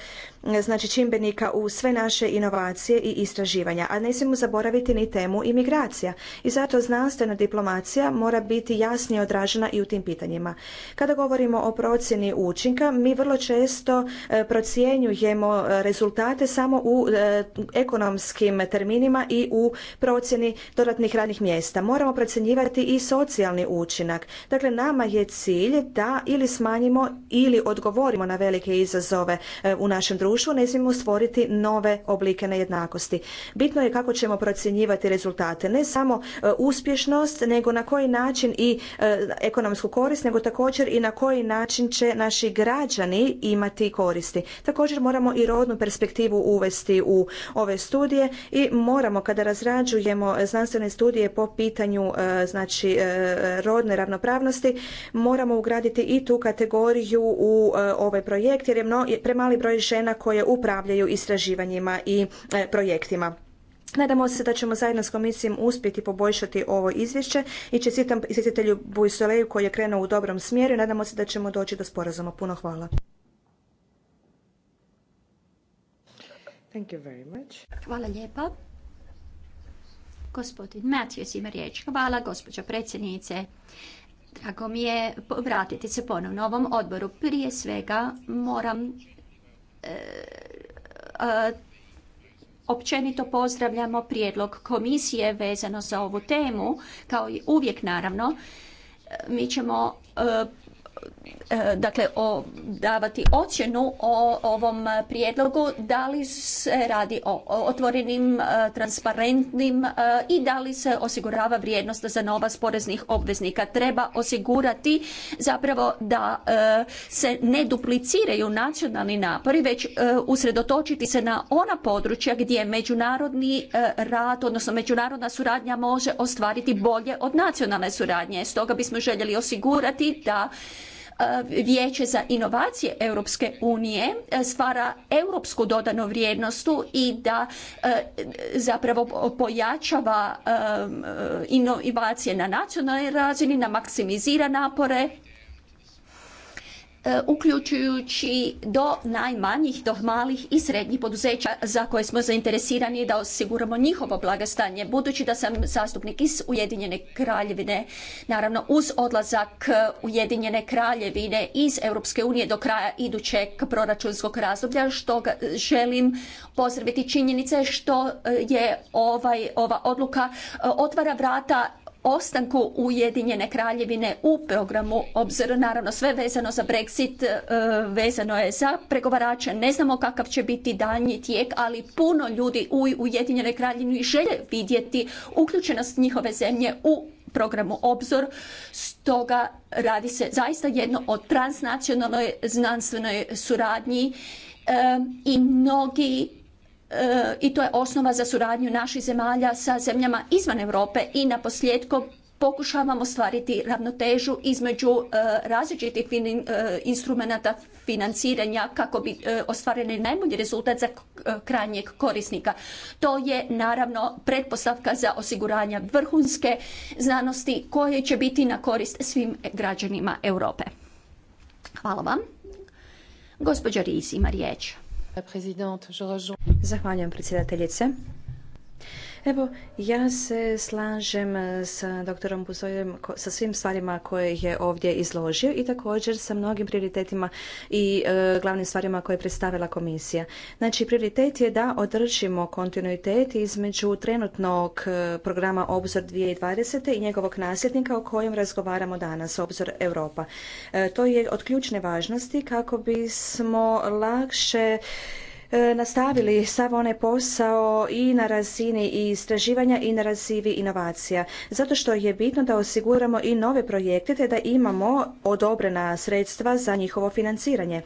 znači čimbenika u sve naše inovacije i istraživanja, a ne smijemo zaboraviti ni temu imigracija. I zato znanstvena diplomacija mora biti jasnije odražena i u tim pitanjima. Kada govorimo o procjeni učinka, mi vrlo često e, procjenjujemo e, rezultate samo u e, ekonomskim terminima i u procjeni dodatnih radnih mjesta. Moramo procjenjivati i socijalni učinak. Dakle, nama je cilj da ili smanjimo ili odgovorimo na velike izazove u našem društvu društvu ne smijemo stvoriti nove oblike nejednakosti. Bitno je kako ćemo procjenjivati rezultate, ne samo e, uspješnost, nego na koji način i e, ekonomsku korist, nego također i na koji način će naši građani imati koristi. Također moramo i rodnu perspektivu uvesti u ove studije i moramo kada razrađujemo znanstvene studije po pitanju e, znači rodne ravnopravnosti moramo ugraditi i tu kategoriju u ovaj projekt jer je premali broj žena koje upravljaju istraživanjima i e, projektima. Nadamo se da ćemo zajedno s komisijom uspjeti poboljšati ovo izvješće i čestitam izvjestitelju Bujsoleju koji je krenuo u dobrom smjeru i nadamo se da ćemo doći do sporazuma. Puno hvala. Hvala lijepa. Gospodin Matthews ima riječ. Hvala, gospođo predsjednice. Drago mi je vratiti se ponovno ovom odboru. Prije svega moram E, općenito pozdravljamo prijedlog komisije vezano za ovu temu, kao i uvijek naravno. E, mi ćemo e, E, dakle o, davati ocjenu o ovom prijedlogu da li se radi o otvorenim, e, transparentnim e, i da li se osigurava vrijednost za novac poreznih obveznika. Treba osigurati zapravo da se ne dupliciraju nacionalni napori, već usredotočiti se na ona područja gdje međunarodni rad, odnosno međunarodna suradnja može ostvariti bolje od nacionalne suradnje. Stoga bismo željeli osigurati da Vijeće za inovacije Europske unije e, stvara europsku dodanu vrijednost i da e, zapravo pojačava e, inovacije na nacionalnoj razini, na maksimizira napore E, uključujući do najmanjih, do malih i srednjih poduzeća za koje smo zainteresirani da osiguramo njihovo blagostanje. Budući da sam zastupnik iz Ujedinjene kraljevine, naravno uz odlazak Ujedinjene kraljevine iz Europske unije do kraja idućeg proračunskog razdoblja, što želim pozdraviti činjenice što je ovaj, ova odluka e, otvara vrata ostanku Ujedinjene kraljevine u programu obzor naravno sve vezano za Brexit e, vezano je za pregovarače ne znamo kakav će biti daljnji tijek ali puno ljudi u Ujedinjenoj kraljevini žele vidjeti uključenost njihove zemlje u programu Obzor. Stoga radi se zaista jedno o transnacionalnoj znanstvenoj suradnji e, i mnogi i to je osnova za suradnju naših zemalja sa zemljama izvan Europe i na pokušavamo ostvariti ravnotežu između e, različitih e, instrumenata financiranja kako bi e, ostvarili najbolji rezultat za krajnjeg korisnika. To je naravno pretpostavka za osiguranje vrhunske znanosti koje će biti na korist svim građanima Europe. Hvala vam. Gospođa Ris ima riječ dakle zidan žalac zahvaljujem predsjedateljice Evo, ja se slažem e, sa doktorom Buzojem, sa svim stvarima koje je ovdje izložio i također sa mnogim prioritetima i e, glavnim stvarima koje je predstavila komisija. Znači, prioritet je da održimo kontinuitet između trenutnog e, programa Obzor 2020. i njegovog nasljednika o kojem razgovaramo danas, Obzor Europa. to je od ključne važnosti kako bismo lakše E, nastavili sav onaj posao i na razini istraživanja i na razini inovacija. Zato što je bitno da osiguramo i nove projekte te da imamo odobrena sredstva za njihovo financiranje.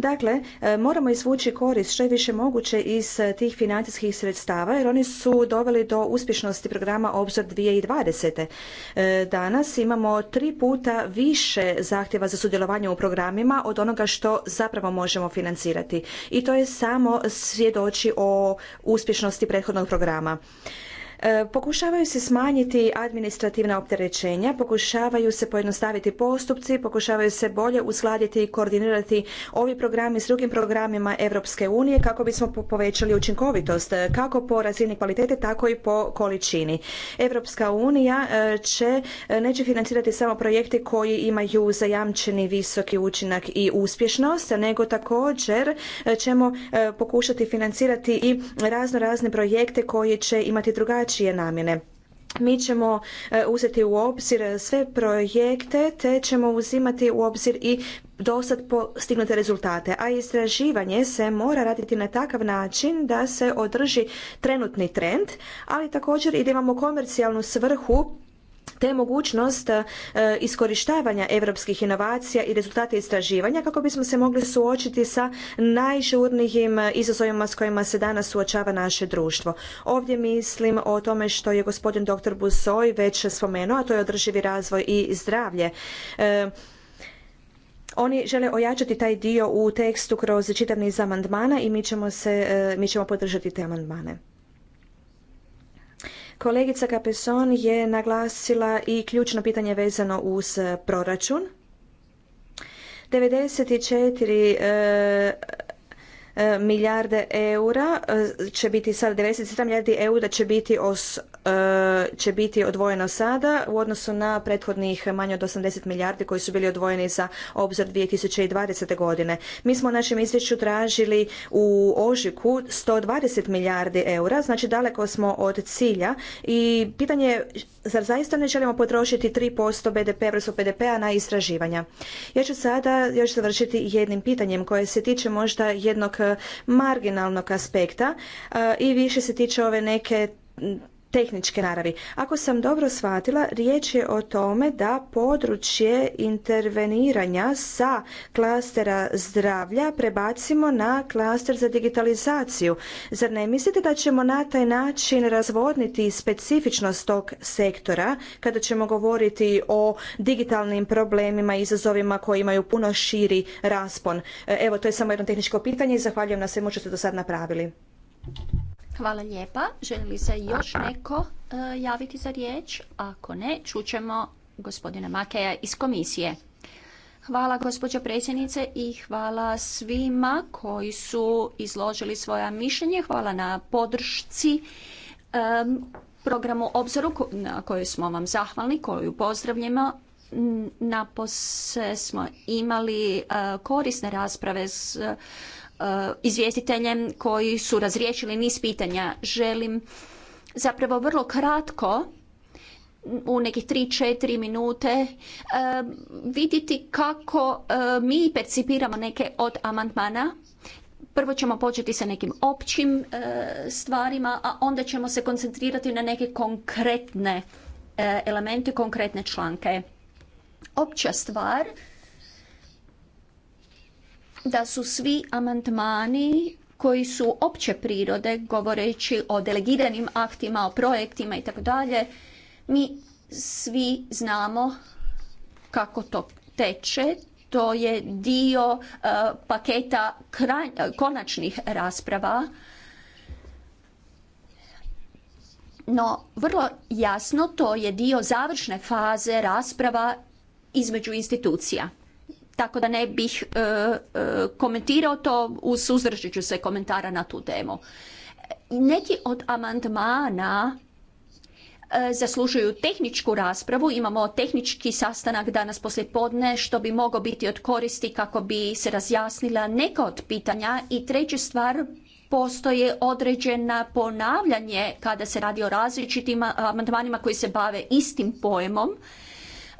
Dakle, e, moramo izvući korist što je više moguće iz e, tih financijskih sredstava jer oni su doveli do uspješnosti programa Obzor 2020. E, danas imamo tri puta više zahtjeva za sudjelovanje u programima od onoga što zapravo možemo financirati. I to je samo svjedoči o uspješnosti prethodnog programa. E, pokušavaju se smanjiti administrativna opterećenja, pokušavaju se pojednostaviti postupci, pokušavaju se bolje uskladiti i koordinirati ovi programi s drugim programima Europske unije kako bismo povećali učinkovitost e, kako po razini kvalitete tako i po količini. Europska unija e, će neće financirati samo projekte koji imaju zajamčeni visoki učinak i uspješnost, nego također ćemo pokušati financirati i razno razne projekte koji će imati drugačije drugačije namjene. Mi ćemo e, uzeti u obzir sve projekte te ćemo uzimati u obzir i dosad postignute rezultate, a istraživanje se mora raditi na takav način da se održi trenutni trend, ali također i da imamo komercijalnu svrhu te mogućnost e, iskorištavanja europskih inovacija i rezultata istraživanja kako bismo se mogli suočiti sa najžurnijim e, izazovima s kojima se danas suočava naše društvo. Ovdje mislim o tome što je gospodin dr. Busoj već spomenuo, a to je održivi razvoj i zdravlje. E, oni žele ojačati taj dio u tekstu kroz čitav niz amandmana i mi ćemo, mi ćemo podržati te amandmane. Kolegica Capeson je naglasila i ključno pitanje vezano uz eh, proračun. 94 E, milijarde eura e, će biti sad 97 milijardi eura će biti os, e, će biti odvojeno sada u odnosu na prethodnih manje od 80 milijardi koji su bili odvojeni za obzor 2020. godine. Mi smo u našem izvješću tražili u ožiku 120 milijardi eura, znači daleko smo od cilja i pitanje je zar zaista ne želimo potrošiti 3% BDP, vrstu BDP-a na istraživanja. Ja ću sada još završiti jednim pitanjem koje se tiče možda jednog marginalnog aspekta e, i više se tiče ove neke tehničke naravi. Ako sam dobro shvatila, riječ je o tome da područje interveniranja sa klastera zdravlja prebacimo na klaster za digitalizaciju. Zar ne mislite da ćemo na taj način razvodniti specifičnost tog sektora kada ćemo govoriti o digitalnim problemima i izazovima koji imaju puno širi raspon? E, evo, to je samo jedno tehničko pitanje i zahvaljujem na svemu što ste do sad napravili. Hvala lijepa. Želi li se još neko e, javiti za riječ? Ako ne, čućemo gospodina Makeja iz komisije. Hvala gospođo predsjednice i hvala svima koji su izložili svoja mišljenje. Hvala na podršci programu Obzoru na kojoj smo vam zahvalni, koju pozdravljamo napose smo imali e, korisne rasprave s E, izvjestiteljem koji su razriješili niz pitanja. Želim zapravo vrlo kratko u nekih 3-4 minute e, vidjeti kako e, mi percipiramo neke od amandmana prvo ćemo početi sa nekim općim stvarima, a onda ćemo se koncentrirati na neke konkretne elemente, konkretne članke. Opća stvar da su svi amandmani koji su opće prirode, govoreći o delegiranim aktima, o projektima i tako dalje, mi svi znamo kako to teče. To je dio uh, paketa konačnih rasprava. No, vrlo jasno, to je dio završne faze rasprava između institucija tako da ne bih e, e, komentirao to, suzdržit ću se komentara na tu temu. Neki od amandmana e, zaslužuju tehničku raspravu, imamo tehnički sastanak danas podne što bi mogao biti od koristi kako bi se razjasnila neka od pitanja i treća stvar postoje određena ponavljanje kada se radi o različitim amandmanima koji se bave istim pojmom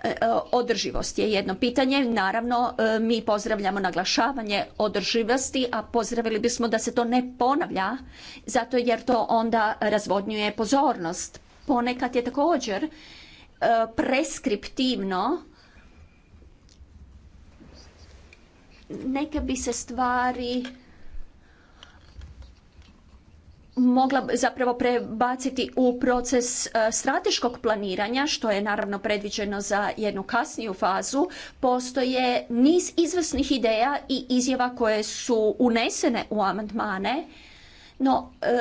E, e, održivost je jedno pitanje. Naravno, e, mi pozdravljamo naglašavanje održivosti, a pozdravili bismo da se to ne ponavlja, zato jer to onda razvodnjuje pozornost. Ponekad je također preskriptivno neke bi se stvari mogla zapravo prebaciti u proces e, strateškog planiranja, što je naravno predviđeno za jednu kasniju fazu, postoje niz izvrsnih ideja i izjava koje su unesene u amandmane, no e,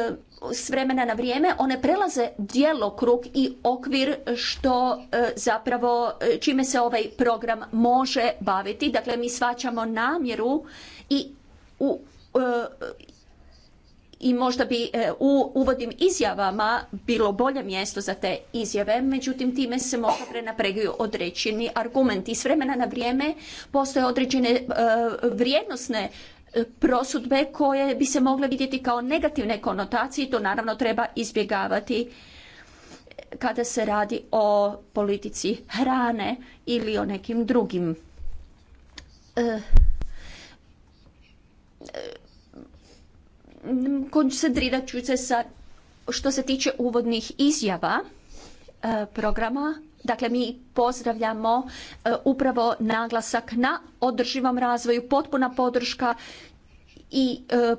s vremena na vrijeme one prelaze djelokrug i okvir što e, zapravo čime se ovaj program može baviti. Dakle, mi shvaćamo namjeru i u i možda bi e, u uvodnim izjavama bilo bolje mjesto za te izjave, međutim time se možda prenapreguju određeni argumenti. S vremena na vrijeme postoje određene e, vrijednosne e, prosudbe koje bi se mogle vidjeti kao negativne konotacije i to naravno treba izbjegavati kada se radi o politici hrane ili o nekim drugim koncentrirat ću se sa što se tiče uvodnih izjava e, programa. Dakle, mi pozdravljamo e, upravo naglasak na održivom razvoju, potpuna podrška i e,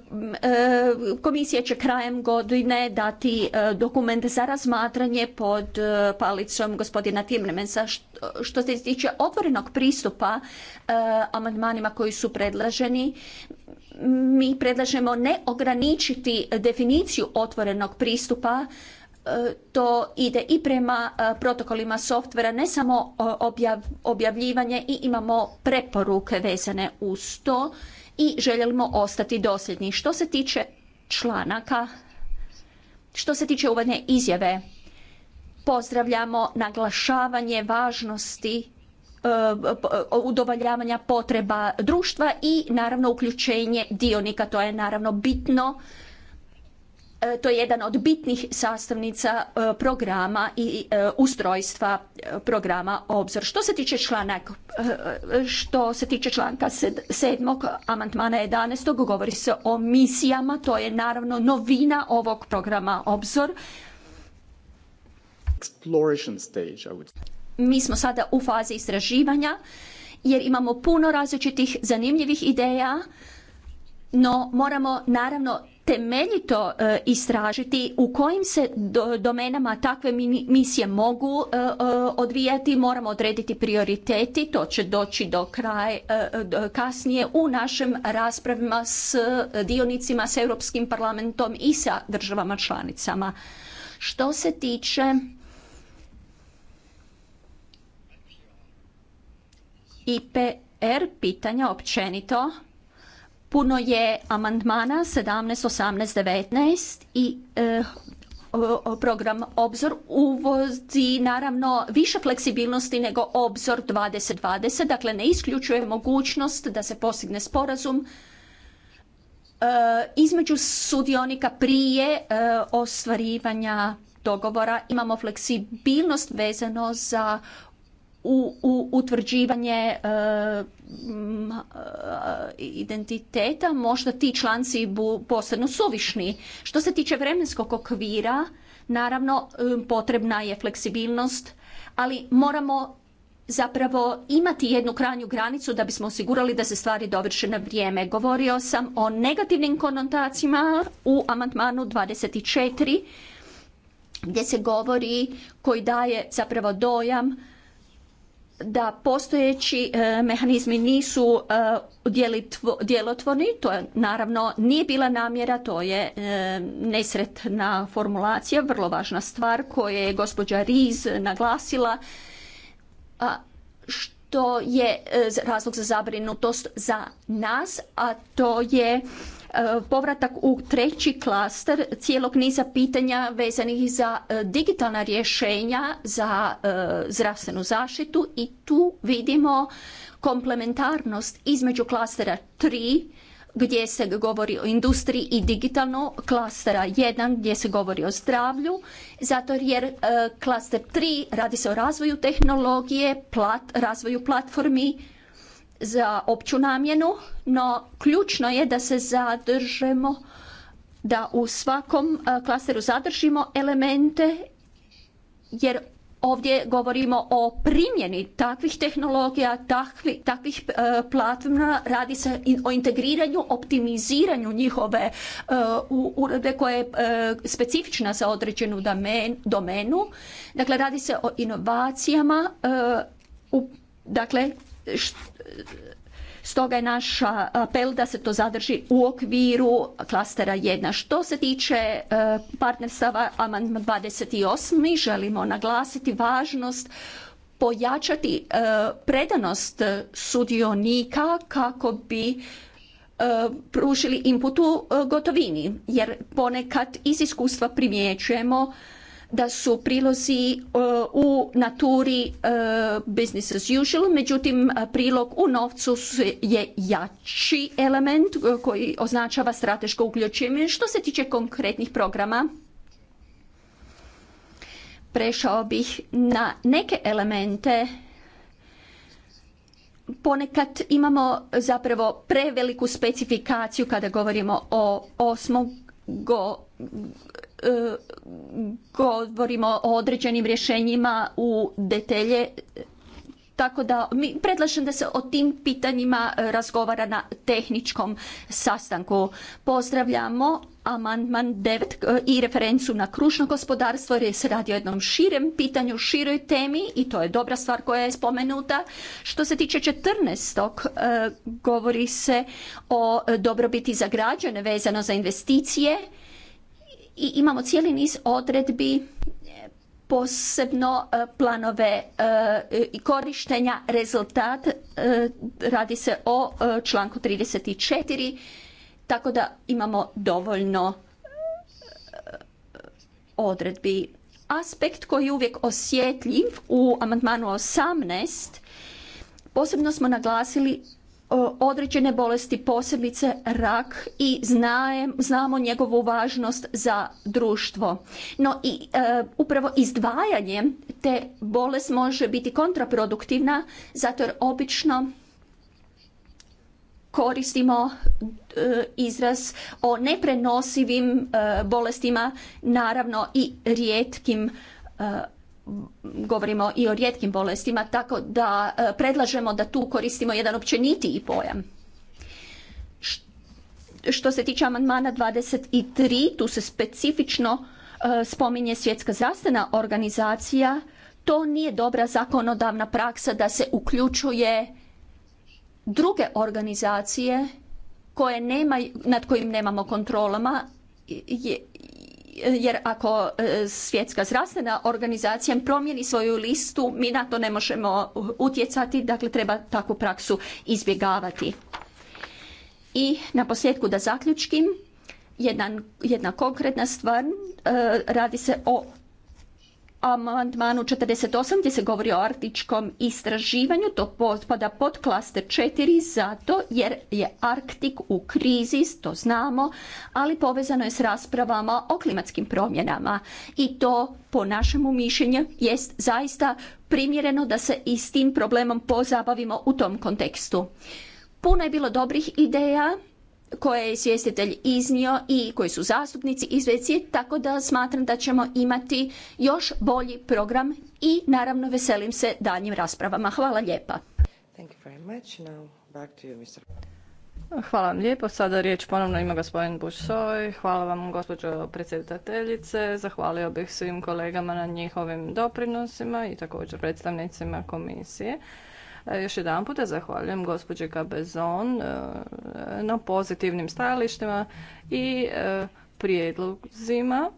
komisija će krajem godine dati dokument za razmatranje pod palicom gospodina Timremensa. Što se tiče otvorenog pristupa amandmanima koji su predlaženi, mi predlažemo ne ograničiti definiciju otvorenog pristupa e, to ide i prema e, protokolima softvera, ne samo e, objavljivanje i imamo preporuke vezane uz to i želimo ostati dosljedni. Što se tiče članaka, što se tiče uvodne izjave, pozdravljamo naglašavanje važnosti E, e, udovoljavanja potreba društva i naravno uključenje dionika. To je naravno bitno e, to je jedan od bitnih sastavnica programa i ustrojstva programa Obzor. Što se tiče članak, što se tiče članka sedmog amandmana 11. govori se o misijama, to je naravno novina ovog programa Obzor. Mi smo sada u fazi istraživanja jer imamo puno različitih zanimljivih ideja, no moramo naravno temeljito e, istražiti u kojim se domenama takve misije mogu e, e, odvijati, moramo odrediti prioriteti, to će doći do kraja kasnije u našim raspravima s dionicima, s Europskim parlamentom i sa državama članicama. Što se tiče IPR pitanja općenito. Puno je amandmana 17, 18, 19 i eh, program Obzor uvozi naravno više fleksibilnosti nego Obzor 2020, dakle ne isključuje mogućnost da se postigne sporazum eh, između sudionika prije eh, ostvarivanja dogovora. Imamo fleksibilnost vezano za u, utvrđivanje e, e, identiteta, možda ti članci bu posebno suvišni. Što se tiče vremenskog okvira, naravno e, potrebna je fleksibilnost, ali moramo zapravo imati jednu krajnju granicu da bismo osigurali da se stvari dovrše na vrijeme. Govorio sam o negativnim konotacijama u amandmanu 24 gdje se govori koji daje zapravo dojam da postojeći e, mehanizmi nisu e, djelotvorni, to je naravno nije bila namjera, to je e, nesretna formulacija, vrlo važna stvar koju je gospođa Riz naglasila, a, što je razlog za zabrinutost za nas, a to je E, povratak u treći klaster cijelog niza pitanja vezanih za e, digitalna rješenja za e, zdravstvenu zaštitu i tu vidimo komplementarnost između klastera 3 gdje se govori o industriji i digitalno, klastera 1 gdje se govori o zdravlju, zato jer klaster 3 radi se o razvoju tehnologije, plat, razvoju platformi, za opću namjenu, no ključno je da se zadržemo, da u svakom e, klasteru zadržimo elemente jer ovdje govorimo o primjeni takvih tehnologija, takvi, takvih e, platforma, radi se o integriranju, optimiziranju njihove e, koja je e, specifična za određenu domenu. Dakle, radi se o inovacijama u, dakle, Stoga je naš apel da se to zadrži u okviru klastera 1. Što se tiče e, partnerstava amandman 28, mi želimo naglasiti važnost pojačati e, predanost sudionika kako bi e, pružili inputu gotovini jer ponekad iz iskustva primjećujemo da su prilozi e, u naturi e, business as usual, međutim e, prilog u novcu je jači element koji označava strateško uključenje. Što se tiče konkretnih programa, prešao bih na neke elemente ponekad imamo zapravo preveliku specifikaciju kada govorimo o osam. E, govorimo o određenim rješenjima u detalje tako da mi predlažem da se o tim pitanjima razgovara na tehničkom sastanku. Pozdravljamo amandman devet e, i referencu na kružno gospodarstvo jer se radi o jednom širem pitanju, široj temi i to je dobra stvar koja je spomenuta. Što se tiče 14. E, govori se o dobrobiti za građane vezano za investicije i imamo cijeli niz odredbi e, posebno e, planove e, i korištenja rezultat radi se o članku 34 tako da imamo dovoljno odredbi. Aspekt koji je uvijek osjetljiv u amandmanu 18 posebno smo naglasili određene bolesti, posebice rak i znamo njegovu važnost za društvo. No i e, upravo izdvajanje te bolest može biti kontraproduktivna zato jer obično koristimo e, izraz o neprenosivim e, bolestima, naravno i rijetkim govorimo i o rijetkim bolestima, tako da e, predlažemo da tu koristimo jedan općenitiji pojam. Što se tiče amandmana 23, tu se specifično e, spominje Svjetska zdravstvena organizacija. To nije dobra zakonodavna praksa da se uključuje druge organizacije koje nad kojim nemamo kontrolama jer ako e, svjetska zdravstvena organizacija promijeni svoju listu, mi na to ne možemo utjecati, dakle treba takvu praksu izbjegavati. I na posljedku da zaključkim, jedna konkretna stvar, e, radi se o amandmanu 48 gdje se govori o arktičkom istraživanju, to potpada pod klaster 4 zato jer je Arktik u krizi, to znamo, ali povezano je s raspravama o klimatskim promjenama i to po našemu mišljenju jest zaista primjereno da se i s tim problemom pozabavimo u tom kontekstu. Puno je bilo dobrih ideja koje je izvjestitelj iznio i koji su zastupnici izvecije, tako da smatram da ćemo imati još bolji program i naravno veselim se daljnjim raspravama. Hvala lijepa. Hvala vam lijepo. Sada riječ ponovno ima gospodin Bušoj. Hvala vam gospođo predsjedateljice. Zahvalio bih svim kolegama na njihovim doprinosima i također predstavnicima komisije. E, još jedan puta zahvaljujem gospođe Gabezon e, na pozitivnim stajalištima i e, prijedlozima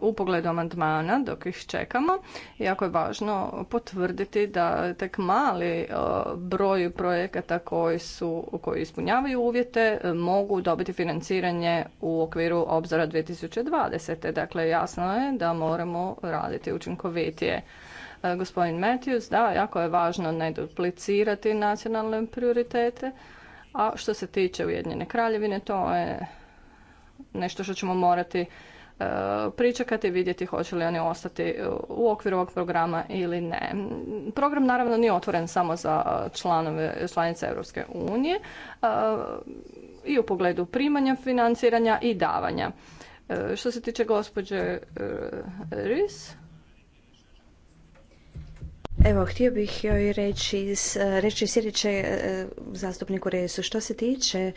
u pogledu amandmana dok ih čekamo. Jako je važno potvrditi da tek mali broj projekata koji, koji ispunjavaju uvjete mogu dobiti financiranje u okviru obzora 2020. Dakle, jasno je da moramo raditi učinkovitije. E, gospodin Matthews, da, jako je važno ne duplicirati nacionalne prioritete, a što se tiče Ujedinjene kraljevine, to je nešto što ćemo morati e, pričekati i vidjeti hoće li oni ostati u okviru ovog programa ili ne. Program naravno nije otvoren samo za članove, članice Europske unije e, i u pogledu primanja, financiranja i davanja. Što se tiče gospođe Ris, Evo, htio bih joj reći, e, reći sljedeće e, zastupniku Resu. Što se tiče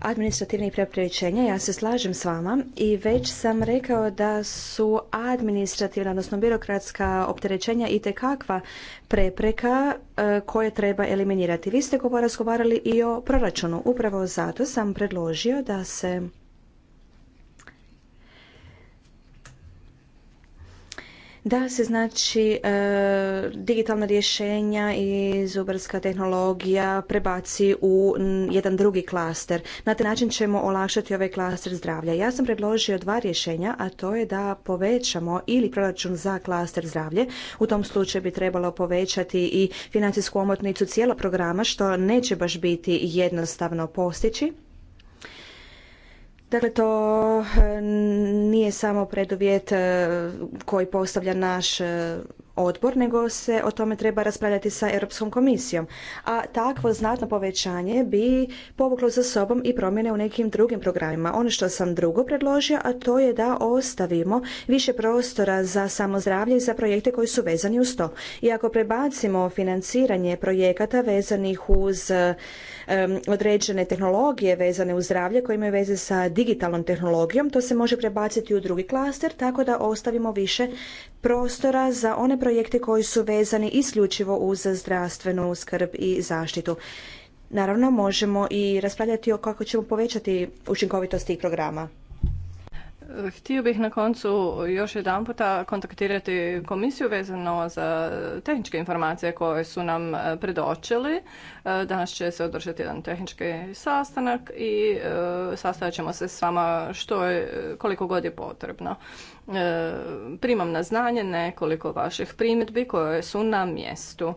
administrativnih preprečenja, ja se slažem s vama i već sam rekao da su administrativna, odnosno birokratska opterećenja i kakva prepreka e, koje treba eliminirati. Vi ste razgovarali i o proračunu. Upravo zato sam predložio da se da se znači e, digitalna rješenja i zubarska tehnologija prebaci u jedan drugi klaster. Na taj način ćemo olakšati ovaj klaster zdravlja. Ja sam predložio dva rješenja, a to je da povećamo ili proračun za klaster zdravlje. U tom slučaju bi trebalo povećati i financijsku omotnicu cijela programa, što neće baš biti jednostavno postići Dakle, to e, nije samo preduvjet e, koji postavlja naš e, odbor, nego se o tome treba raspravljati sa Europskom komisijom. A takvo znatno povećanje bi povuklo za sobom i promjene u nekim drugim programima. Ono što sam drugo predložio, a to je da ostavimo više prostora za samozdravlje i za projekte koji su vezani uz to. I ako prebacimo financiranje projekata vezanih uz određene tehnologije vezane uz zdravlje koje imaju veze sa digitalnom tehnologijom. To se može prebaciti u drugi klaster tako da ostavimo više prostora za one projekte koji su vezani isključivo uz zdravstvenu skrb i zaštitu. Naravno, možemo i raspravljati o kako ćemo povećati učinkovitost tih programa. Htio bih na koncu još jedan puta kontaktirati komisiju vezano za tehničke informacije koje su nam e, predočili. E, danas će se održati jedan tehnički sastanak i e, sastavit ćemo se s vama što je, koliko god je potrebno. Primam na znanje nekoliko vaših primjedbi koje su na mjestu.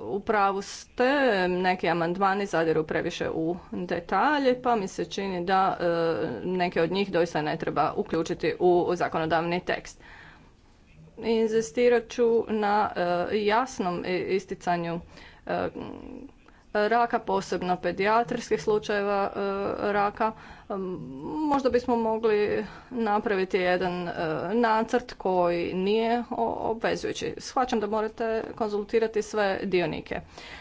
U pravu ste, neki amandmani zadiru previše u detalje, pa mi se čini da e, neke od njih doista ne treba uključiti u zakonodavni tekst. Inzistirat ću na e, jasnom isticanju e, E, raka, posebno pedijatrijskih slučajeva e, raka. E, možda bismo mogli napraviti jedan nacrt koji nije obvezujući. Shvaćam da morate konzultirati sve dionike.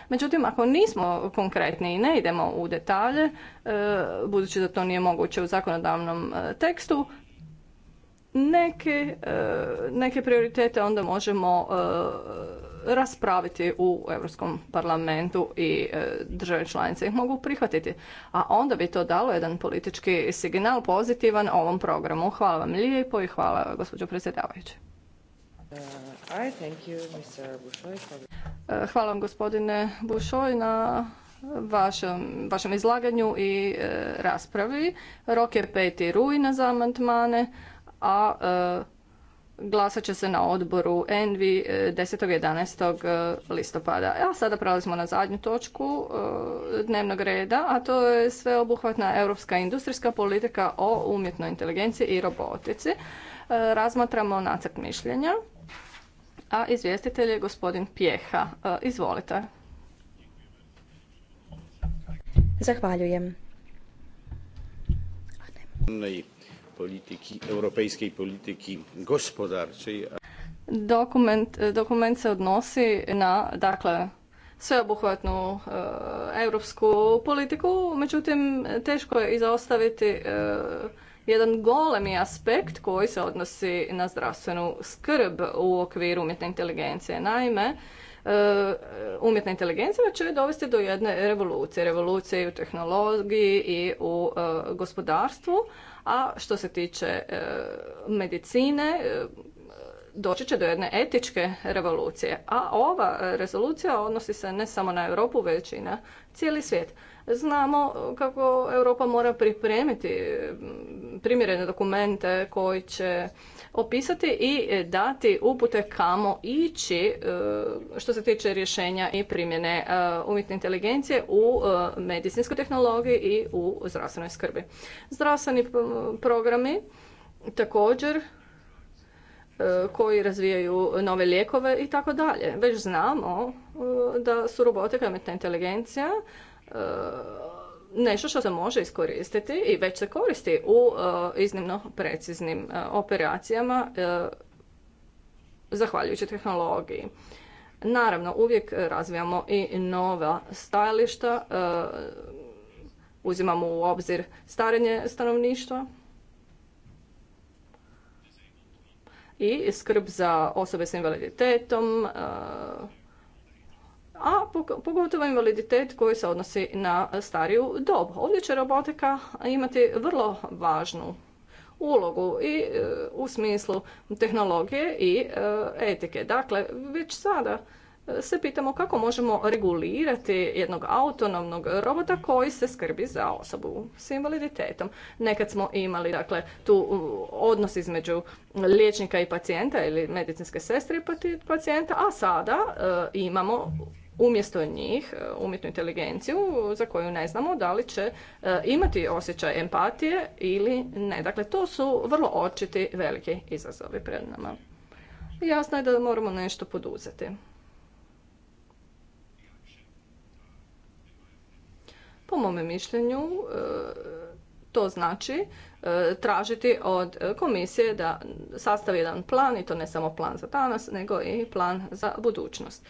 Međutim, ako nismo konkretni i ne idemo u detalje, budući da to nije moguće u zakonodavnom tekstu, neke, neke prioritete onda možemo raspraviti u Europskom parlamentu i e, države članice ih mogu prihvatiti. A onda bi to dalo jedan politički signal pozitivan ovom programu. Hvala vam lijepo i hvala gospođo predsjedavajući. Uh, e, hvala vam gospodine Bušoj na vašem, vašem izlaganju i e, raspravi. Rok je 5. rujna za amandmane, a Glasat će se na odboru ENVI 10. E, 11. E, listopada. A sada prelazimo na zadnju točku e, dnevnog reda, a to je sveobuhvatna europska industrijska politika o umjetnoj inteligenciji i robotici. Razmatramo nacrt mišljenja, a izvjestitelj je gospodin Pjeha. Izvolite. Zahvaljujem polityki, europejskiej polityki gospodarczej. Dokument, dokument se odnosi na, dakle, sveobuhvatnu e, europsku politiku, međutim, teško je izostaviti e, jedan golemi aspekt koji se odnosi na zdravstvenu skrb u okviru umjetne inteligencije. Naime, e, umjetna inteligencija će dovesti do jedne revolucije. Revolucije i u tehnologiji i u e, gospodarstvu, a što se tiče e, medicine, e, doći će do jedne etičke revolucije. A ova e, rezolucija odnosi se ne samo na Europu, već i na cijeli svijet znamo kako Europa mora pripremiti primjerene dokumente koji će opisati i dati upute kamo ići e, što se tiče rješenja i primjene e, umjetne inteligencije u e, medicinskoj tehnologiji i u zdravstvenoj skrbi. Zdravstveni programi također koji razvijaju nove lijekove i tako dalje. Već znamo da su robotika i umjetna inteligencija E, nešto što se može iskoristiti i već se koristi u e, iznimno preciznim e, operacijama zahvaljujući tehnologiji. Naravno, uvijek razvijamo i nova stajališta, uzimamo u obzir starenje stanovništva i skrb za osobe s invaliditetom, a pogotovo invaliditet koji se odnosi na stariju dob. Ovdje će robotika imati vrlo važnu ulogu i e, u smislu tehnologije i e, etike. Dakle, već sada e, se pitamo kako možemo regulirati jednog autonomnog robota koji se skrbi za osobu s invaliditetom. Nekad smo imali dakle, tu odnos između liječnika i pacijenta ili medicinske sestre i pacijenta, a sada imamo umjesto njih e, umjetnu inteligenciju za koju ne znamo da li će e, imati osjećaj empatije ili ne. Dakle, to su vrlo očiti veliki izazovi pred nama. Jasno je da moramo nešto poduzeti. Po mome mišljenju, e, to znači tražiti od komisije da sastavi jedan plan i to ne samo plan za danas, nego i plan za budućnost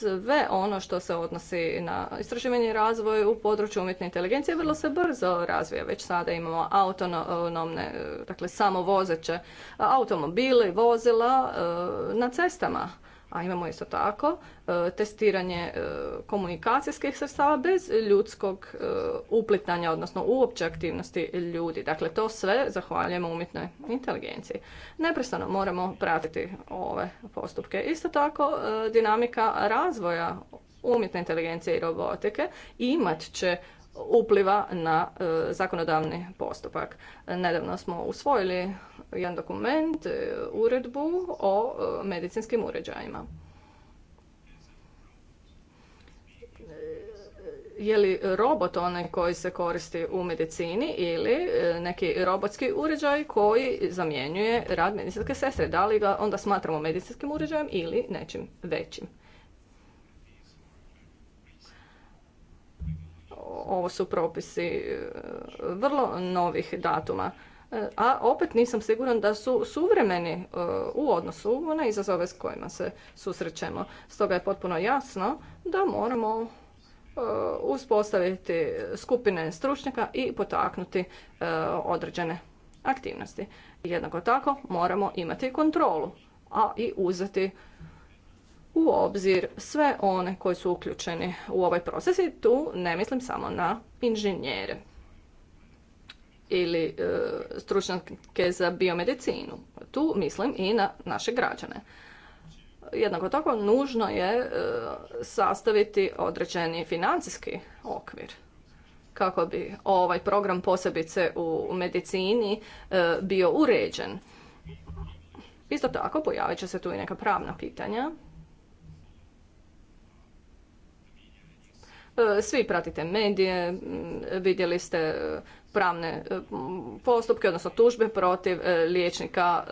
sve ono što se odnosi na istraživanje i razvoj u području umjetne inteligencije vrlo se brzo razvija. Već sada imamo autonomne, dakle samovozeće automobile, vozila e, na cestama a imamo isto tako e, testiranje e, komunikacijskih sredstava bez ljudskog e, uplitanja, odnosno uopće aktivnosti ljudi. Dakle, to sve zahvaljujemo umjetnoj inteligenciji. Neprestano moramo pratiti ove postupke. Isto tako, dinamika razvoja umjetne inteligencije i robotike imat će upliva na e, zakonodavni postupak. Nedavno smo usvojili jedan dokument, e, uredbu o e, medicinskim uređajima. je li robot onaj koji se koristi u medicini ili neki robotski uređaj koji zamjenjuje rad medicinske sestre. Da li ga onda smatramo medicinskim uređajem ili nečim većim. ovo su propisi e, vrlo novih datuma. E, a opet nisam siguran da su suvremeni e, u odnosu na izazove s kojima se susrećemo. Stoga je potpuno jasno da moramo uspostaviti skupine stručnjaka i potaknuti određene aktivnosti. Jednako tako moramo imati kontrolu, a i uzeti u obzir sve one koji su uključeni u ovaj proces i tu ne mislim samo na inženjere ili e, stručnjake za biomedicinu. Tu mislim i na naše građane. Jednako tako nužno je e, sastaviti određeni financijski okvir kako bi ovaj program posebice u medicini e, bio uređen. Isto tako pojavit će se tu i neka pravna pitanja E, svi pratite medije, vidjeli ste e, pravne e, postupke, odnosno tužbe protiv liječnika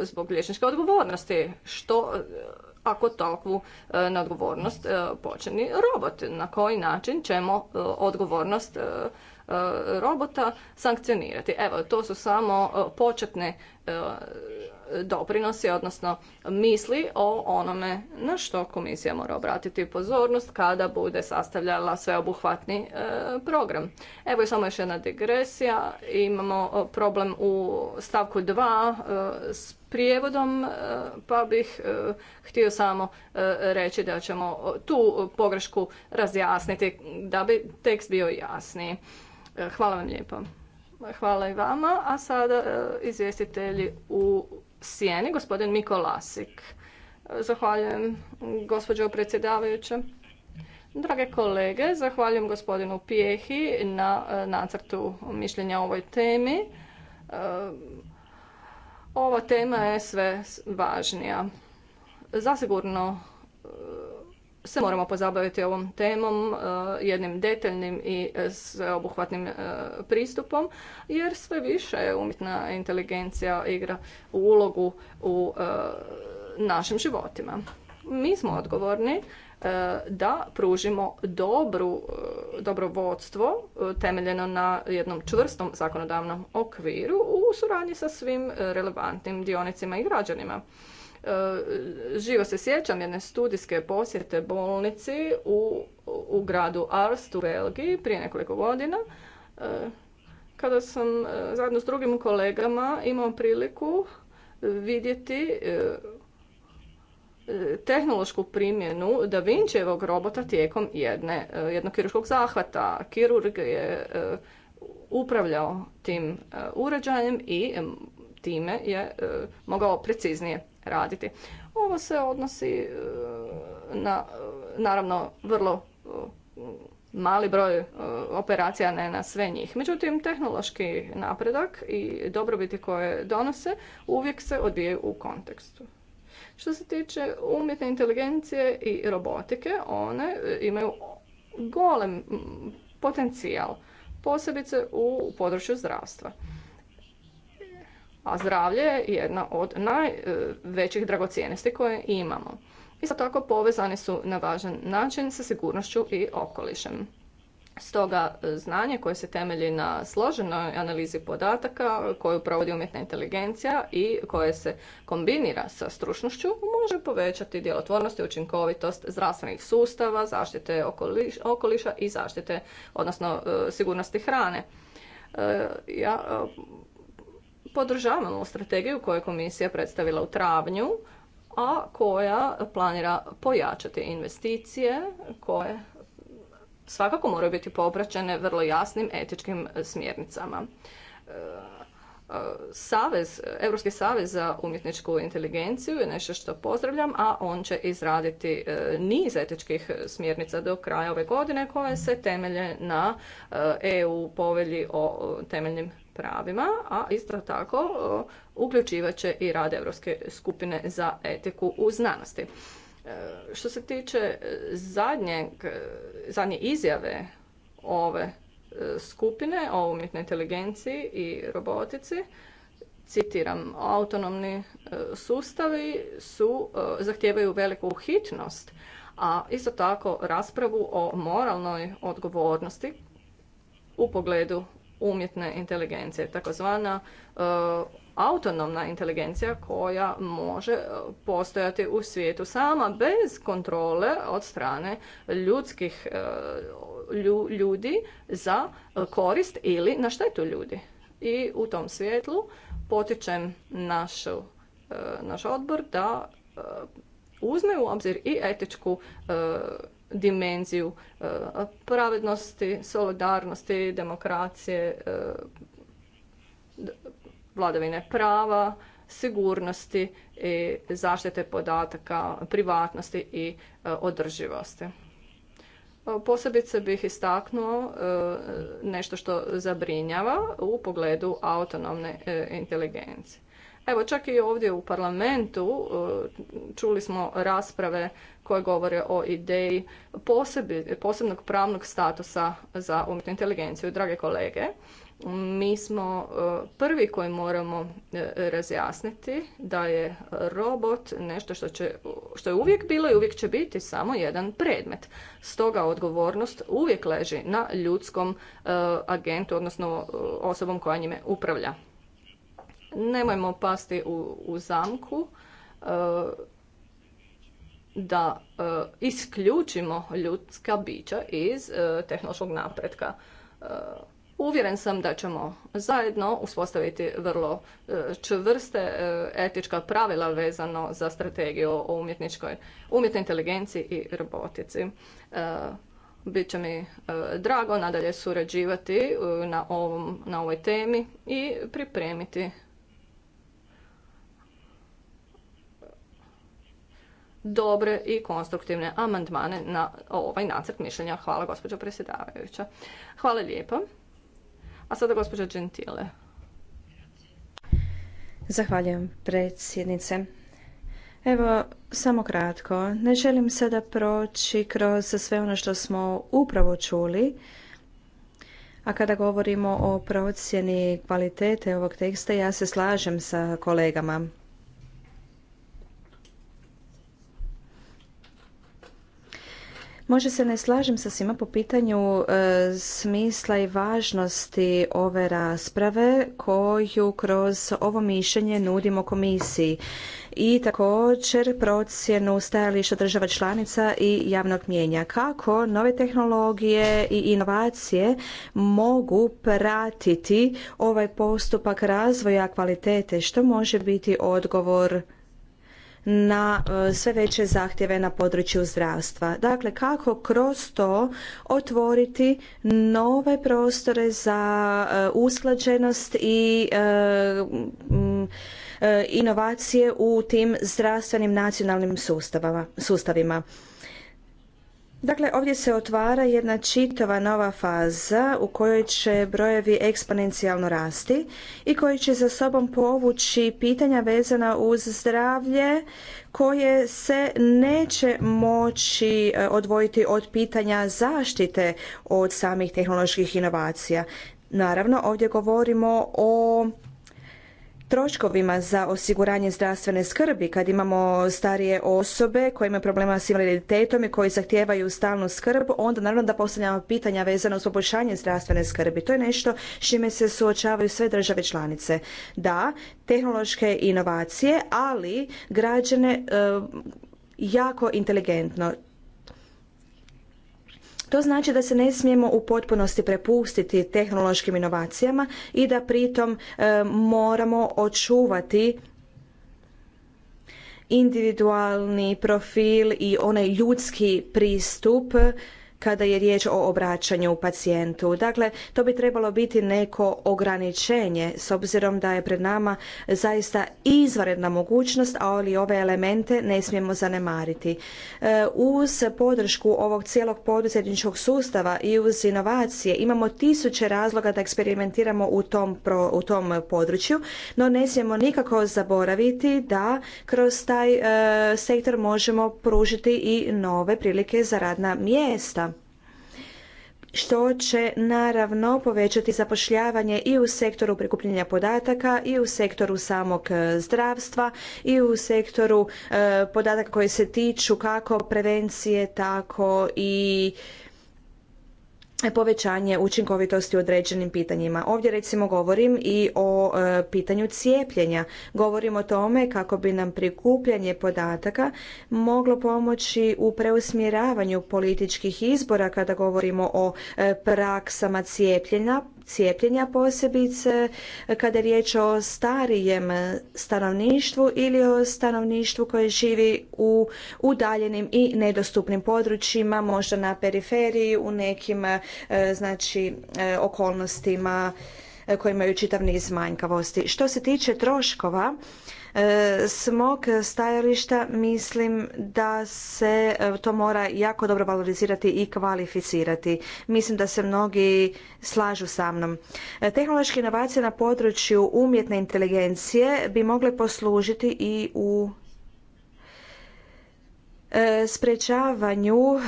zbog liječničke odgovornosti. Što ako takvu neodgovornost počini robot? Na koji način ćemo odgovornost robota sankcionirati? Evo, to su samo početne doprinosi, odnosno misli o onome na što komisija mora obratiti pozornost kada bude sastavljala sveobuhvatni e, program. Evo je samo još jedna digresija. Imamo e, problem u stavku 2 e, s prijevodom, pa bih htio samo reći da ćemo tu pogrešku razjasniti da bi tekst bio jasniji. Hvala vam lijepo. Hvala i vama, a sada izvjestitelji u sjeni gospodin Miko Lasik. Zahvaljujem, gospođo predsjedavajuća. Drage kolege, zahvaljujem gospodinu Pijehi na e, nacrtu mišljenja o ovoj temi. E, ova tema je sve važnija. Zasigurno e, se moramo pozabaviti ovom temom e, jednim detaljnim i e, sveobuhvatnim e, pristupom jer sve više umjetna inteligencija igra ulogu u našim životima. Mi smo odgovorni da pružimo dobru, dobro vodstvo temeljeno na jednom čvrstom zakonodavnom okviru u suradnji sa svim relevantnim dionicima i građanima. Živo se sjećam jedne studijske posjete bolnici u, u gradu Arst u Belgiji prije nekoliko godina e, kada sam e, zajedno s drugim kolegama imao priliku vidjeti e, tehnološku primjenu Da Vinčevog robota tijekom jedne, jednog kirurškog zahvata. Kirurg je upravljao tim uređajem i time je mogao preciznije raditi. Ovo se odnosi e, na, e, naravno, vrlo e, mali broj operacija, ne na sve njih. Međutim, tehnološki napredak i dobrobiti koje donose uvijek se odvijaju u kontekstu. Što se tiče umjetne inteligencije i robotike, one imaju golem potencijal, posebice u području zdravstva a zdravlje je jedna od najvećih dragocjenosti koje imamo. Isto tako povezani su na važan način sa sigurnošću i okolišem. Stoga e, znanje koje se temelji na složenoj analizi podataka koju provodi umjetna inteligencija i koje se kombinira sa stručnošću može povećati djelotvornost i učinkovitost zdravstvenih sustava, zaštite okoliša i zaštite, odnosno e, sigurnosti hrane. E, ja podržavamo strategiju koju je komisija predstavila u travnju, a koja planira pojačati investicije koje svakako moraju biti popraćene vrlo jasnim etičkim smjernicama. Savez, Europski savez za umjetničku inteligenciju je nešto što pozdravljam, a on će izraditi e, niz etičkih smjernica do kraja ove godine koje se temelje na EU e povelji o temeljnim pravima, a isto tako uh, uključivat će i rad Europske skupine za etiku u znanosti. E, što se tiče zadnje izjave ove e, skupine o umjetnoj inteligenciji i robotici, citiram, autonomni e, sustavi su, zahtijevaju veliku hitnost, a isto tako raspravu o moralnoj odgovornosti u pogledu umjetne inteligencije, takozvana e, autonomna inteligencija koja može e, postojati u svijetu sama bez kontrole od strane ljudskih e, ljudi za korist ili na štetu ljudi. I u tom svijetlu potičem našu, naš odbor da uzme u obzir i etičku dimenziju eh, pravednosti, solidarnosti, demokracije, eh, vladavine prava, sigurnosti i zaštite podataka, privatnosti i eh, održivosti. Posebice bih istaknuo nešto što zabrinjava u pogledu autonomne inteligencije. Evo, čak i ovdje u parlamentu e, čuli smo rasprave koje govore o ideji posebnog pravnog statusa za umjetnu inteligenciju. Drage kolege, mi smo e, prvi koji moramo e, razjasniti da je robot nešto što, će, što je uvijek bilo i uvijek će biti samo jedan predmet. Stoga odgovornost uvijek leži na ljudskom agentu, odnosno osobom koja njime upravlja nemojmo pasti u, zamku e, da e, isključimo ljudska bića iz e, tehnološkog napretka. Uvjeren sam da ćemo zajedno uspostaviti vrlo čvrste etička pravila vezano za strategiju o umjetničkoj, umjetnoj inteligenciji i robotici. Bit će mi drago nadalje surađivati na, ovom, na ovoj temi i pripremiti dobre i konstruktivne amandmane na ovaj nacrt mišljenja. Hvala gospođo predsjedavajuća. Hvala lijepo. A sada gospođa Gentile. Zahvaljujem predsjednice. Evo, samo kratko. Ne želim sada proći kroz sve ono što smo upravo čuli, a kada govorimo o procjeni kvalitete ovog teksta, ja se slažem sa kolegama. Može se ne slažem sa svima po pitanju e, smisla i važnosti ove rasprave koju kroz ovo mišljenje nudimo komisiji i također procjenu stajališta država članica i javnog mijenja. Kako nove tehnologije i inovacije mogu pratiti ovaj postupak razvoja kvalitete što može biti odgovor na e, sve veće zahtjeve na području zdravstva. Dakle, kako kroz to otvoriti nove prostore za e, usklađenost i e, inovacije u tim zdravstvenim nacionalnim sustavima. Dakle, ovdje se otvara jedna čitava nova faza u kojoj će brojevi eksponencijalno rasti i koji će za sobom povući pitanja vezana uz zdravlje koje se neće moći e, odvojiti od pitanja zaštite od samih tehnoloških inovacija. Naravno, ovdje govorimo o troškovima za osiguranje zdravstvene skrbi kad imamo starije osobe koje imaju problema s invaliditetom i koji zahtijevaju stalnu skrb onda naravno da postavljamo pitanja vezano uz poboljšanje zdravstvene skrbi to je nešto s čime se suočavaju sve države članice da tehnološke inovacije ali građane eh, jako inteligentno to znači da se ne smijemo u potpunosti prepustiti tehnološkim inovacijama i da pritom e, moramo očuvati individualni profil i onaj ljudski pristup kada je riječ o obraćanju pacijentu. Dakle, to bi trebalo biti neko ograničenje s obzirom da je pred nama zaista izvanredna mogućnost, ali ove elemente ne smijemo zanemariti. E, uz podršku ovog cijelog poduzetničkog sustava i uz inovacije imamo tisuće razloga da eksperimentiramo u tom, u tom području, no ne smijemo nikako zaboraviti da kroz taj e, sektor možemo pružiti i nove prilike za radna mjesta što će naravno povećati zapošljavanje i u sektoru prikupljanja podataka i u sektoru samog e, zdravstva i u sektoru e, podataka koji se tiču kako prevencije tako i povećanje učinkovitosti u određenim pitanjima. Ovdje recimo govorim i o e, pitanju cijepljenja. Govorim o tome kako bi nam prikupljanje podataka moglo pomoći u preusmjeravanju političkih izbora kada govorimo o e, praksama cijepljenja, cijepljenja posebice kada je riječ o starijem stanovništvu ili o stanovništvu koje živi u udaljenim i nedostupnim područjima, možda na periferiji u nekim e, znači e, okolnostima e, koje imaju čitav niz manjkavosti. Što se tiče troškova, s mog stajališta mislim da se e, to mora jako dobro valorizirati i kvalificirati. Mislim da se mnogi slažu sa mnom. E, tehnološke inovacije na području umjetne inteligencije bi mogle poslužiti i u E, sprečavanju e,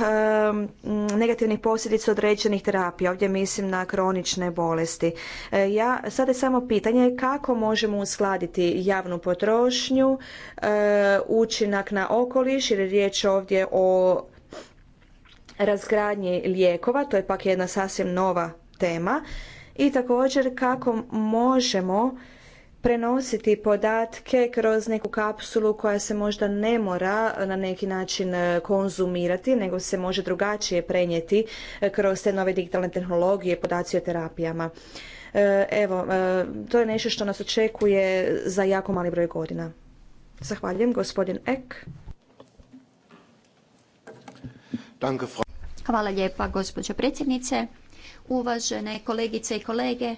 negativnih posljedica određenih terapija. Ovdje mislim na kronične bolesti. E, ja, sada je samo pitanje kako možemo uskladiti javnu potrošnju, učinak na okoliš, jer je riječ ovdje o razgradnji lijekova, to je pak jedna sasvim nova tema, i također kako možemo prenositi podatke kroz neku kapsulu koja se možda ne mora na neki način e, konzumirati, nego se može drugačije prenijeti e, kroz te nove digitalne tehnologije, podaci o terapijama. E, evo, to je nešto što nas očekuje za jako mali broj godina. Zahvaljujem, gospodin Ek. Hvala lijepa, gospođo predsjednice. Uvažene kolegice i kolege,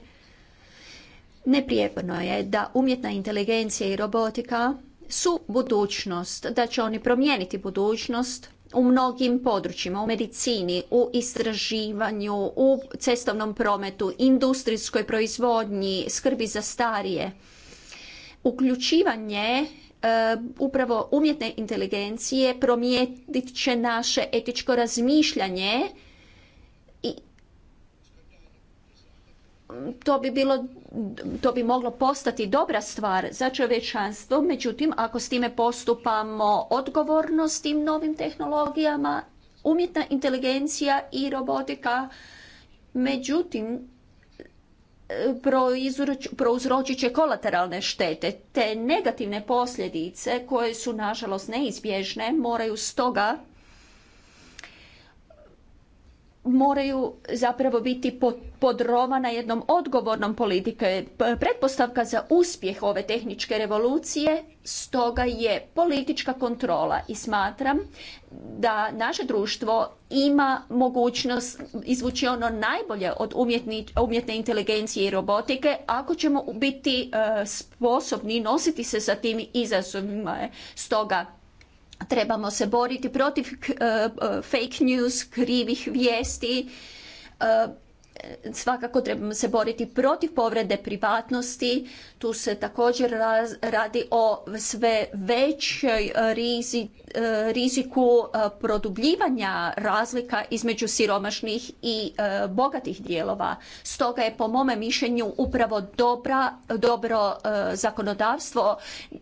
Neprijeporno je da umjetna inteligencija i robotika su budućnost, da će oni promijeniti budućnost u mnogim područjima, u medicini, u istraživanju, u cestovnom prometu, industrijskoj proizvodnji, skrbi za starije. Uključivanje e, upravo umjetne inteligencije promijenit će naše etičko razmišljanje to bi bilo to bi moglo postati dobra stvar za čovječanstvo, međutim ako s time postupamo odgovorno s tim novim tehnologijama, umjetna inteligencija i robotika, međutim prouzročit će kolateralne štete, te negativne posljedice koje su nažalost neizbježne moraju stoga moraju zapravo biti podrovana jednom odgovornom politike. Pretpostavka za uspjeh ove tehničke revolucije stoga je politička kontrola i smatram da naše društvo ima mogućnost izvući ono najbolje od umjetne inteligencije i robotike ako ćemo biti e, sposobni nositi se sa tim izazovima. Stoga Trebamo se boriti protiv eh, eh, fake news, krivih vijesti, eh, svakako trebamo se boriti protiv povrede privatnosti. Tu se također radi o sve većoj e, riziku e, produbljivanja razlika između siromašnih i e, bogatih dijelova. Stoga je po mome mišljenju upravo dobra, dobro zakonodavstvo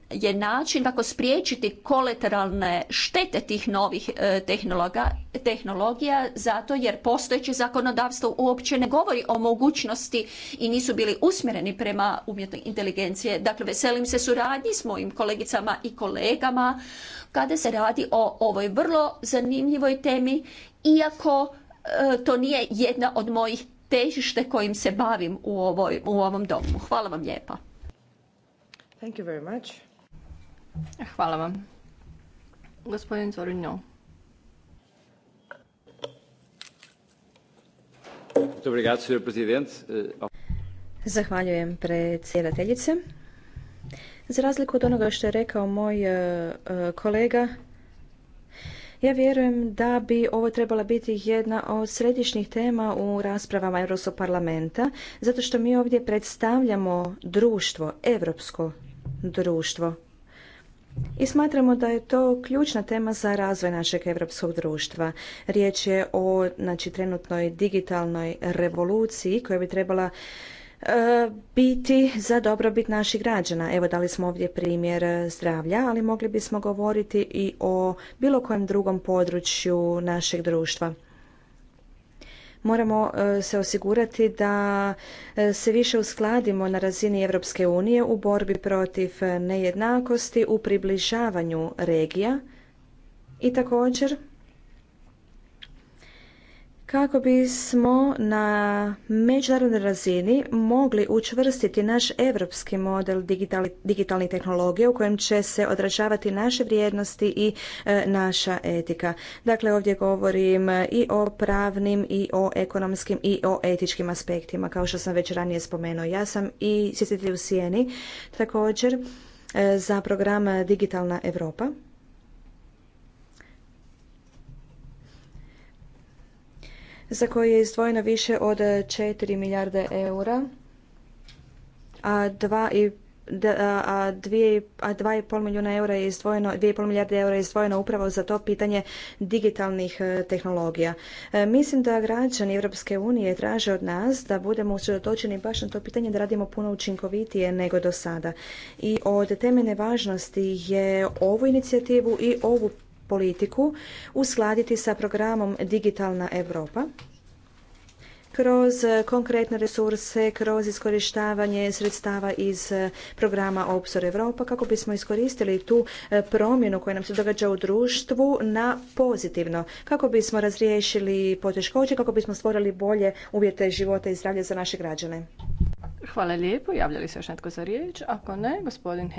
je način kako spriječiti kolateralne štete tih novih tehnologa tehnologija zato jer postojeće zakonodavstvo uopće ne govori o mogućnosti i nisu bili usmjereni prema umjetnoj inteligencije. Dakle, veselim se suradnji s mojim kolegicama i kolegama kada se radi o ovoj vrlo zanimljivoj temi, iako e, to nije jedna od mojih težište kojim se bavim u, ovom domu. Hvala vam lijepa. Thank you very much. Hvala vam. Gospodin Eh, Zahvaljujem predsjedateljice. Za razliku od onoga što je rekao moj eh, eh, kolega, ja vjerujem da bi ovo trebala biti jedna od središnjih tema u raspravama Europskog parlamenta, zato što mi ovdje predstavljamo društvo, europsko društvo i smatramo da je to ključna tema za razvoj našeg europskog društva. Riječ je o znači, trenutnoj digitalnoj revoluciji koja bi trebala e, biti za dobrobit naših građana. Evo dali smo ovdje primjer zdravlja, ali mogli bismo govoriti i o bilo kojem drugom području našeg društva moramo e, se osigurati da e, se više uskladimo na razini Europske unije u borbi protiv nejednakosti, u približavanju regija i također kako bismo na međunarodnoj razini mogli učvrstiti naš europski model digitalnih tehnologija u kojem će se odražavati naše vrijednosti i e, naša etika. Dakle, ovdje govorim i o pravnim i o ekonomskim i o etičkim aspektima, kao što sam već ranije spomenuo. Ja sam i sjetitelj u Sijeni također e, za program Digitalna Europa za koje je izdvojeno više od 4 milijarde eura, a 2,5 milijuna eura je izdvojeno, 2,5 milijarde eura je izdvojeno upravo za to pitanje digitalnih e, tehnologija. E, mislim da građani Europske unije traže od nas da budemo usredotočeni baš na to pitanje da radimo puno učinkovitije nego do sada. I od temeljne važnosti je ovu inicijativu i ovu politiku uskladiti sa programom Digitalna Europa kroz konkretne resurse, kroz iskorištavanje sredstava iz eh, programa opsor Europa kako bismo iskoristili tu eh, promjenu koja nam se događa u društvu na pozitivno, kako bismo razriješili poteškoće, kako bismo stvorili bolje uvjete života i zdravlja za naše građane. Hvala lijepo. Javlja se još netko za riječ? Ako ne, gospodin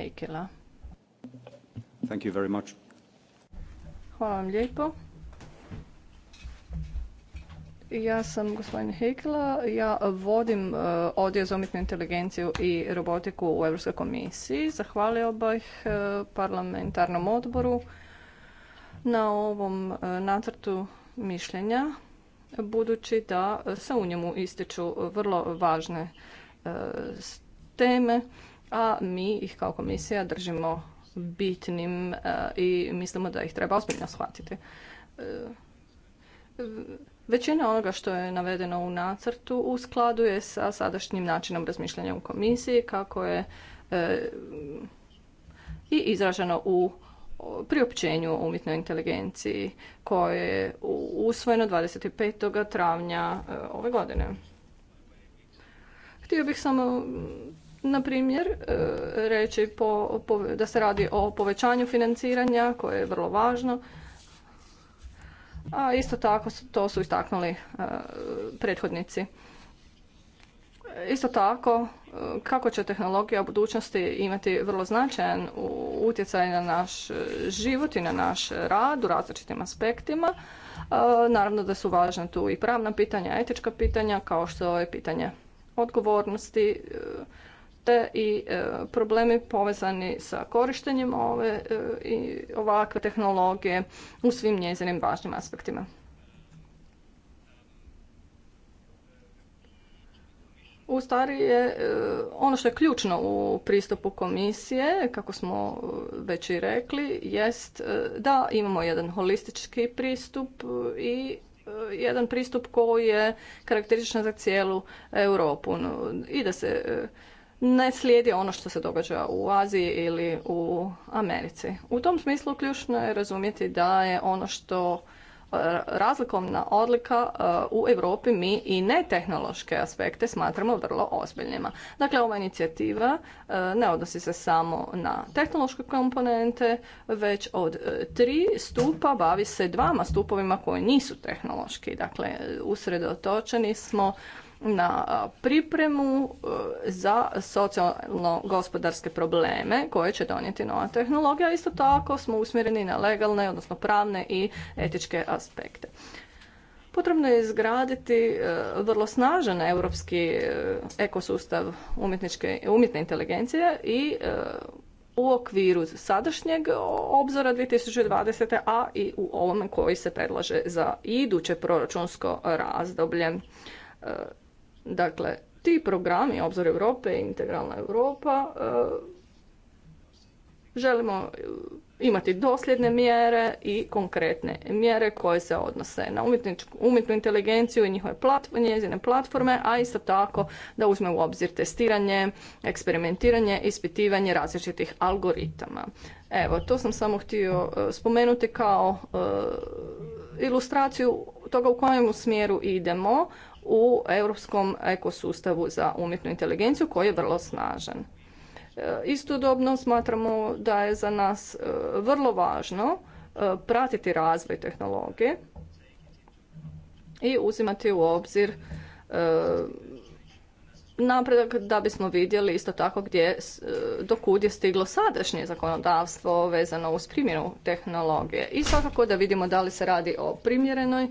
Thank you very much, Hvala vam lijepo. Ja sam gospodin Hekla, ja vodim e, odjel za umjetnu inteligenciju i robotiku u Europskoj komisiji. Zahvalio bih e, parlamentarnom odboru na ovom e, nacrtu mišljenja, budući da se u njemu ističu vrlo važne teme, a mi ih kao komisija držimo bitnim e, i mislimo da ih treba ozbiljno shvatiti. E, većina onoga što je navedeno u nacrtu u skladu je sa sadašnjim načinom razmišljanja u komisiji kako je e, i izraženo u priopćenju o umjetnoj inteligenciji koje je usvojeno 25. travnja ove godine. Htio bih samo na primjer e, reći po, da se radi o povećanju financiranja koje je vrlo važno a isto tako to su istaknuli e, prethodnici isto tako e, kako će tehnologija u budućnosti imati vrlo značajan utjecaj na naš život i na naš rad u različitim aspektima naravno da su važna tu i pravna pitanja etička pitanja kao što je pitanje odgovornosti te i e, problemi povezani sa korištenjem ove e, i ovakve tehnologije u svim njezinim važnim aspektima. u stvari je e, ono što je ključno u pristupu komisije, kako smo već i rekli, jest da imamo jedan holistički pristup i jedan pristup koji je karakterističan za cijelu Europu i da se ne slijedi ono što se događa u Aziji ili u Americi. U tom smislu ključno je razumjeti da je ono što e, razlikovna odlika e, u Europi mi i ne tehnološke aspekte smatramo vrlo ozbiljnima. Dakle, ova inicijativa e, ne odnosi se samo na tehnološke komponente, već od tri stupa bavi se dvama stupovima koji nisu tehnološki. Dakle, usredotočeni smo na pripremu e, za socijalno-gospodarske probleme koje će donijeti nova tehnologija. Isto tako smo usmjereni na legalne, odnosno pravne i etičke aspekte. Potrebno je izgraditi e, vrlo snažan europski e, ekosustav umjetničke, umjetne inteligencije i u okviru sadašnjeg obzora 2020. a i u ovome koji se predlaže za iduće proračunsko razdoblje Dakle, ti programi, obzor Europe i integralna Europa, e, želimo e, imati dosljedne mjere i konkretne mjere koje se odnose na umjetnu inteligenciju i njihove njezine platforme, a isto tako da uzme u obzir testiranje, eksperimentiranje, ispitivanje različitih algoritama. Evo, to sam samo htio e, spomenuti kao ilustraciju toga u kojem smjeru idemo u europskom ekosustavu za umjetnu inteligenciju koji je vrlo snažan. E, istodobno smatramo da je za nas e, vrlo važno e, pratiti razvoj tehnologije i uzimati u obzir napredak da bismo vidjeli isto tako gdje, do kud je stiglo sadašnje zakonodavstvo vezano uz primjenu tehnologije i svakako da vidimo da li se radi o primjerenoj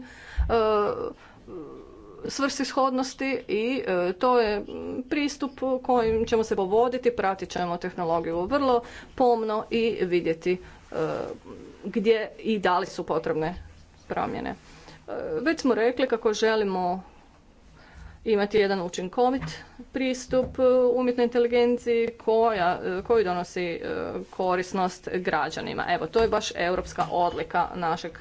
svrsishodnosti i e, to je pristup kojim ćemo se povoditi, pratit ćemo tehnologiju vrlo pomno i vidjeti e, gdje i da li su potrebne promjene. E, već smo rekli kako želimo imati jedan učinkovit pristup e, umjetnoj inteligenciji koja, e, koju donosi e, korisnost građanima. Evo, to je baš europska odlika našeg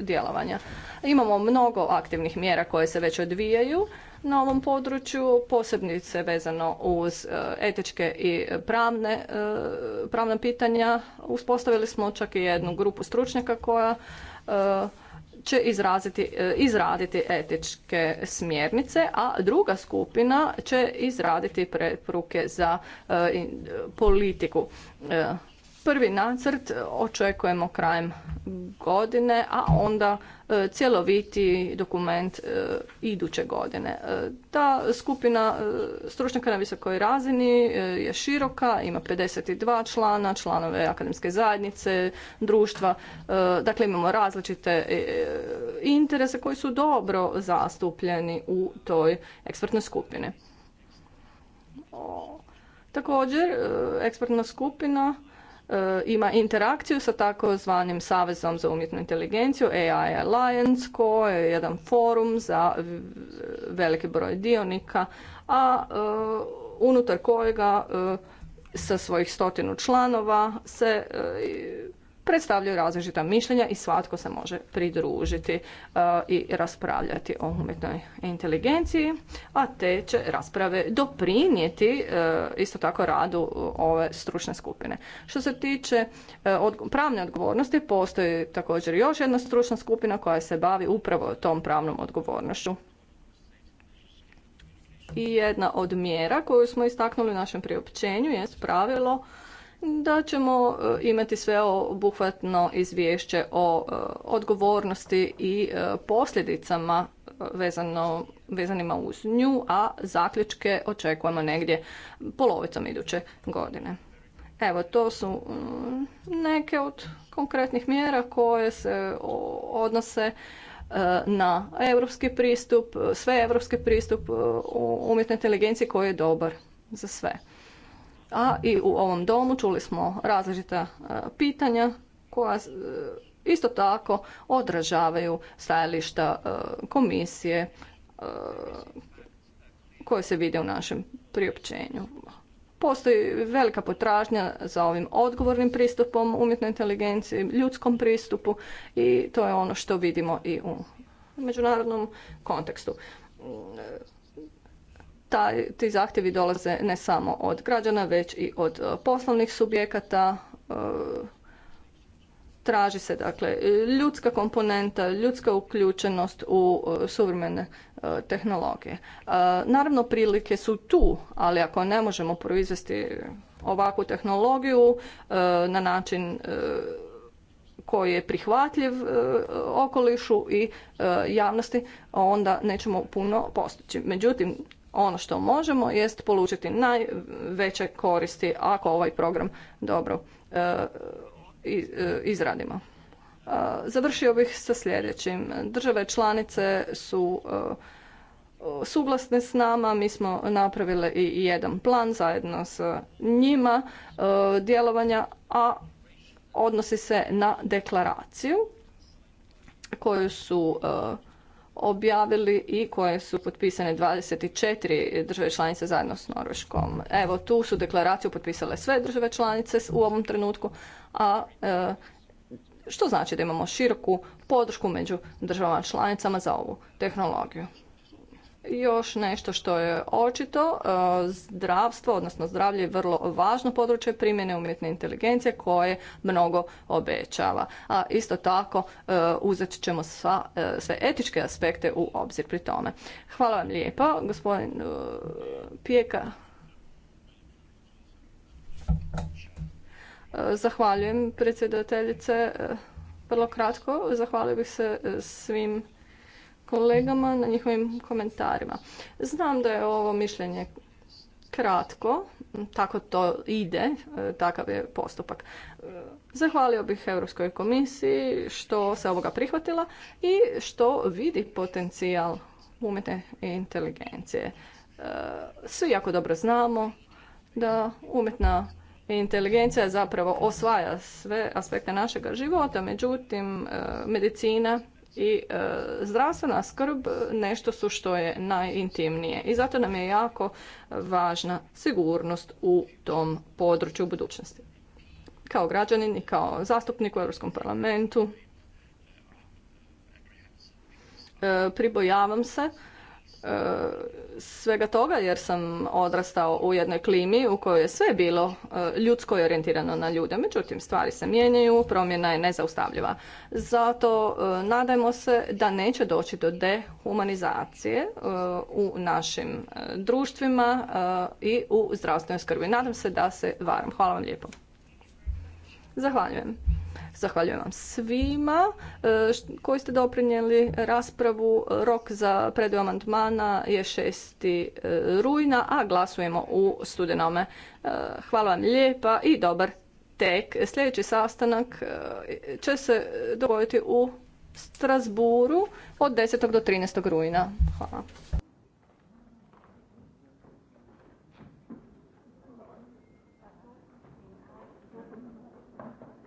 djelovanja. Imamo mnogo aktivnih mjera koje se već odvijaju na ovom području, posebnice vezano uz etičke i pravne, pravna pitanja. Uspostavili smo čak i jednu grupu stručnjaka koja će e, izraditi etičke smjernice, a druga skupina će izraditi preporuke za e, politiku e, Prvi nacrt očekujemo krajem godine, a onda e, cjeloviti dokument e, iduće godine. E, ta skupina stručnjaka na visokoj razini je široka, ima 52 člana, članove akademske zajednice, društva, dakle imamo različite interese koji su dobro zastupljeni u toj ekspertnoj skupini. Također, ekspertna skupina E, ima interakciju sa takozvanim Savezom za umjetnu inteligenciju, AI Alliance, koji je jedan forum za veliki broj dionika, a e, unutar kojega e, sa svojih stotinu članova se predstavljaju različita mišljenja i svatko se može pridružiti e, i raspravljati o umjetnoj inteligenciji, a te će rasprave doprinijeti e, isto tako radu ove stručne skupine. Što se tiče e, pravne odgovornosti, postoji također još jedna stručna skupina koja se bavi upravo tom pravnom odgovornošću. I jedna od mjera koju smo istaknuli u našem priopćenju je pravilo da ćemo e, imati sve obuhvatno izvješće o e, odgovornosti i e, posljedicama vezano, vezanima uz nju, a zaključke očekujemo negdje polovicom iduće godine. Evo, to su mm, neke od konkretnih mjera koje se odnose na europski pristup, sve europski pristup umjetne inteligencije koji je dobar za sve a i u ovom domu čuli smo različita e, pitanja koja e, isto tako odražavaju stajališta e, komisije koje se vide u našem priopćenju. Postoji velika potražnja za ovim odgovornim pristupom umjetnoj inteligenciji, ljudskom pristupu i to je ono što vidimo i u međunarodnom kontekstu taj, ti zahtjevi dolaze ne samo od građana, već i od e, poslovnih subjekata. E, traži se dakle ljudska komponenta, ljudska uključenost u e, suvremene tehnologije. Naravno prilike su tu, ali ako ne možemo proizvesti ovakvu tehnologiju na način koji je prihvatljiv okolišu i javnosti, onda nećemo puno postići. Međutim, ono što možemo jest polučiti najveće koristi ako ovaj program dobro e, e, izradimo. E, završio bih sa sljedećim. Države članice su suglasne s nama, mi smo napravili i jedan plan zajedno s njima djelovanja, a odnosi se na deklaraciju koju su objavili i koje su potpisane 24 države članice zajedno s Norveškom. Evo, tu su deklaraciju potpisale sve države članice u ovom trenutku, a e, što znači da imamo široku podršku među državama članicama za ovu tehnologiju. Još nešto što je očito, e, zdravstvo, odnosno zdravlje je vrlo važno područje primjene umjetne inteligencije koje mnogo obećava. A isto tako e, uzet ćemo sva, e, sve etičke aspekte u obzir pri tome. Hvala vam lijepa, gospodin Pijeka. Zahvaljujem predsjedateljice. Vrlo kratko, zahvalio bih se svim kolegama na njihovim komentarima. Znam da je ovo mišljenje kratko, tako to ide, e, takav je postupak. E, zahvalio bih Europskoj komisiji što se ovoga prihvatila i što vidi potencijal umjetne inteligencije. E, svi jako dobro znamo da umjetna inteligencija zapravo osvaja sve aspekte našega života, međutim medicina i e, zdravstvena skrb nešto su što je najintimnije i zato nam je jako važna sigurnost u tom području u budućnosti. Kao građanin i kao zastupnik u Europskom parlamentu e, pribojavam se E, svega toga jer sam odrastao u jednoj klimi u kojoj je sve bilo e, ljudsko i orijentirano na ljude. Međutim, stvari se mijenjaju, promjena je nezaustavljiva. Zato e, nadajmo se da neće doći do dehumanizacije u našim društvima i u zdravstvenoj skrbi. Nadam se da se varam. Hvala vam lijepo. Zahvaljujem. Zahvaljujem vam svima e, koji ste doprinijeli raspravu. Rok za predaju amandmana je 6. E, rujna, a glasujemo u studenome. E, hvala vam lijepa i dobar tek. Sljedeći sastanak će se dogoditi u Strasburu od 10. do 13. rujna. Hvala.